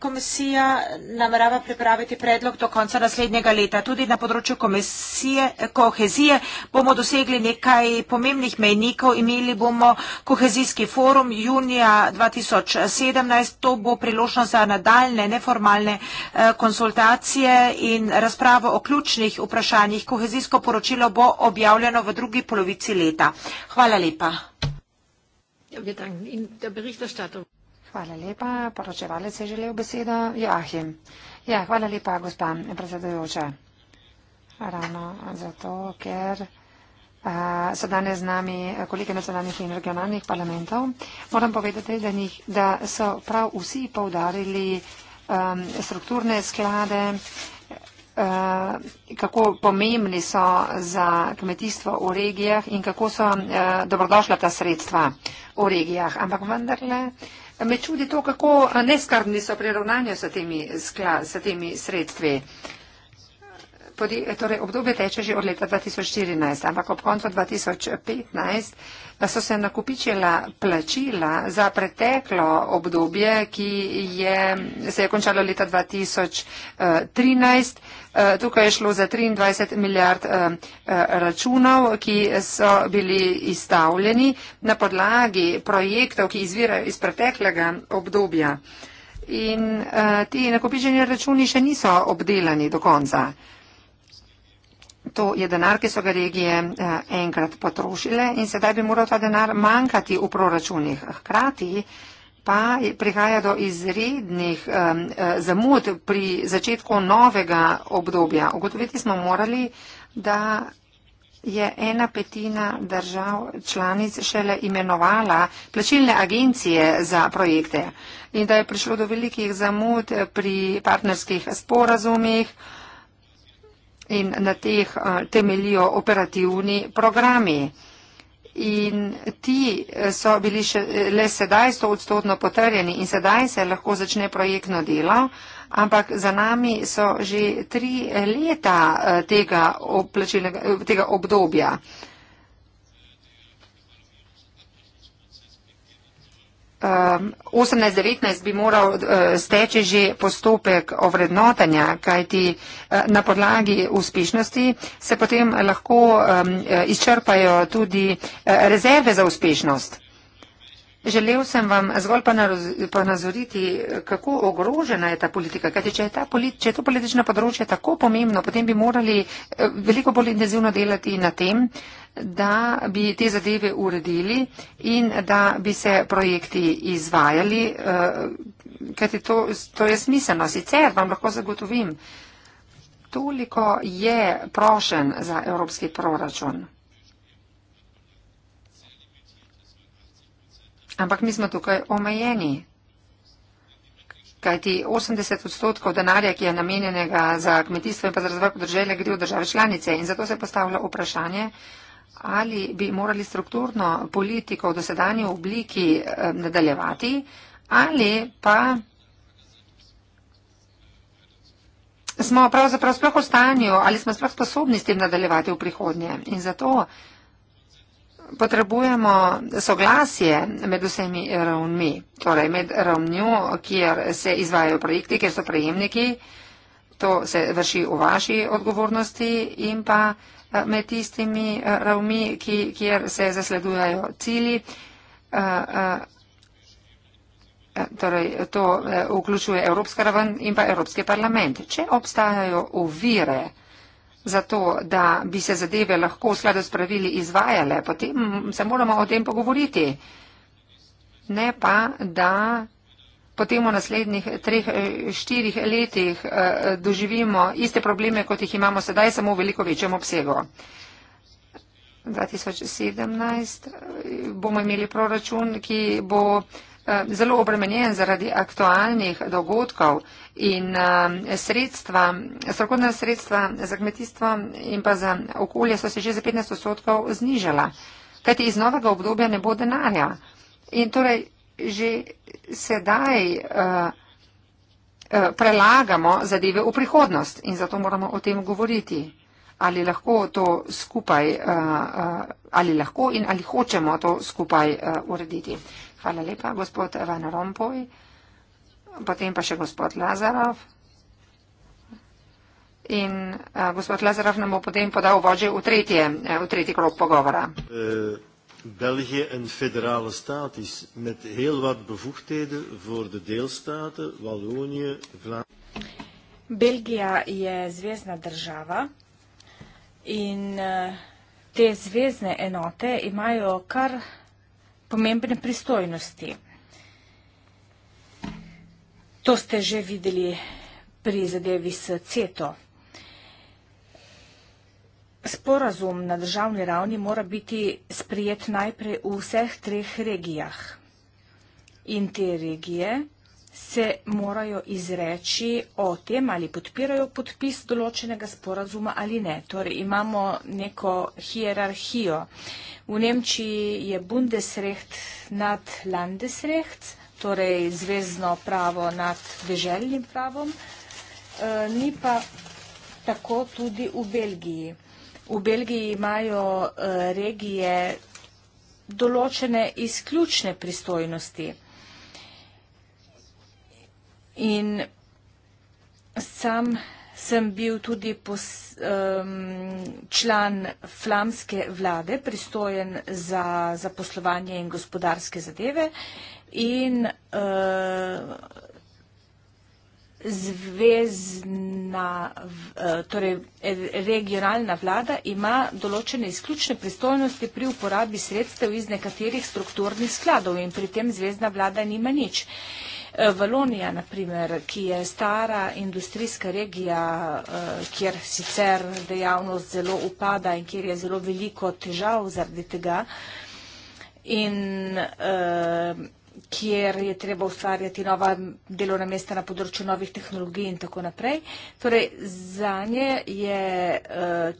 komisija namerava pripraviti predlog do konca naslednjega leta. Tudi na področju komisije, kohezije bomo dosegli nekaj pomembnih mejnikov. Imeli bomo kohezijski forum junija 2017. To bo priložnost za nadaljne neformalne eh, konsultacije in razpravo o ključnih vprašanjih. Kohezijsko poročilo bo objavljeno v drugi polovici leta. Hvala lepa. Ja, Hvala lepa. Poročevalec je želel besedo. Joahim. Ja, hvala lepa, gospa predsedujoča. Ravno zato, ker a, so danes z nami kolege nacionalnih in regionalnih parlamentov, moram povedati, da, njih, da so prav vsi povdarili a, um, strukturne sklade, a, kako pomembni so za kmetijstvo v regijah in kako so a, dobrodošla ta sredstva v regijah. Ampak vendarle. Me čudi to, kako neskrbni so pri ravnanju s temi, skla, s temi sredstvi. Uh, podi, torej obdobje teče že od leta 2014, ampak ob koncu 2015 eh, so se nakupičila plačila za preteklo obdobje, ki je, se je končalo leta 2013. Eh, tukaj je šlo za 23 milijard eh, računov, ki so bili izstavljeni na podlagi projektov, ki izvirajo iz preteklega obdobja. In uh, ti nakopičeni računi še niso obdelani do konca. Uh, to je denar, ki so ga regije eh, enkrat potrošile in sedaj bi moral ta denar manjkati v proračunih. Hkrati pa prihaja do izrednih eh, eh, zamud pri začetku novega obdobja. Ugotoviti smo morali, da je ena petina držav članic šele imenovala plačilne agencije za projekte in da je prišlo do velikih zamud pri partnerskih sporazumih in na teh eh, temeljijo operativni programi. In ti eh, so bili še, eh, le sedaj 100 odstotno potrjeni in sedaj se lahko začne projektno delo, ampak za nami so že tri leta tega, tega obdobja. Uh, 18-19 ehm, bi moral eh, steči že postopek ovrednotanja, kajti eh, na podlagi uspešnosti se potem lahko ehm, eh, izčrpajo tudi rezerve za uspešnost. Želel sem vam zgolj ponazoriti, kako ogrožena je ta politika. Kajti, če, je ta politi če je to politično področje tako pomembno, potem bi morali eh, veliko bolj intenzivno delati na tem, da bi te zadeve uredili in da bi se projekti izvajali, eh, kajti to, to je smiselno. Sicer vam lahko zagotovim, toliko je prošen za evropski proračun. Ampak mi smo tukaj omejeni. Kajti 80 odstotkov denarja, ki je namenjenega za kmetijstvo in pa za razvoj podržele, gre v države članice. In zato se postavlja vprašanje, ali bi morali strukturno politiko v dosedanji obliki eh, nadaljevati, ali pa smo pravzaprav sploh v stanju, ali smo sploh sposobni s tem nadaljevati v prihodnje. In zato potrebujemo soglasje med vsemi ravnmi, torej med ravnjo, kjer se izvajajo projekti, kjer so prejemniki, to se vrši v vaši odgovornosti in pa eh, med tistimi eh, ravnmi, kjer se zasledujajo cili. Eh, torej, to vključuje Evropska raven in pa Evropski parlament. Če obstajajo uvire, zato, da bi se zadeve lahko v skladu s pravili izvajale, potem se moramo o tem pogovoriti. Ne pa, da potem v naslednjih treh, štirih letih eh, doživimo iste probleme, kot jih imamo sedaj, samo v veliko večjem obsegu. 2017 eh, bomo imeli proračun, ki bo eh, zelo obremenjen zaradi aktualnih dogodkov in eh, sredstva, strokovna sredstva za kmetijstvo in pa za okolje so se že za 15 odstotkov znižala, kajti iz novega obdobja ne bo denarja. In torej že sedaj eh, eh, prelagamo zadeve v prihodnost in zato moramo o tem govoriti. Ali lahko to skupaj, ali lahko in ali hočemo to skupaj urediti. Hvala lepa, gospod Van Rompuy potem pa še gospod Lazarov. In a, eh, gospod Lazarov nam bo potem podal vodje v, tretje, eh, v tretji krok pogovora. Eh, Belgije in federalna stat je med heel wat bevoegdheden voor de deelstaten Wallonije, Vlaanderen. Belgija je zvezdna država in te zvezdne enote imajo kar pomembne pristojnosti. To ste že videli pri zadevi s CETO. Sporazum na državni ravni mora biti sprijet najprej v vseh treh regijah. In te regije se morajo izreči o tem, ali podpirajo podpis določenega sporazuma ali ne. Torej imamo neko hierarhijo. V Nemčiji je Bundesrecht nad Landesrecht, torej zvezdno pravo nad deželjnim pravom, e, ni pa tako tudi v Belgiji. V Belgiji imajo e, regije določene izključne pristojnosti. In sam sem bil tudi pos, um, član flamske vlade, pristojen za zaposlovanje in gospodarske zadeve in uh, zvezna, uh, torej eh, regionalna vlada ima določene izključne pristojnosti pri uporabi sredstev iz nekaterih strukturnih skladov in pri tem zvezna vlada nima nič. Valonija, na primer, ki je stara industrijska regija, kjer sicer dejavnost zelo upada in kjer je zelo veliko težav zaradi tega. In, eh, kjer je treba ustvarjati nova delovna mesta na področju novih tehnologij in tako naprej. Torej, za nje je uh,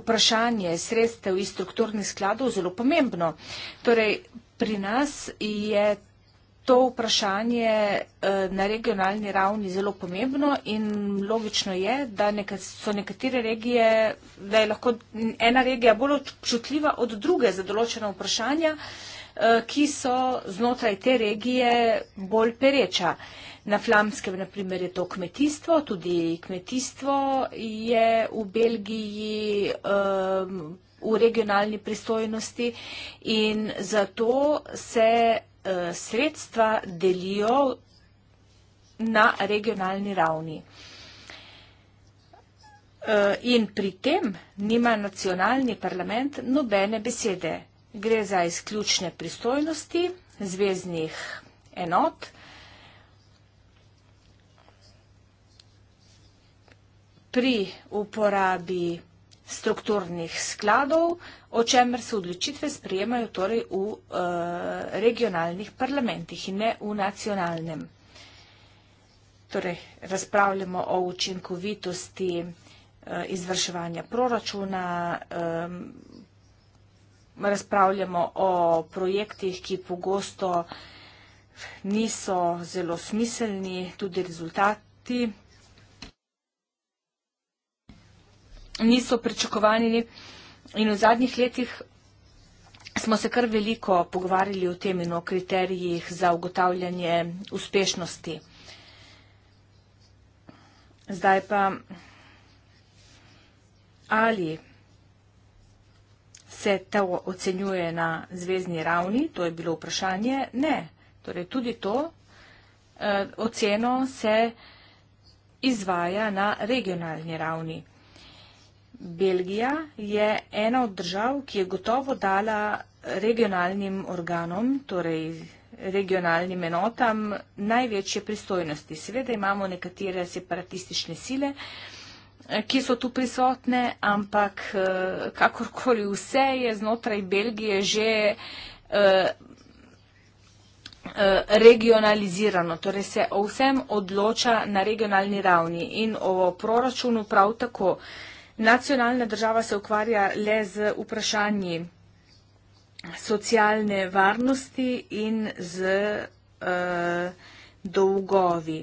vprašanje sredstev iz strukturnih skladov zelo pomembno. Torej, pri nas je to vprašanje eh, na regionalni ravni zelo pomembno in logično je, da so nekatere regije, da je lahko ena regija bolj občutljiva od druge za določena vprašanja. Uh, Eh, ki so znotraj te regije bolj pereča. Na flamskem, na primer, je to kmetijstvo, tudi kmetijstvo je v Belgiji eh, v regionalni pristojnosti in zato se eh, sredstva delijo na regionalni ravni. In pri tem nima nacionalni parlament nobene besede gre za izključne pristojnosti zvezdnih enot. pri uporabi strukturnih skladov, o čemer se odločitve sprijemajo torej v e, regionalnih parlamentih in ne v nacionalnem. Torej, razpravljamo o učinkovitosti e, izvrševanja proračuna, e, razpravljamo o projektih, ki pogosto niso zelo smiselni, tudi rezultati niso pričakovani. In v zadnjih letih smo se kar veliko pogovarjali o tem in o kriterijih za ugotavljanje uspešnosti. Zdaj pa ali se to ocenjuje na zvezdni ravni, to je bilo vprašanje. Ne, torej tudi to eh, oceno se izvaja na regionalni ravni. Belgija je ena od držav, ki je gotovo dala regionalnim organom, torej regionalnim enotam, največje pristojnosti. Seveda imamo nekatere separatistične sile, eh, ki so tu prisotne, ampak eh, kakorkoli vse je znotraj Belgije že eh, eh, regionalizirano, torej se o vsem odloča na regionalni ravni in o proračunu prav tako. Nacionalna država se ukvarja le z vprašanji socialne varnosti in z uh, dolgovi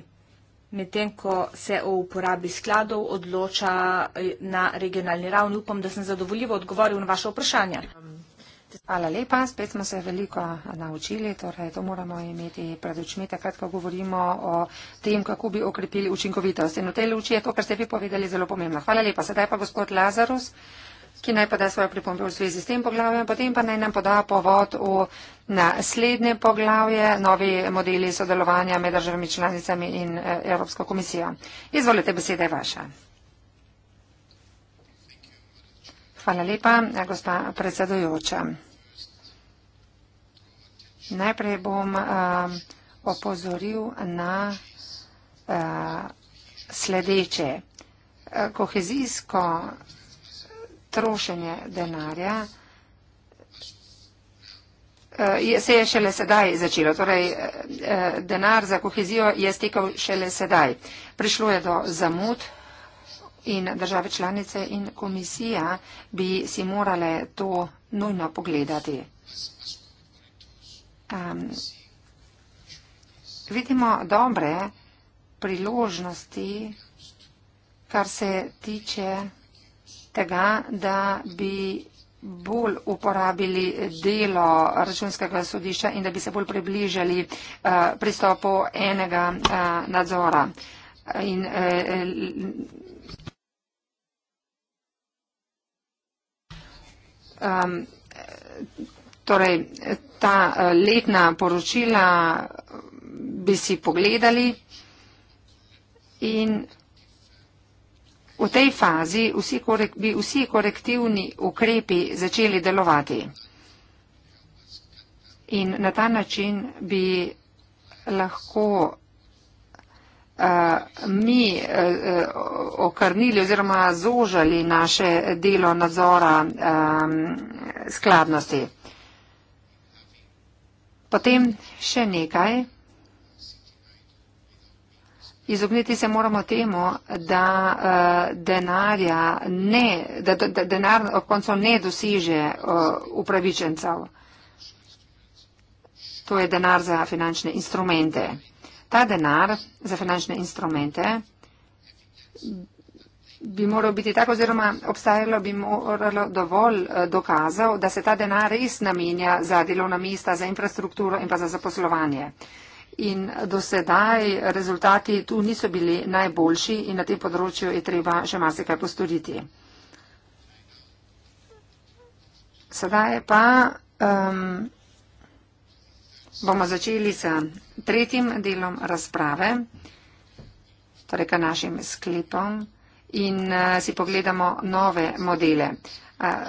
medtem ko se o uporabi skladov odloča eh, na regionalni ravni. Upam, da sem zadovoljivo odgovoril na vaše vprašanje. Hvala lepa, spet smo se veliko eh, naučili, torej to moramo imeti pred očmi, takrat, ko govorimo o tem, kako bi okrepili učinkovitost. In v tej luči je to, kar ste vi povedali, zelo pomembno. Hvala lepa, sedaj pa gospod Lazarus. Uh, ki naj poda svoje pripombe v zvezi s tem poglavjem, potem pa naj nam poda povod v naslednje poglavje, novi modeli sodelovanja med državami članicami in eh, Evropsko komisijo. Izvolite, beseda je vaša. Hvala lepa, gospa predsedujoča. Najprej bom uh, opozoril na uh, sledeče. Kohezijsko trošenje denarja eh, se je šele sedaj začelo. Torej, eh, denar za kohezijo je stekal šele sedaj. Prišlo je do zamud in države članice in komisija bi si morale to nujno pogledati. Um, vidimo dobre priložnosti, kar se tiče tega, da bi bolj uporabili delo računskega sodišča in da bi se bolj približali eh, pristopu enega eh, nadzora. In, um, torej, ta letna poročila bi si pogledali in V tej fazi vsi korek, bi vsi korektivni ukrepi začeli delovati. In na ta način bi lahko uh, mi uh, okrnili oziroma zožali naše delo nadzora um, skladnosti. Potem še nekaj. Izogniti se moramo temu, da, uh, denarja ne, da, da, da denar ob koncu ne dosiže uh, eh, upravičencev. To je denar za finančne instrumente. Ta denar za finančne instrumente bi moral biti tako, oziroma obstajalo bi moralo dovolj eh, dokazov, da se ta denar res namenja za delovna mesta, za infrastrukturo in pa za zaposlovanje. Uh, in do sedaj rezultati tu niso bili najboljši in na tem področju je treba še marsikaj postoriti. Sedaj pa um, bomo začeli s tretjim delom razprave, torej k našim sklepom in uh, si pogledamo nove modele.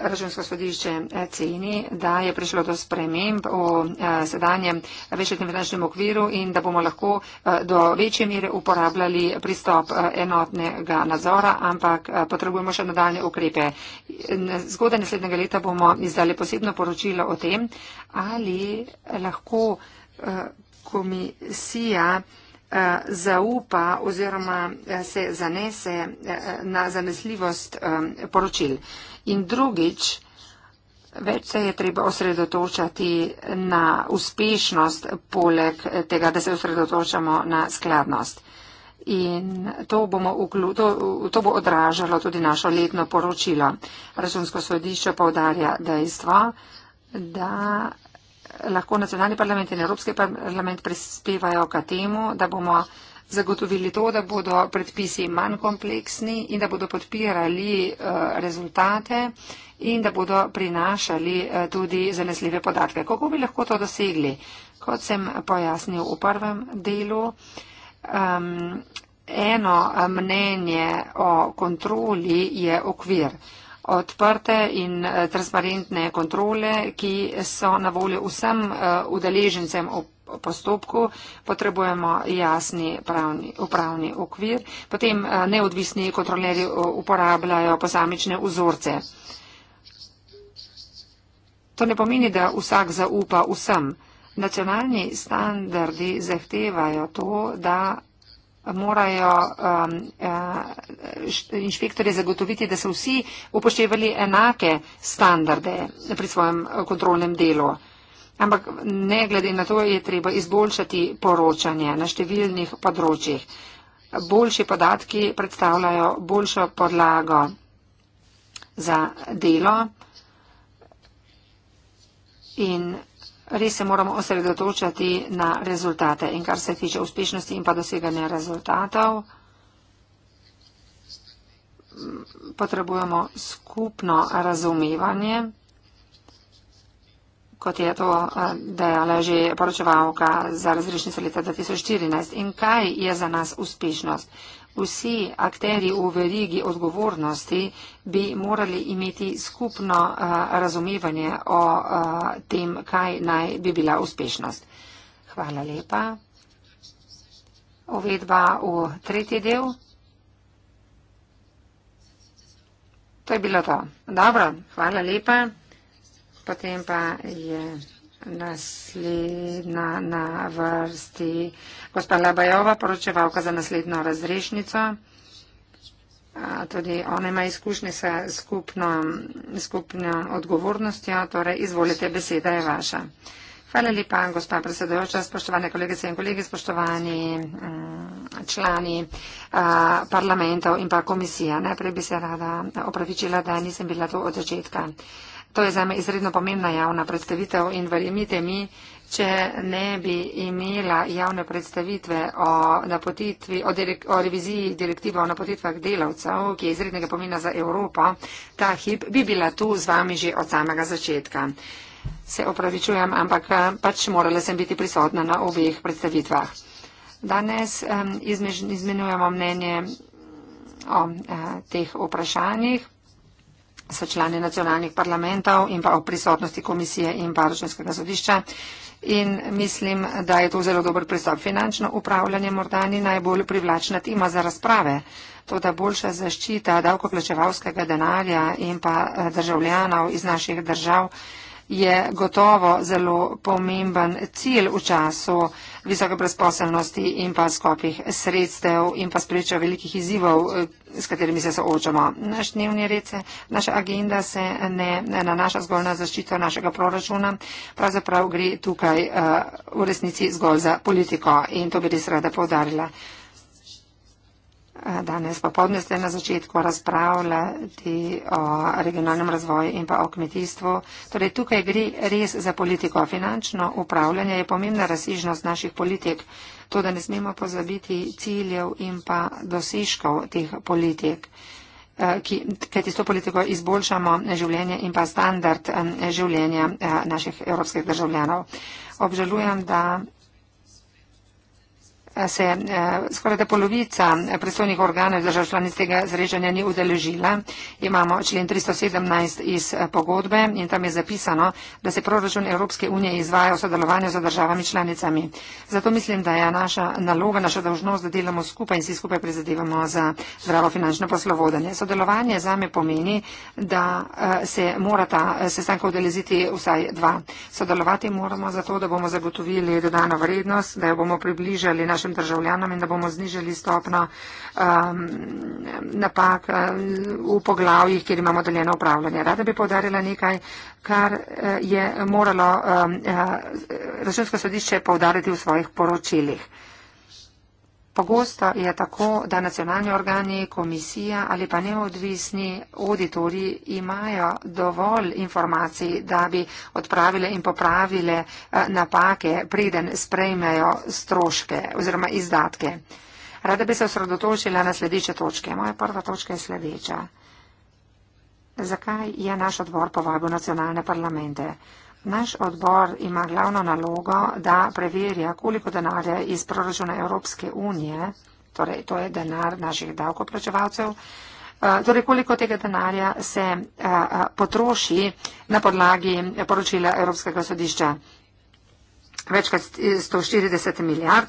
Računsko sodišče eh, ceni, da je prišlo do sprememb v eh, sedanjem večletnem finančnem okviru in da bomo lahko eh, do večje mere uporabljali pristop enotnega nadzora, ampak potrebujemo še nadaljne ukrepe. Zgodaj naslednjega leta bomo izdali posebno poročilo o tem, ali lahko komisija zaupa oziroma se zanese na zanesljivost poročil. In drugič, več se je treba osredotočati na uspešnost, poleg tega, da se osredotočamo na skladnost. In to, bomo, to, to bo odražalo tudi našo letno poročilo. Računsko sodišče povdarja dejstvo, da lahko nacionalni parlament in Evropski parlament prispevajo k temu, da bomo zagotovili to, da bodo predpisi manj kompleksni in da bodo podpirali eh, rezultate in da bodo prinašali eh, tudi zanesljive podatke. Kako bi lahko to dosegli? Kot sem pojasnil v prvem delu, um, eno eh, mnenje o kontroli je okvir odprte in transparentne kontrole, ki so na voljo vsem udeležencem v postopku, potrebujemo jasni pravni, upravni okvir, potem eh, neodvisni kontrolerji eh, uporabljajo posamične vzorce. To ne pomeni, da vsak zaupa vsem. Nacionalni standardi zahtevajo to, da morajo um, eh, inšpektorje zagotoviti, da so vsi upoštevali enake standarde pri svojem kontrolnem delu. Ampak ne glede na to je treba izboljšati poročanje na številnih področjih. Boljši podatki predstavljajo boljšo podlago za delo in res se moramo osredotočati na rezultate. In kar se tiče uspešnosti in pa doseganja rezultatov, potrebujemo skupno razumevanje kot je to eh, dejala že poročevalka za razrešnice leta 2014. In kaj je za nas uspešnost? Vsi akteri v verigi odgovornosti bi morali imeti skupno eh, razumevanje o eh, tem, kaj naj bi bila uspešnost. Hvala lepa. Uvedba v tretji del. To je bilo to. Dobro, hvala lepa. Potem pa je naslednja na vrsti gospa Labajova, poročevalka za naslednjo razrešnico. Tudi ona ima izkušnje s skupno, skupno odgovornostjo, torej izvolite, beseda je vaša. Hvala lepa, gospa predsedojoča, spoštovane kolegice in kolegi, spoštovani mm, člani parlamentov in pa komisija. Najprej bi se rada opravičila, da nisem bila tu od začetka. To je zame izredno pomembna javna predstavitev in verjemite mi, če ne bi imela javne predstavitve o, napotitvi, o, direk, o reviziji direktive o napotitvah delavcev, ki je izrednega pomena za Evropo, ta hip bi bila tu z vami že od samega začetka. Se opravičujem, ampak pač morala sem biti prisotna na obeh predstavitvah. Danes izmenujemo mnenje o a, eh, teh vprašanjih s člani nacionalnih parlamentov in pa o prisotnosti komisije in pa računskega sodišča. In mislim, da je to zelo dober pristop. Finančno upravljanje morda ni najbolj privlačna tema za razprave. To, da boljša zaščita davkoplačevalskega denarja in pa eh, državljanov iz naših držav je gotovo zelo pomemben cilj v času visoke brezposelnosti in pa skopih sredstev in pa spreča velikih izzivov, eh, s katerimi se soočamo. Naš dnevni red, naša agenda se ne nanaša zgolj na zaščito našega proračuna, pravzaprav gre tukaj uh, v resnici zgolj za politiko in to bi res rada povdarila. Eh, danes popodne ste na začetku razpravljati o regionalnem razvoju in pa o kmetijstvu. Torej, tukaj gre res za politiko. Finančno upravljanje je pomembna razsižnost naših politik. To, da ne smemo pozabiti ciljev in pa dosežkov teh politik, eh, ki, kajti s to politiko izboljšamo življenje in pa standard eh, življenja naših evropskih državljanov. Obžalujem, da se eh, skoraj da polovica eh, predstavnih organov držav članic tega zrežanja ni udeležila. Imamo člen 317 iz eh, pogodbe in tam je zapisano, da se proračun Evropske unije izvaja v sodelovanju z državami članicami. Zato mislim, da je naša naloga, naša dožnost, da delamo skupaj in si skupaj prizadevamo za zdravo finančno poslovodanje. Sodelovanje zame pomeni, da se morata sestanka udeleziti vsaj dva. Sodelovati moramo zato, da bomo zagotovili dodano vrednost, da jo bomo približali naš našim državljanom in da bomo znižali stopno um, napak uh, v poglavjih, kjer imamo deljeno upravljanje. Rada bi povdarila nekaj, kar uh, je moralo um, uh, računsko sodišče povdariti v svojih poročilih. Pogosto je tako, da nacionalni organi, komisija ali pa neodvisni auditori imajo dovolj informacij, da bi odpravile in popravile eh, napake, preden sprejmejo stroške oziroma izdatke. Rada bi se osredotočila na sledeče točke. Moja prva točka je sledeča. Zakaj je naš odbor povabil nacionalne parlamente? Naš odbor ima glavno nalogo, da preverja, koliko denarja iz proračuna Evropske unije, torej to je denar naših davkoplačevalcev, eh, torej koliko tega denarja se eh, eh, potroši na podlagi poročila Evropskega sodišča. Večkrat 140 milijard.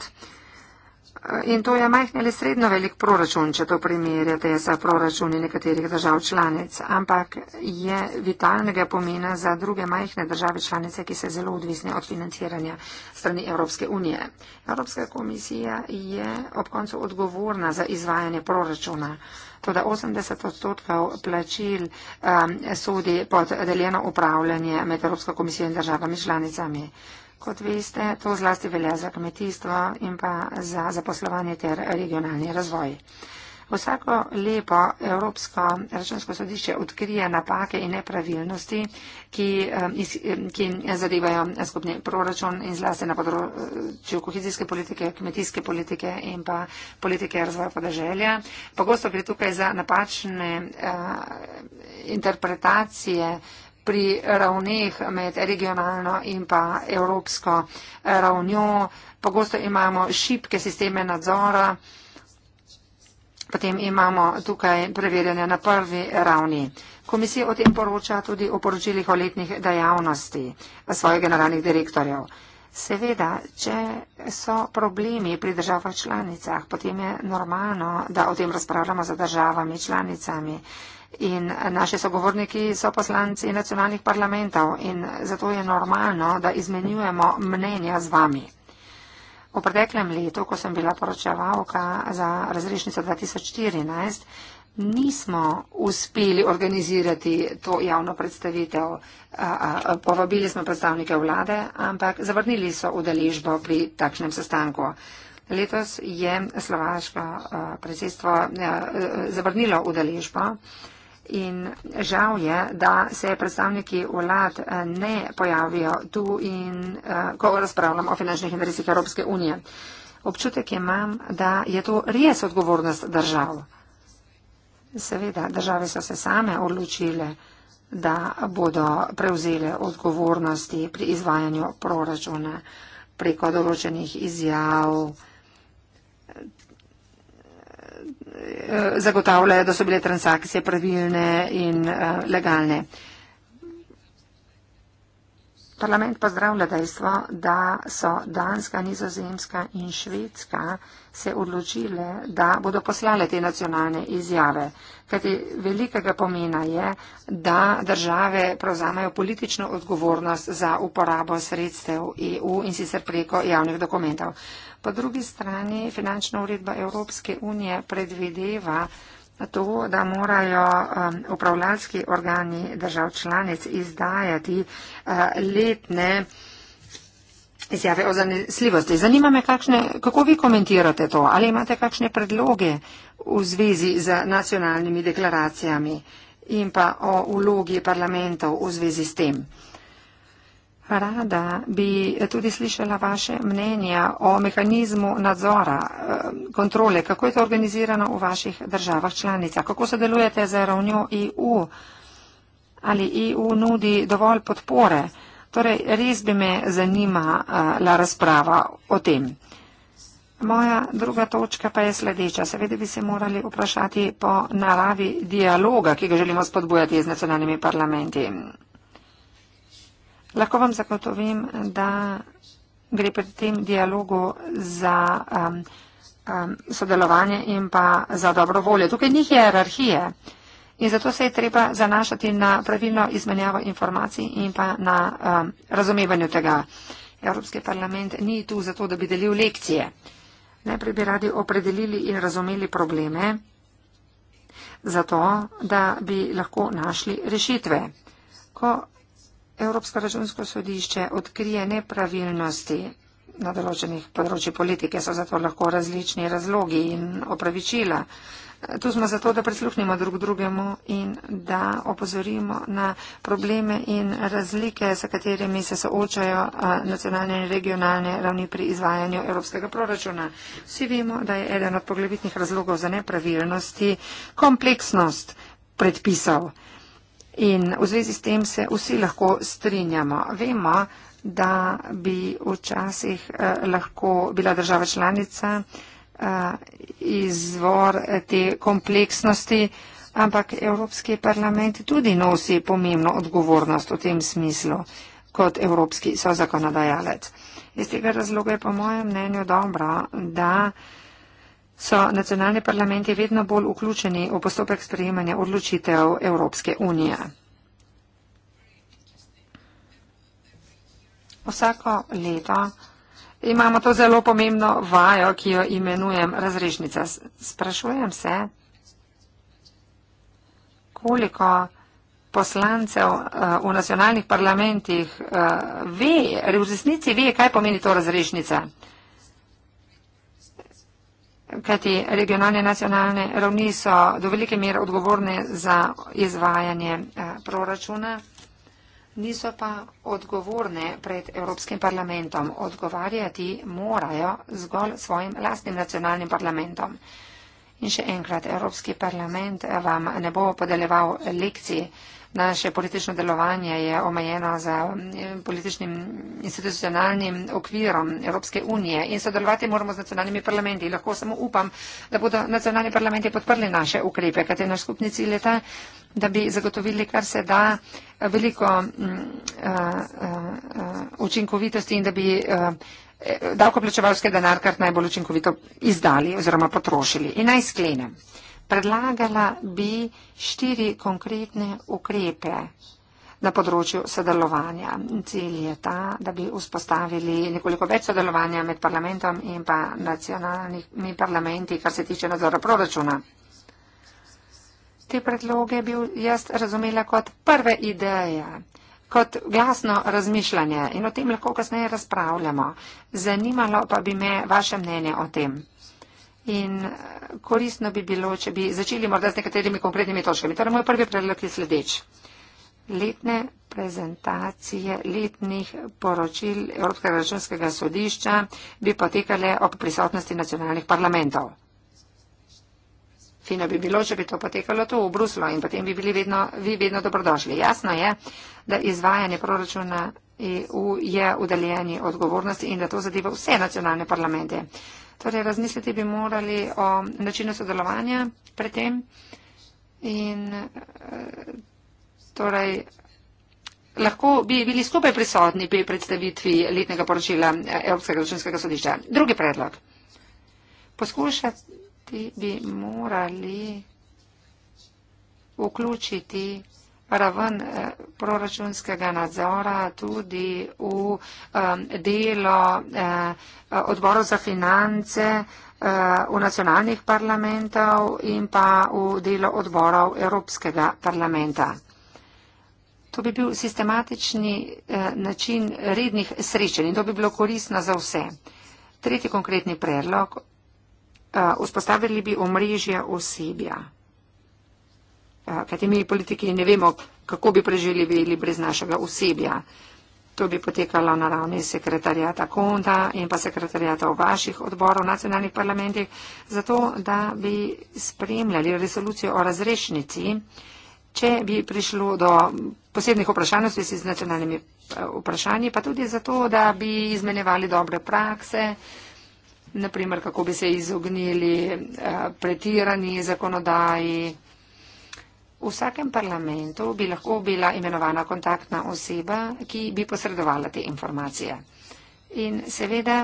In to je majhen ali srednjo velik proračun, če to primerjate z proračuni nekaterih držav članic, ampak je vitalnega pomena za druge majhne države članice, ki se zelo odvisne od financiranja strani Evropske unije. Evropska komisija je ob koncu odgovorna za izvajanje proračuna. Tudi 80 odstotkov plačil um, sodi pod deljeno upravljanje med Evropsko komisijo in državami članicami kot veste, to zlasti velja za kmetijstvo in pa za zaposlovanje ter regionalni razvoj. Vsako lepo Evropsko računsko sodišče odkrije napake in nepravilnosti, ki, um, um, ki zadevajo skupni proračun in zlasti na področju kohezijske politike, kmetijske politike in pa politike razvoja podeželja. Pogosto gre tukaj za napačne uh, interpretacije uh, pri ravneh med regionalno in pa evropsko ravnjo. Pogosto imamo šipke sisteme nadzora, potem imamo tukaj preverjanje na prvi ravni. Komisija o tem poroča tudi o poročilih o letnih dejavnosti svojih generalnih direktorjev. Seveda, če so problemi pri državah članicah, potem je normalno, da o tem razpravljamo za državami članicami in naši sogovorniki so poslanci nacionalnih parlamentov in zato je normalno, da izmenjujemo mnenja z vami. V preteklem letu, ko sem bila poročevalka za razrešnico 2014, nismo uspeli organizirati to javno predstavitev. Povabili smo predstavnike vlade, ampak zavrnili so udeležbo pri takšnem sestanku. Letos je slovaško predsedstvo zavrnilo udeležbo. In žal je, da se predstavniki vlad eh, ne pojavijo tu in uh, ko razpravljam o finančnih interesih Evropske unije. Občutek imam, da je to res odgovornost držav. Seveda, države so se same odločile, da bodo prevzele odgovornosti pri izvajanju proračuna preko določenih izjav. Eh, zagotavljajo, da so bile transakcije pravilne in eh, legalne. Parlament pozdravlja dejstvo, da so Danska, Nizozemska in Švedska se odločile, da bodo poslale te nacionalne izjave. Kajti velikega pomena je, da države prevzamejo politično odgovornost za uporabo sredstev EU in sicer preko javnih dokumentov. Po drugi strani finančna uredba Evropske unije predvideva to, da morajo um, upravljalski organi držav članic izdajati uh, letne izjave o zanesljivosti. Zanima me, kakšne, kako vi komentirate to? Ali imate kakšne predloge v zvezi z nacionalnimi deklaracijami in pa o vlogi parlamentov v zvezi s tem? Uh, Rada bi tudi slišala vaše mnenja o mehanizmu nadzora, eh, kontrole, kako je to organizirano v vaših državah članicah, kako sodelujete z ravnjo EU, ali EU nudi dovolj podpore. Torej, res bi me zanimala eh, razprava o tem. Moja druga točka pa je sledeča. Seveda bi se morali vprašati po naravi dialoga, ki ga želimo spodbujati z nacionalnimi parlamenti. Lahko vam zagotovim, da gre pri tem dialogu za um, um, sodelovanje in pa za dobro voljo. Tukaj ni hierarhije in zato se je treba zanašati na pravilno izmenjavo informacij in pa na um, razumevanju tega. Evropski parlament ni tu zato, da bi delil lekcije. Najprej bi radi opredelili in razumeli probleme, zato da bi lahko našli rešitve. Ko Evropsko računsko sodišče odkrije nepravilnosti na določenih področjih politike, so zato lahko različni razlogi in opravičila. Tu smo zato, da prisluhnimo drug drugemu in da opozorimo na probleme in razlike, s katerimi se soočajo nacionalne in regionalne ravni pri izvajanju evropskega proračuna. Vsi vemo, da je eden od poglavitnih razlogov za nepravilnosti kompleksnost predpisal. In v zvezi s tem se vsi lahko strinjamo. Vemo, da bi včasih eh, lahko bila država članica eh, izvor eh, te kompleksnosti, ampak Evropski parlament tudi nosi pomembno odgovornost v tem smislu kot Evropski sozakonodajalec. Iz tega razloga je po mojem mnenju dobro, da so nacionalni parlamenti vedno bolj vključeni v postopek sprejemanja odločitev Evropske unije. Vsako leto imamo to zelo pomembno vajo, ki jo imenujem razrešnica. Sprašujem se, koliko poslancev eh, v nacionalnih parlamentih eh, ve, v resnici ve, kaj pomeni to razrešnica kajti regionalne in nacionalne ravni so do velike mere odgovorne za izvajanje eh, proračuna, niso pa odgovorne pred Evropskim parlamentom. Odgovarjati morajo zgolj svojim lastnim nacionalnim parlamentom. In še enkrat, Evropski parlament vam ne bo podeljeval lekcije. Naše politično delovanje je omejeno za eh, političnim institucionalnim okvirom Evropske unije in sodelovati moramo z nacionalnimi parlamenti. Lahko samo upam, da bodo nacionalni parlamenti podprli naše ukrepe, kaj je naš skupni cilj leta, da bi zagotovili kar se da veliko uh, uh, uh, učinkovitosti in da bi. Uh, eh, eh, davkoplačevalske denar kar najbolj učinkovito izdali oziroma potrošili. In naj sklenem. Uh, Predlagala bi štiri konkretne ukrepe na področju sodelovanja. Cilj je ta, da bi vzpostavili nekoliko več sodelovanja med parlamentom in pa nacionalnimi parlamenti, kar se tiče nadzora proračuna. Te predloge bi jaz razumela kot prve ideje, kot glasno razmišljanje in o tem lahko kasneje razpravljamo. Zanimalo pa bi me vaše mnenje o tem in eh, koristno bi bilo, če bi začeli morda z nekaterimi konkretnimi točkami. Torej, moj prvi predlog je sledeč. Letne prezentacije letnih poročil Evropskega računskega sodišča bi potekale ob prisotnosti nacionalnih parlamentov. Fino bi bilo, če bi to potekalo tu v Bruslo in potem bi bili vedno, vi vedno dobrodošli. Jasno je, da izvajanje proračuna EU je udeljenje odgovornosti in da to zadeva vse nacionalne parlamente. Torej, razmisliti bi morali o načinu sodelovanja pred tem in eh, torej, lahko bi bili skupaj prisotni pri predstavitvi letnega poročila eh, Evropskega računskega sodišča. Drugi predlog. Poskušati bi morali vključiti raven eh, proračunskega nadzora tudi v delo eh, odboru za finance eh, v nacionalnih parlamentov in pa v delo odborov Evropskega parlamenta. To bi bil sistematični način rednih srečanj in to bi bilo koristno za vse. Tretji konkretni predlog, uh, vzpostavili bi omrežje osebja kajti mi politiki ne vemo, kako bi preživeli brez našega osebja. To bi potekalo na ravni sekretarjata Konda in pa sekretarjata vaših odborov v nacionalnih parlamentih, zato da bi spremljali resolucijo o razrešnici, če bi prišlo do posebnih vprašanj v z nacionalnimi eh, vprašanji, pa tudi zato, da bi izmenjevali dobre prakse, naprimer kako bi se izognili eh, pretirani zakonodaji. V vsakem parlamentu bi lahko bila imenovana kontaktna oseba, ki bi posredovala te informacije. In seveda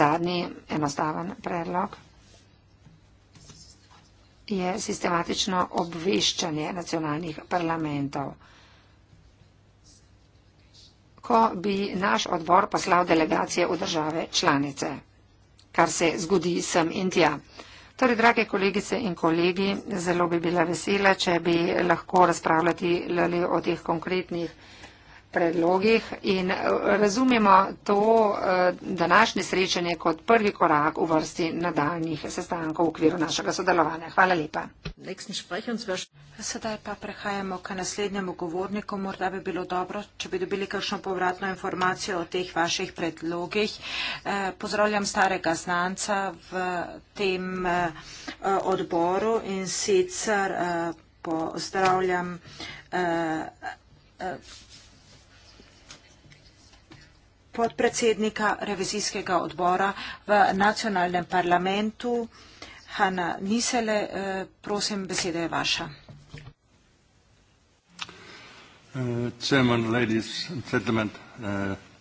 zadnji enostaven predlog je sistematično obveščanje nacionalnih parlamentov. Ko bi naš odbor poslal delegacije v države članice, kar se zgodi sem in tja. Torej, drage kolegice in kolegi, zelo bi bila vesela, če bi lahko razpravljati o teh konkretnih predlogih in eh, razumemo to eh, današnje srečanje kot prvi korak v vrsti nadaljnih sestankov v okviru našega sodelovanja. Hvala lepa. Sedaj pa prehajamo k naslednjemu govorniku. Morda bi bilo dobro, če bi dobili kakšno povratno informacijo o teh vaših predlogih. Eh, pozdravljam starega znanca v tem odboru in sicer pozdravljam podpredsednika revizijskega odbora v nacionalnem parlamentu. Hanna Nisele, eh, prosim, beseda je vaša. Uh,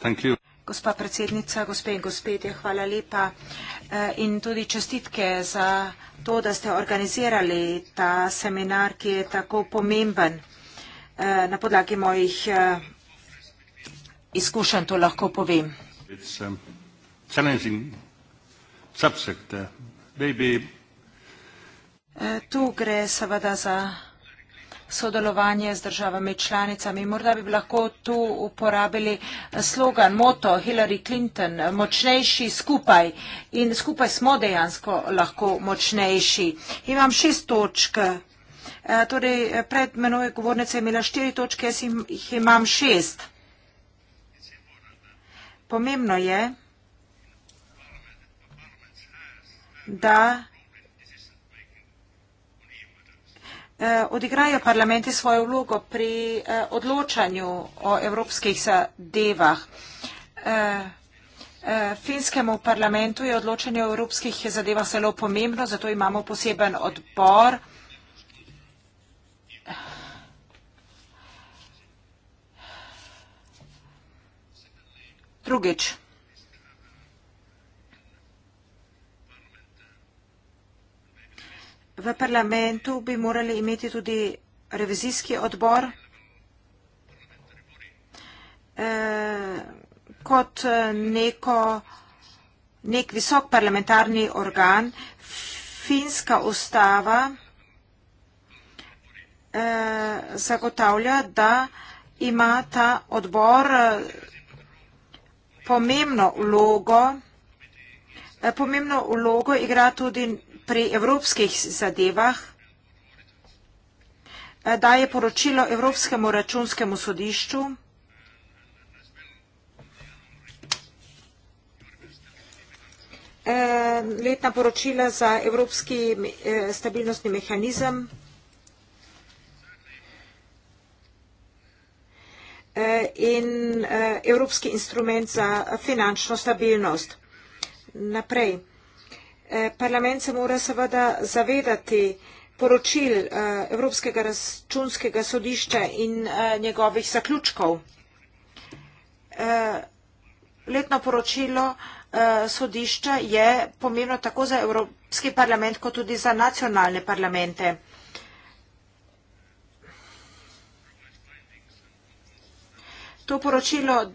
uh, Gospa predsednica, gospe in gospedje, hvala lepa eh, in tudi čestitke za to, da ste organizirali ta seminar, ki je tako pomemben eh, na podlagi mojih izkušenj to lahko povem. Um, uh, e, tu gre seveda za sodelovanje z državami članicami. Morda bi lahko tu uporabili e, slogan, moto Hillary Clinton, močnejši skupaj in skupaj smo dejansko lahko močnejši. Imam šest točk. E, torej, pred menoj govornice je imela štiri točke, jaz jih imam šest. Pomembno je, da eh, odigrajo parlamenti svojo vlogo pri eh, odločanju o evropskih zadevah. Eh, finskemu parlamentu je odločanje o evropskih zadevah zelo pomembno, zato imamo poseben odbor. Drugič. V parlamentu bi morali imeti tudi revizijski odbor. E, kot neko, nek visok parlamentarni organ, finska ustava e, zagotavlja, da ima ta odbor pomembno vlogo, eh, pomembno vlogo igra tudi pri evropskih zadevah, eh, daje poročilo Evropskemu računskemu sodišču, eh, letna poročila za Evropski stabilnostni mehanizem, Eh, in eh, evropski instrument za finančno stabilnost. Naprej. Eh, parlament se mora seveda zavedati poročil Evropskega razčunskega sodišča in njegovih zaključkov. Letno poročilo sodišča je pomembno tako za Evropski parlament, kot tudi za nacionalne parlamente. To poročilo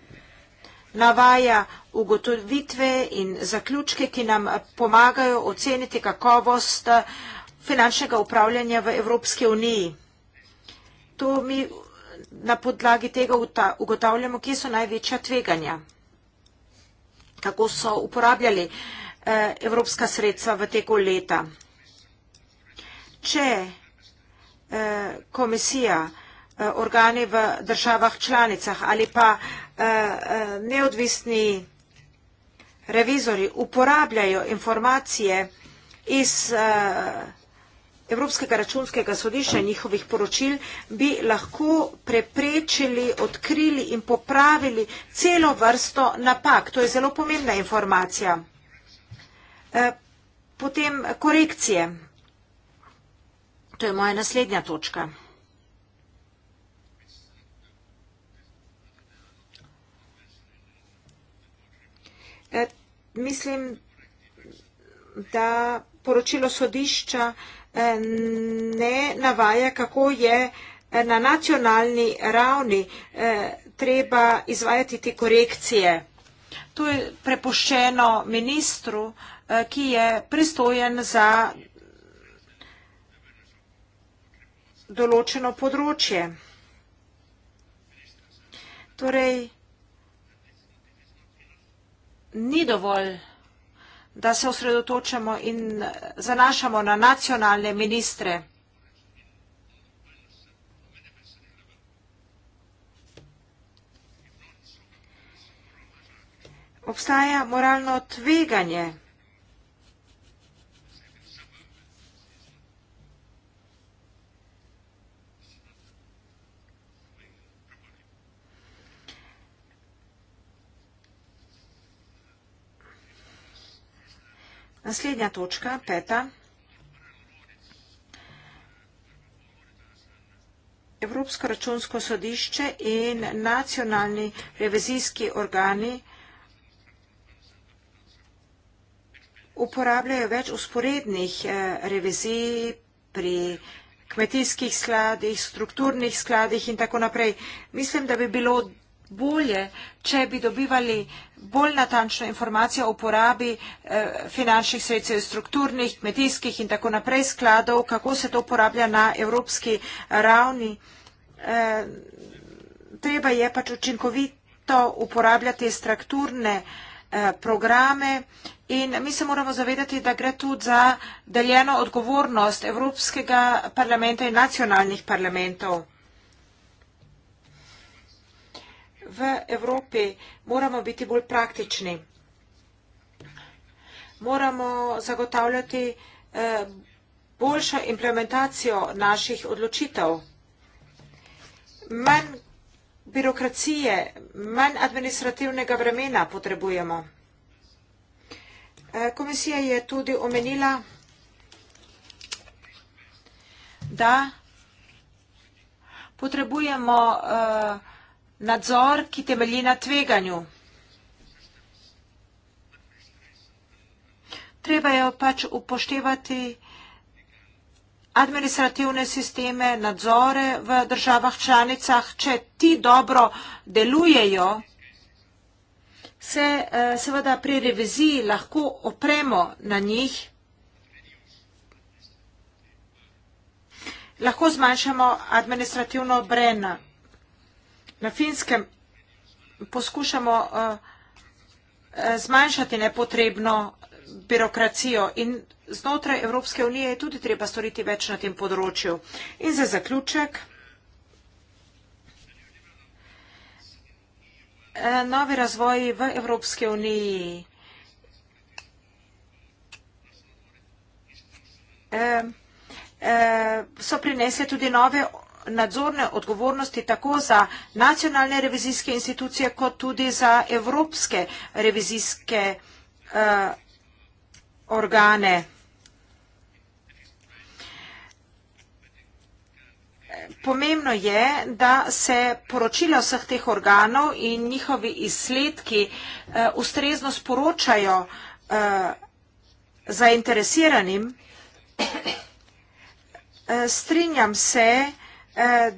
navaja ugotovitve in zaključke, ki nam pomagajo oceniti kakovost eh, finančnega upravljanja v Evropske uniji. To mi na podlagi tega ugotavljamo, kje so največja tveganja, kako so uporabljali eh, evropska sredstva v teku leta. Če eh, komisija vsega, Eh, organi v državah članicah ali pa eh, eh, neodvisni revizori uporabljajo informacije iz Evropskega računskega sodišča in njihovih poročil, bi lahko preprečili, odkrili in popravili celo vrsto napak. To je zelo pomembna informacija. Potem korekcije. To je moja naslednja točka. mislim, da poročilo sodišča eh, ne navaja, kako je eh, na nacionalni ravni eh, treba izvajati te korekcije. To je prepuščeno ministru, ki je pristojen za določeno področje. Torej, ni dovolj, da se osredotočamo in eh, zanašamo na nacionalne ministre. Obstaja moralno tveganje. Naslednja točka, peta. Evropsko računsko sodišče in nacionalni revizijski organi uporabljajo več usporednih eh, revizij pri kmetijskih skladih, strukturnih skladih in tako naprej. Mislim, da bi bilo bolje, če bi dobivali bolj natančno informacijo o porabi eh, finančnih sredstev, strukturnih, kmetijskih in tako naprej skladov, kako se to uporablja na evropski ravni. Eh, treba je pač učinkovito uporabljati strukturne eh, programe in mi se moramo zavedati, da gre tudi za deljeno odgovornost Evropskega parlamenta in nacionalnih parlamentov. v Evropi moramo biti bolj praktični. Moramo zagotavljati eh, boljšo implementacijo naših odločitev. Manj birokracije, manj administrativnega vremena potrebujemo. Eh, komisija je tudi omenila, da potrebujemo vsega, eh, Nadzor, ki temelji na tveganju. Treba je pač upoštevati administrativne sisteme, nadzore v državah članicah. Če ti dobro delujejo, se eh, seveda pri reviziji lahko opremo na njih. Lahko zmanjšamo administrativno breme na finskem poskušamo eh, eh, zmanjšati nepotrebno birokracijo in znotraj Evropske unije je tudi treba storiti več na tem področju. In za zaključek, eh, novi razvoj v Evropske uniji. so prinesli tudi nove nadzorne odgovornosti tako za nacionalne revizijske institucije, kot tudi za evropske revizijske uh, organe. Pomembno je, da se poročila vseh teh organov in njihovi izsledki uh, ustrezno sporočajo uh, eh, zainteresiranim. Strinjam se, Eh,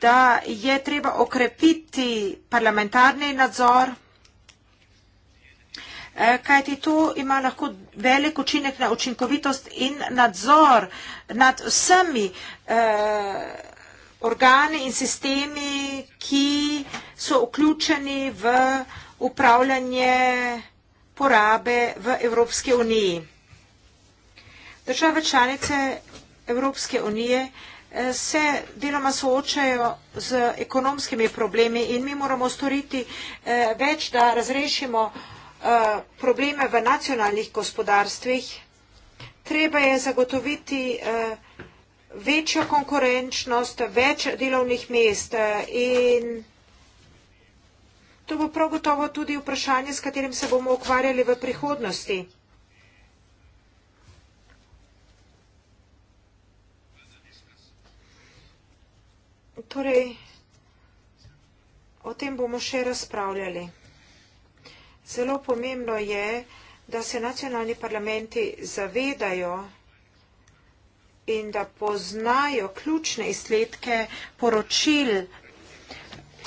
da je treba okrepiti parlamentarni nadzor, eh, kajti to ima lahko velik učinek na učinkovitost in nadzor nad vsemi eh, organi in sistemi, ki so vključeni v upravljanje porabe v Evropske unije. Države članice Evropske unije se deloma soočajo z ekonomskimi problemi in mi moramo storiti eh, več, da razrešimo eh, probleme v nacionalnih gospodarstvih. Treba je zagotoviti eh, večjo konkurenčnost, več delovnih mest in to bo prav gotovo tudi vprašanje, s katerim se bomo ukvarjali v prihodnosti. Torej, o tem bomo še razpravljali. Zelo pomembno je, da se nacionalni parlamenti zavedajo in da poznajo ključne izsledke poročil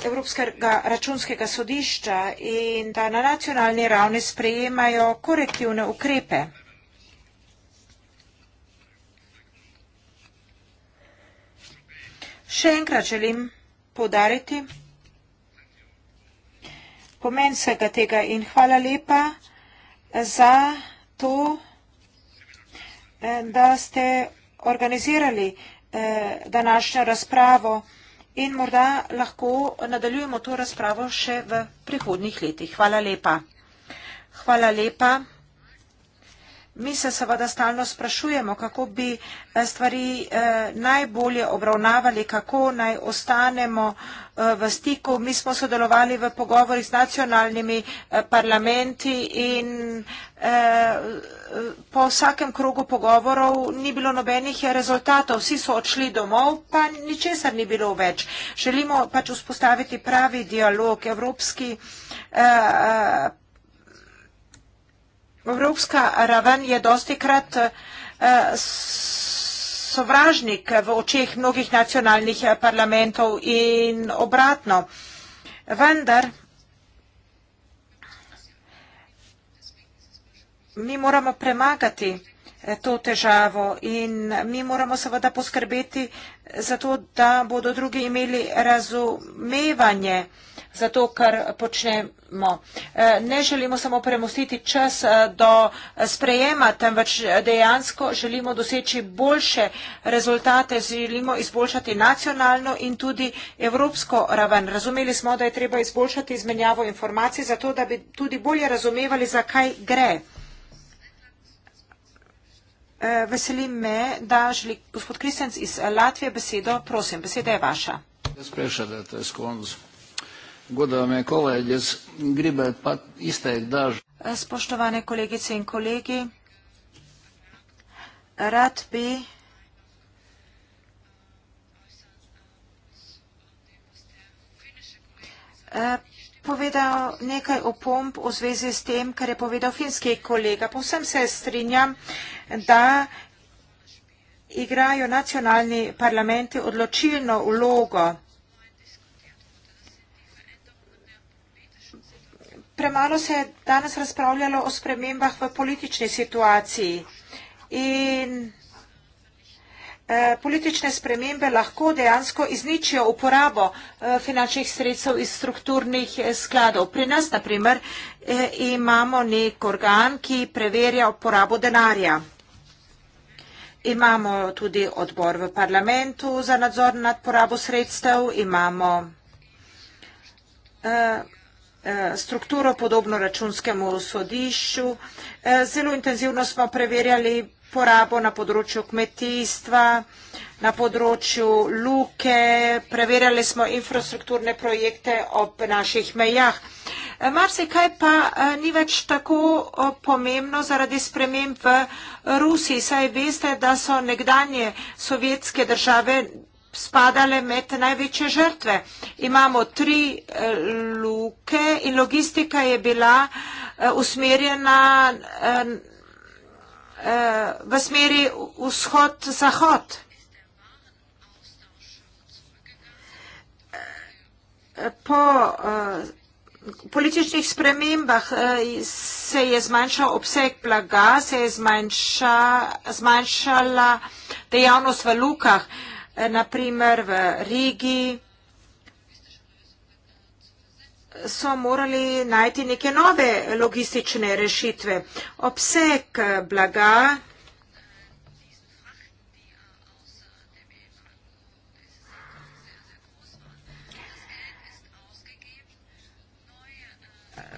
Evropskega računskega sodišča in da na nacionalni ravni sprejemajo korektivne ukrepe. Še enkrat želim podariti pomen vsega tega in hvala lepa za to, eh, da ste organizirali eh, današnjo razpravo in morda lahko nadaljujemo to razpravo še v prihodnih letih. Hvala lepa. Hvala lepa. Mi se seveda stalno sprašujemo, kako bi eh, stvari eh, najbolje obravnavali, kako naj ostanemo eh, v stiku. Mi smo sodelovali v pogovorih z nacionalnimi parlamenti in po vsakem krogu pogovorov ni bilo nobenih rezultatov. Vsi so odšli domov, pa ničesar ni bilo več. Želimo pač vzpostaviti pravi dialog, evropski parlament Evropska raven je dosti krat eh, sovražnik v očeh mnogih nacionalnih eh, parlamentov in obratno. Vendar mi moramo premagati to težavo in mi moramo seveda poskrbeti za to, da bodo drugi imeli razumevanje za to, kar počnemo. E, ne želimo samo premostiti čas e, do sprejema, temveč dejansko želimo doseči boljše rezultate, želimo izboljšati nacionalno in tudi evropsko raven. Razumeli smo, da je treba izboljšati izmenjavo informacij, zato da bi tudi bolje razumevali, zakaj gre. Eh, veseli me, da želi gospod Kristens iz Latvije besedo. Prosim, beseda je vaša. Jaz prešel, da to je skonc. Godam je kolej, jaz gribe pa iste, da želi. Eh, spoštovane kolegice in kolegi, rad bi Uh, povedal nekaj opomb v zvezi s tem, kar je povedal finski kolega. Povsem se strinjam, da igrajo nacionalni parlamenti odločilno vlogo. Premalo se je danes razpravljalo o spremembah v politični situaciji in Eh, politične spremembe lahko dejansko izničijo uporabo eh, finančnih sredstev iz strukturnih eh, skladov. Pri nas, na primer, imamo nek organ, ki preverja uporabo denarja. Imamo tudi odbor v parlamentu za nadzor nad porabo sredstev, imamo strukturo podobno računskemu sodišču. Zelo intenzivno smo preverjali porabo na področju kmetijstva, na področju luke, preverjali smo infrastrukturne projekte ob naših mejah. Eh, Marsi kaj pa eh, ni več tako eh, pomembno zaradi sprememb v Rusiji, saj veste, da so nekdanje sovjetske države spadale med največje žrtve. Imamo tri luke in logistika je bila usmerjena uh, v smeri vzhod-zahod. Po uh, političnih spremembah uh, se je zmanjšal obseg blaga, se je zmanjša, zmanjšala dejavnost v lukah, uh, naprimer v Rigi. Uh, so morali najti neke nove logistične rešitve. Obseg blaga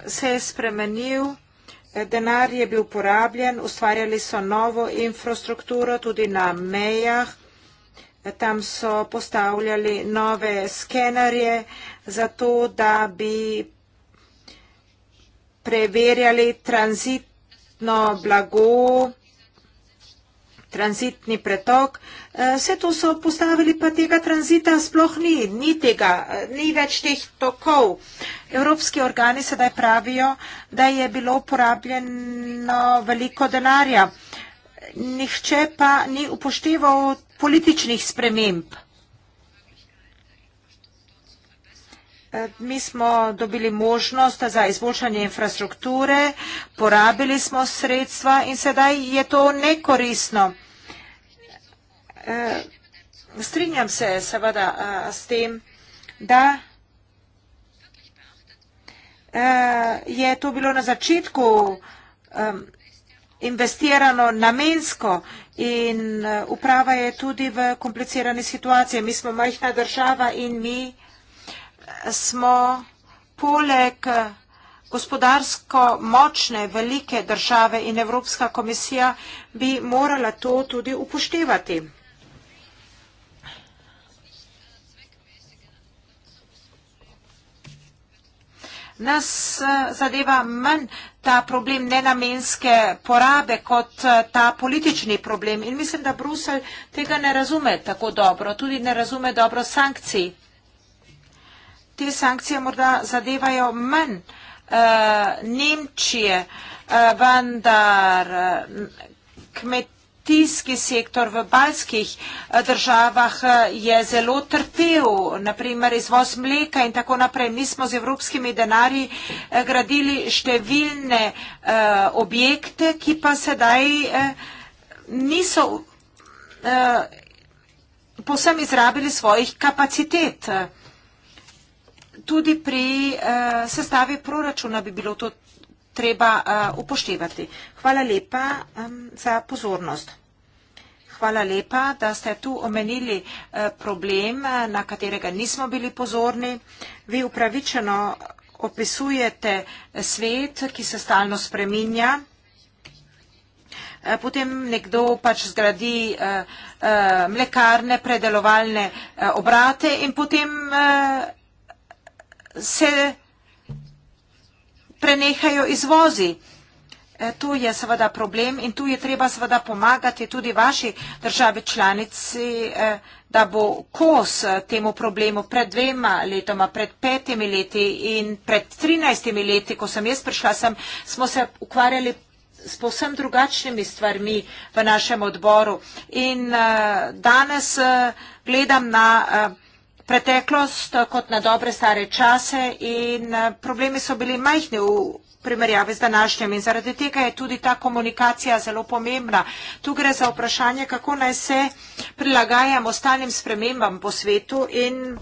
se je spremenil, denar je bil porabljen, ustvarjali so novo infrastrukturo tudi na mejah, Tam so postavljali nove skenerje za to, da bi preverjali tranzitno blago, tranzitni pretok. Eh, vse to so postavili, pa tega tranzita sploh ni, ni tega, eh, ni več teh tokov. Evropski organi sedaj pravijo, da je bilo uporabljeno veliko denarja nihče pa ni upošteval političnih sprememb. E, mi smo dobili možnost za izboljšanje infrastrukture, porabili smo sredstva in sedaj je to nekoristno. E, strinjam se seveda s tem, da e, je to bilo na začetku investirano namensko in eh, uprava je tudi v komplicirani situaciji. Mi smo majhna država in mi eh, smo poleg eh, gospodarsko močne velike države in Evropska komisija bi morala to tudi upoštevati. Nas zadeva manj ta problem nenamenske porabe kot eh, ta politični problem. In mislim, da Brusel tega ne razume tako dobro, tudi ne razume dobro sankcij. Te sankcije morda zadevajo manj uh, Nemčije, uh, vendar uh, kmet, kmetijski sektor v baljskih eh, državah eh, je zelo trpel, naprimer izvoz mleka in tako naprej. Mi smo z evropskimi denarji eh, gradili številne objekte, ki pa sedaj niso posem izrabili svojih kapacitet. Tudi pri sestavi proračuna bi bilo to treba uh, upoštevati. Hvala lepa um, za pozornost. Hvala lepa, da ste tu omenili uh, problem, eh, na katerega nismo bili pozorni. Vi upravičeno opisujete svet, ki se stalno spreminja. Potem nekdo pač zgradi uh, uh, mlekarne, predelovalne uh, obrate in potem uh, se prenehajo izvozi. E, tu je seveda problem in tu je treba seveda pomagati tudi vaši državi članici, e, da bo kos e, temu problemu pred dvema letoma, pred petimi leti in pred trinajstimi leti, ko sem jaz prišla, sem, smo se ukvarjali s povsem drugačnimi stvarmi v našem odboru. In danes gledam na preteklost kot na dobre stare čase in eh, problemi so bili majhni v primerjavi z današnjem in zaradi tega je tudi ta komunikacija zelo pomembna. Tu gre za vprašanje, kako naj se prilagajamo stanjem spremembam po svetu in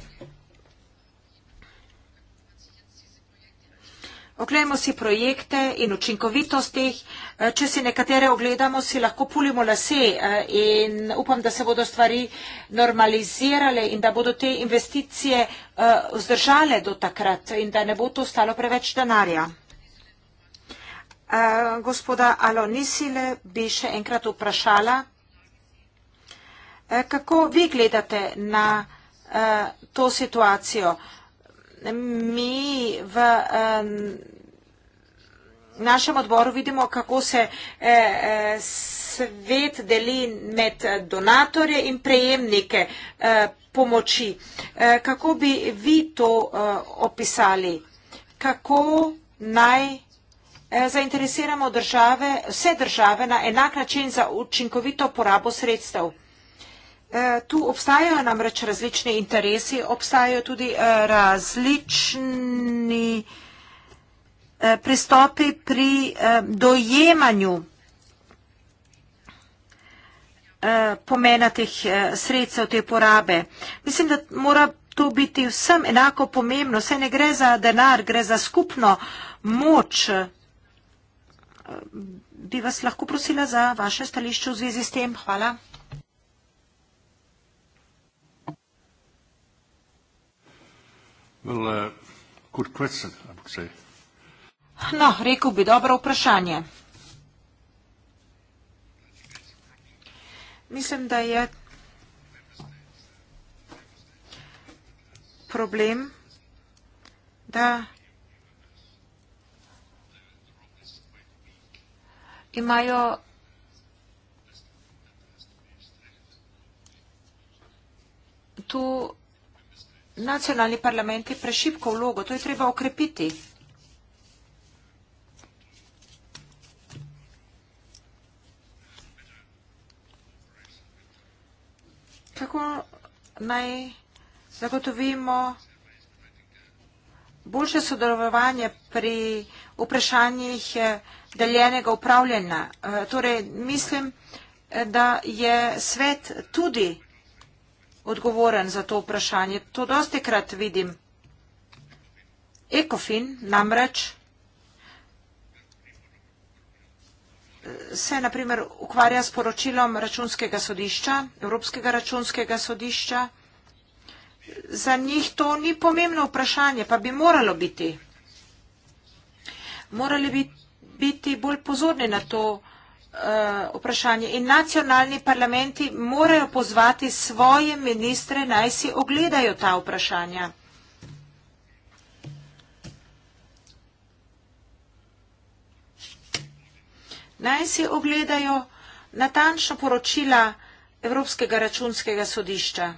Oglejmo si projekte in učinkovitosti. Eh, če si nekatere ogledamo, si lahko pulimo lase eh, in upam, da se bodo stvari normalizirale in da bodo te investicije eh, vzdržale do takrat in da ne bo to stalo preveč denarja. Gospoda Alonisile bi še enkrat vprašala, kako vi gledate na to situacijo? mi v našem odboru vidimo, kako se eh, eh, svet deli med donatorje in prejemnike eh, pomoči. Kako bi vi to opisali? Kako naj zainteresiramo države, vse države na enak način za učinkovito porabo sredstev? Eh, tu obstajajo namreč različni interesi, obstajajo tudi eh, različni eh, pristopi pri dojemanju pomena teh sredstev, te porabe. Mislim, da mora to biti vsem enako pomembno, vse ne gre za denar, gre za skupno moč. Bi vas lahko prosila za vaše stališče v zvezi s tem. Hvala. Well, uh, good question, I would say. No, rekel bi dobro vprašanje. Mislim, da je problem, da imajo tu nacionalni parlament je prešipko vlogo, to je treba okrepiti. Kako naj zagotovimo boljše sodelovanje pri vprašanjih eh, deljenega upravljanja? Eh, torej, mislim, eh, da je svet tudi vprašanje odgovoren za to vprašanje. To dosti krat vidim. Ekofin namreč eh, se naprimer ukvarja s poročilom računskega sodišča, Evropskega računskega sodišča. Za njih to ni pomembno vprašanje, pa bi moralo biti. Morali bi biti bolj pozorni na to vprašanje Eh, vprašanje. In nacionalni parlamenti morajo pozvati svoje ministre, naj si ogledajo ta vprašanja. Naj si ogledajo natančno poročila Evropskega računskega sodišča.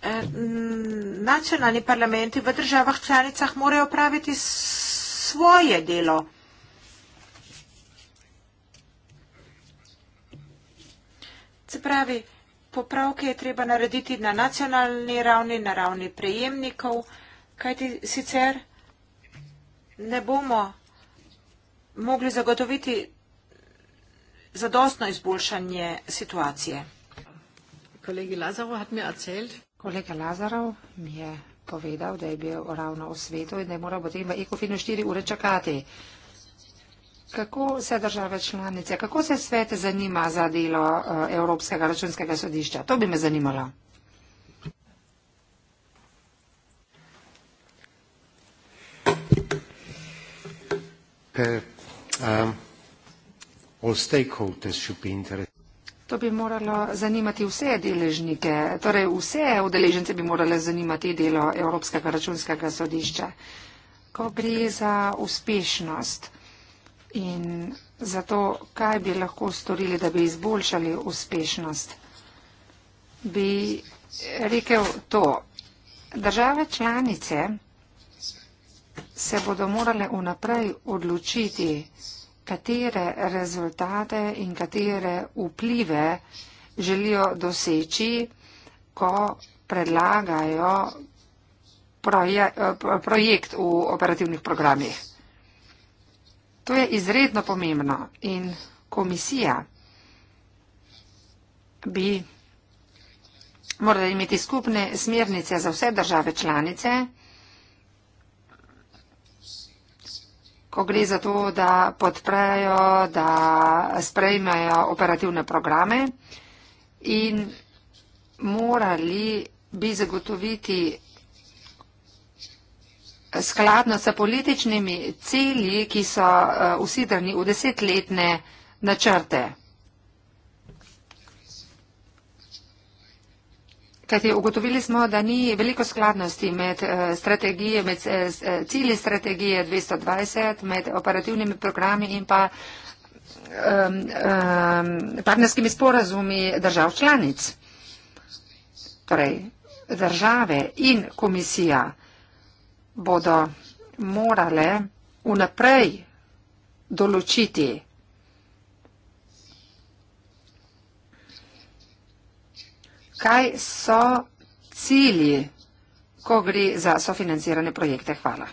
Eh, nacionalni parlamenti v državah članicah morajo praviti svoje delo. Se pravi, popravke je treba narediti na nacionalni ravni, na ravni prejemnikov, kajti sicer ne bomo mogli zagotoviti zadostno izboljšanje situacije. Kolegi Lazaro hat mi erzählt, Kolega Lazarov mi je povedal, da je bil ravno v svetu in da je moral potem v ekofinu štiri ure čakati. Kako se države članice, kako se svete zanima za delo eh, Evropskega računskega sodišča? To bi me zanimalo. Eh, um, all stakeholders should be interested. To bi moralo zanimati vse deležnike, torej vse udeležence bi moralo zanimati delo Evropskega računskega sodišča. Ko gre za uspešnost in za to, kaj bi lahko storili, da bi izboljšali uspešnost, bi rekel to. Države članice se bodo morale vnaprej odločiti, katere rezultate in katere vplive želijo doseči, ko predlagajo proje, eh, projekt v operativnih programih. To je izredno pomembno in komisija bi morala imeti skupne smernice za vse države članice, ko gre za to, da podprejo, da sprejmejo operativne programe in morali bi zagotoviti skladno sa političnimi celji, ki so eh, usidrani v desetletne načrte. Kajti ugotovili smo, da ni veliko skladnosti med, eh, strategije, med eh, eh, cilji strategije 220, med operativnimi programi in pa um, um, partnerskimi sporazumi držav članic. Torej, države in komisija bodo morale vnaprej določiti kaj so cilji, ko gre za sofinancirane projekte. Hvala.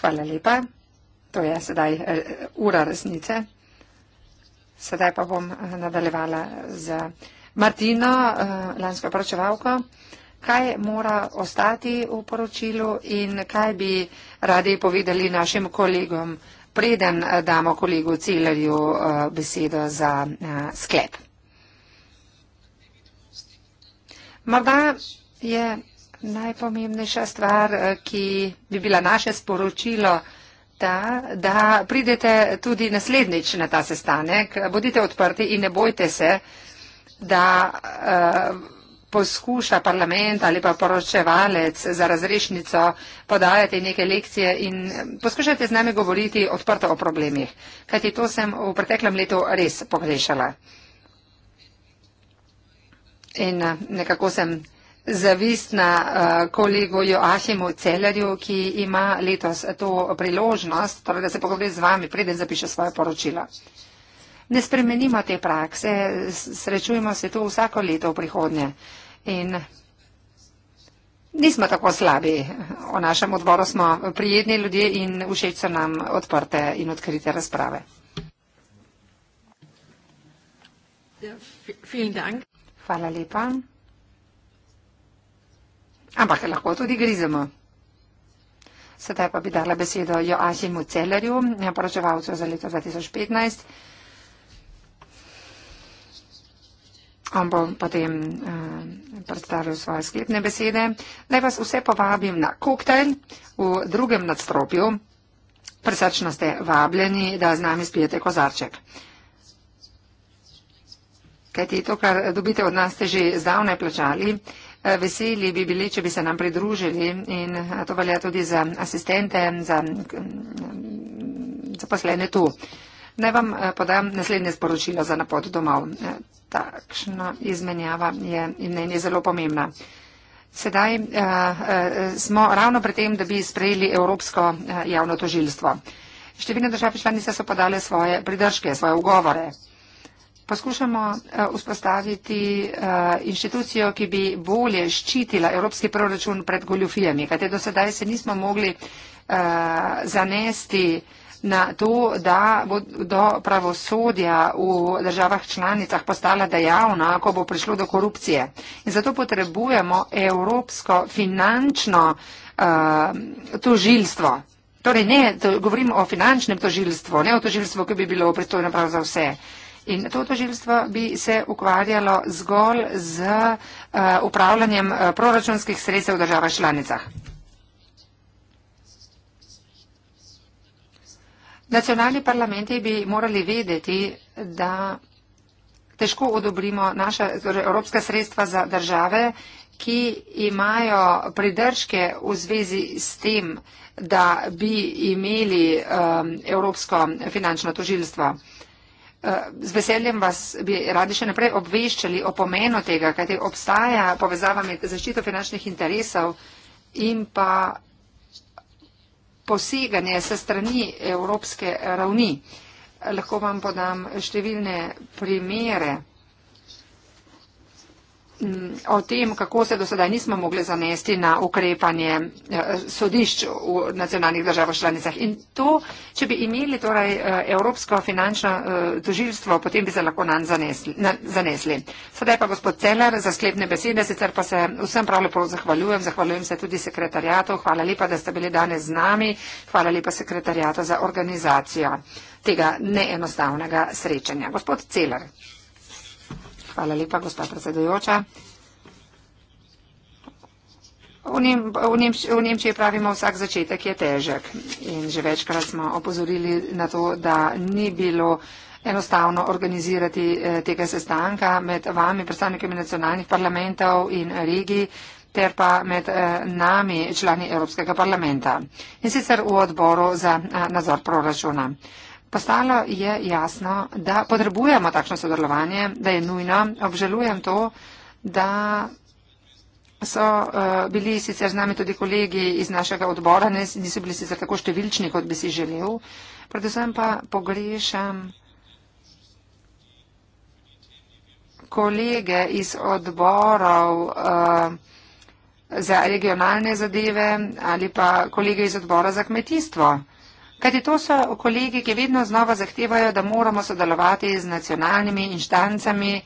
Hvala lepa. To je sedaj eh, ura resnice. Sedaj pa bom eh, nadaljevala z Martino, eh, lansko poročevalko. Kaj mora ostati v poročilu in kaj bi radi povedali našim kolegom? preden eh, damo kolegu Celerju eh, besedo za eh, sklep. Morda je najpomembnejša stvar, ki bi bila naše sporočilo, ta, da pridete tudi naslednjič na ta sestanek. Bodite odprti in ne bojte se, da. Uh, poskuša parlament ali pa poročevalec za razrešnico podajati neke lekcije in poskušajte z nami govoriti odprto o problemih, kajti to sem v preteklem letu res pogrešala. In eh, nekako sem zavistna eh, kolegu Joachimu Celerju, ki ima letos to priložnost, torej da se pogovori z vami, preden zapiše svoje poročila ne spremenimo te prakse, srečujemo se to vsako leto v prihodnje. In nismo tako slabi. O našem odboru smo prijedni ljudje in všeč so nam odprte in odkrite razprave. Ja, Hvala lepa. Ampak lahko tudi grizemo. Sedaj pa bi dala besedo Joachimu Celerju, poročevalcu za leto 2015. On bo potem uh, predstavil svoje sklepne besede. Naj vas vse povabim na koktajl v drugem nadstropju. Prsrčno ste vabljeni, da z nami spijete kozarček. Kaj ti to, kar dobite od nas, ste že zdavne plačali. Eh, veseli bi bili, če bi se nam pridružili in eh, to velja tudi za asistente, za mm, mm, zaposlene tu. Uh, Naj vam eh, podam naslednje sporočilo za napot domov. Eh, takšna izmenjava je in meni je zelo pomembna. Sedaj uh, uh, smo ravno pred tem, da bi sprejeli Evropsko uh, javno tožilstvo. Številne države članice so podale svoje pridržke, svoje ugovore. Poskušamo uh, vzpostaviti uh, inštitucijo, ki bi bolje ščitila evropski proračun pred goljufijami, kajte do sedaj se nismo mogli uh, zanesti uh, na to, da bodo pravosodja v državah članicah postala dejavna, ko bo prišlo do korupcije. In zato potrebujemo evropsko finančno uh, tožilstvo. Torej, ne, to, govorim o finančnem tožilstvu, ne o tožilstvu, ki bi bilo pristojno prav za vse. In to tožilstvo bi se ukvarjalo zgolj z uh, upravljanjem uh, proračunskih sredstev v državah članicah. Nacionalni parlamenti bi morali vedeti, da težko odobrimo naša torej, evropska sredstva za države, ki imajo pridržke v zvezi s tem, da bi imeli um, evropsko finančno tožilstvo. Uh, z veseljem vas bi radi še naprej obveščali o pomenu tega, kaj te obstaja povezava med zaščito finančnih interesov in pa poseganje se strani evropske ravni. Lahko vam podam številne primere o tem, kako se do sedaj nismo mogli zanesti na ukrepanje eh, sodišč v nacionalnih državah članicah. In to, če bi imeli torej eh, Evropsko finančno eh, tožilstvo, potem bi se lahko nam zanesli. Sedaj pa gospod Celer za sklepne besede, sicer pa se vsem prav lepo zahvaljujem, zahvaljujem se tudi sekretarjatu, hvala lepa, da ste bili danes z nami, hvala lepa sekretarjatu za organizacijo tega neenostavnega srečanja. Gospod Celer. Hvala lepa, gospa predsedujoča. V, Nem, v Nemčiji pravimo, vsak začetek je težek. In že večkrat smo opozorili na to, da ni bilo enostavno organizirati eh, tega sestanka med vami, predstavniki nacionalnih parlamentov in regij ter pa med eh, nami, člani Evropskega parlamenta in sicer v odboru za eh, nadzor proračuna. Postalo je jasno, da potrebujemo takšno sodelovanje, da je nujno. Obžalujem to, da so eh, bili sicer z nami tudi kolegi iz našega odbora, niso bili sicer tako številčni, kot bi si želel. Predvsem pa pogrešam kolege iz odborov eh, za regionalne zadeve ali pa kolege iz odbora za kmetijstvo. Kajti to so kolegi, ki vedno znova zahtevajo, da moramo sodelovati z nacionalnimi inštancami,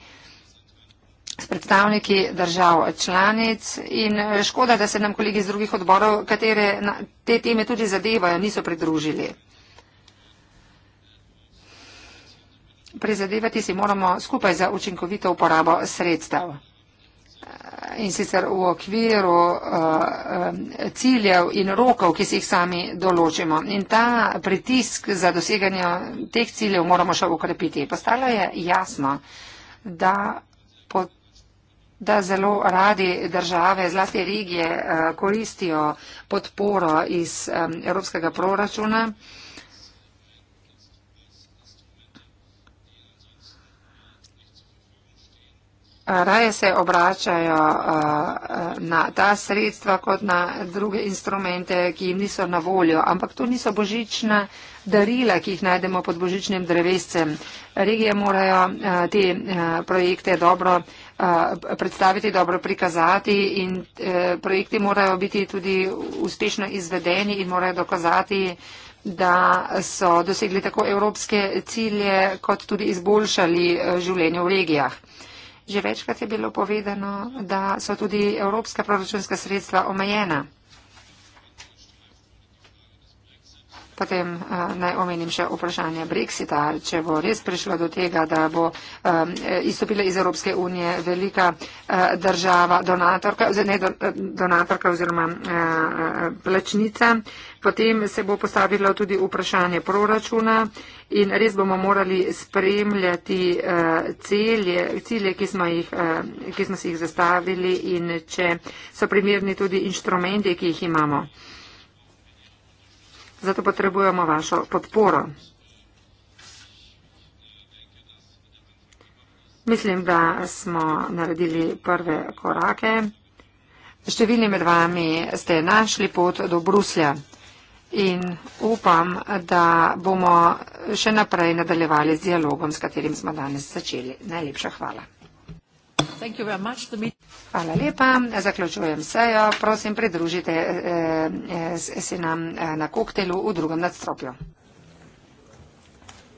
s predstavniki držav članic in eh, škoda, da se nam kolegi iz drugih odborov, katere te teme tudi zadevajo, niso pridružili. Prizadevati si moramo skupaj za učinkovito uporabo sredstev in sicer v okviru eh, eh, ciljev in rokov, ki si jih sami določimo. In ta pritisk za doseganje teh ciljev moramo še ukrepiti. Postalo je jasno, da, po, da zelo radi države, zlasti regije, eh, koristijo podporo iz evropskega proračuna. raje se obračajo na ta sredstva kot na druge instrumente, ki jim niso na voljo. Ampak to niso božična darila, ki jih najdemo pod božičnim drevescem. Regije morajo te projekte dobro predstaviti, dobro prikazati in e, projekti morajo biti tudi uspešno izvedeni in morajo dokazati, da so dosegli tako evropske cilje, kot tudi izboljšali e, življenje v regijah. Že večkrat je bilo povedano, da so tudi evropska proračunska sredstva omejena. Potem eh, naj omenim še vprašanje Brexita, če bo res prišlo do tega, da bo um, izstopila iz Evropske unije velika uh, država donatorka, ne, donatorka oziroma uh, plačnica. Potem se bo postavilo tudi vprašanje proračuna in res bomo morali spremljati uh, celje, cilje, ki smo, jih, uh, ki smo si jih zastavili in če so primerni tudi inštrumenti, ki jih imamo. Zato potrebujemo vašo podporo. Mislim, da smo naredili prve korake. Številni med vami ste našli pot do Bruslja in upam, da bomo še naprej nadaljevali z dialogom, s katerim smo danes začeli. Najlepša hvala. Hvala lepa. Zaključujem sejo. Prosim, pridružite eh, eh, se nam eh, na koktelu v drugem nadstropju.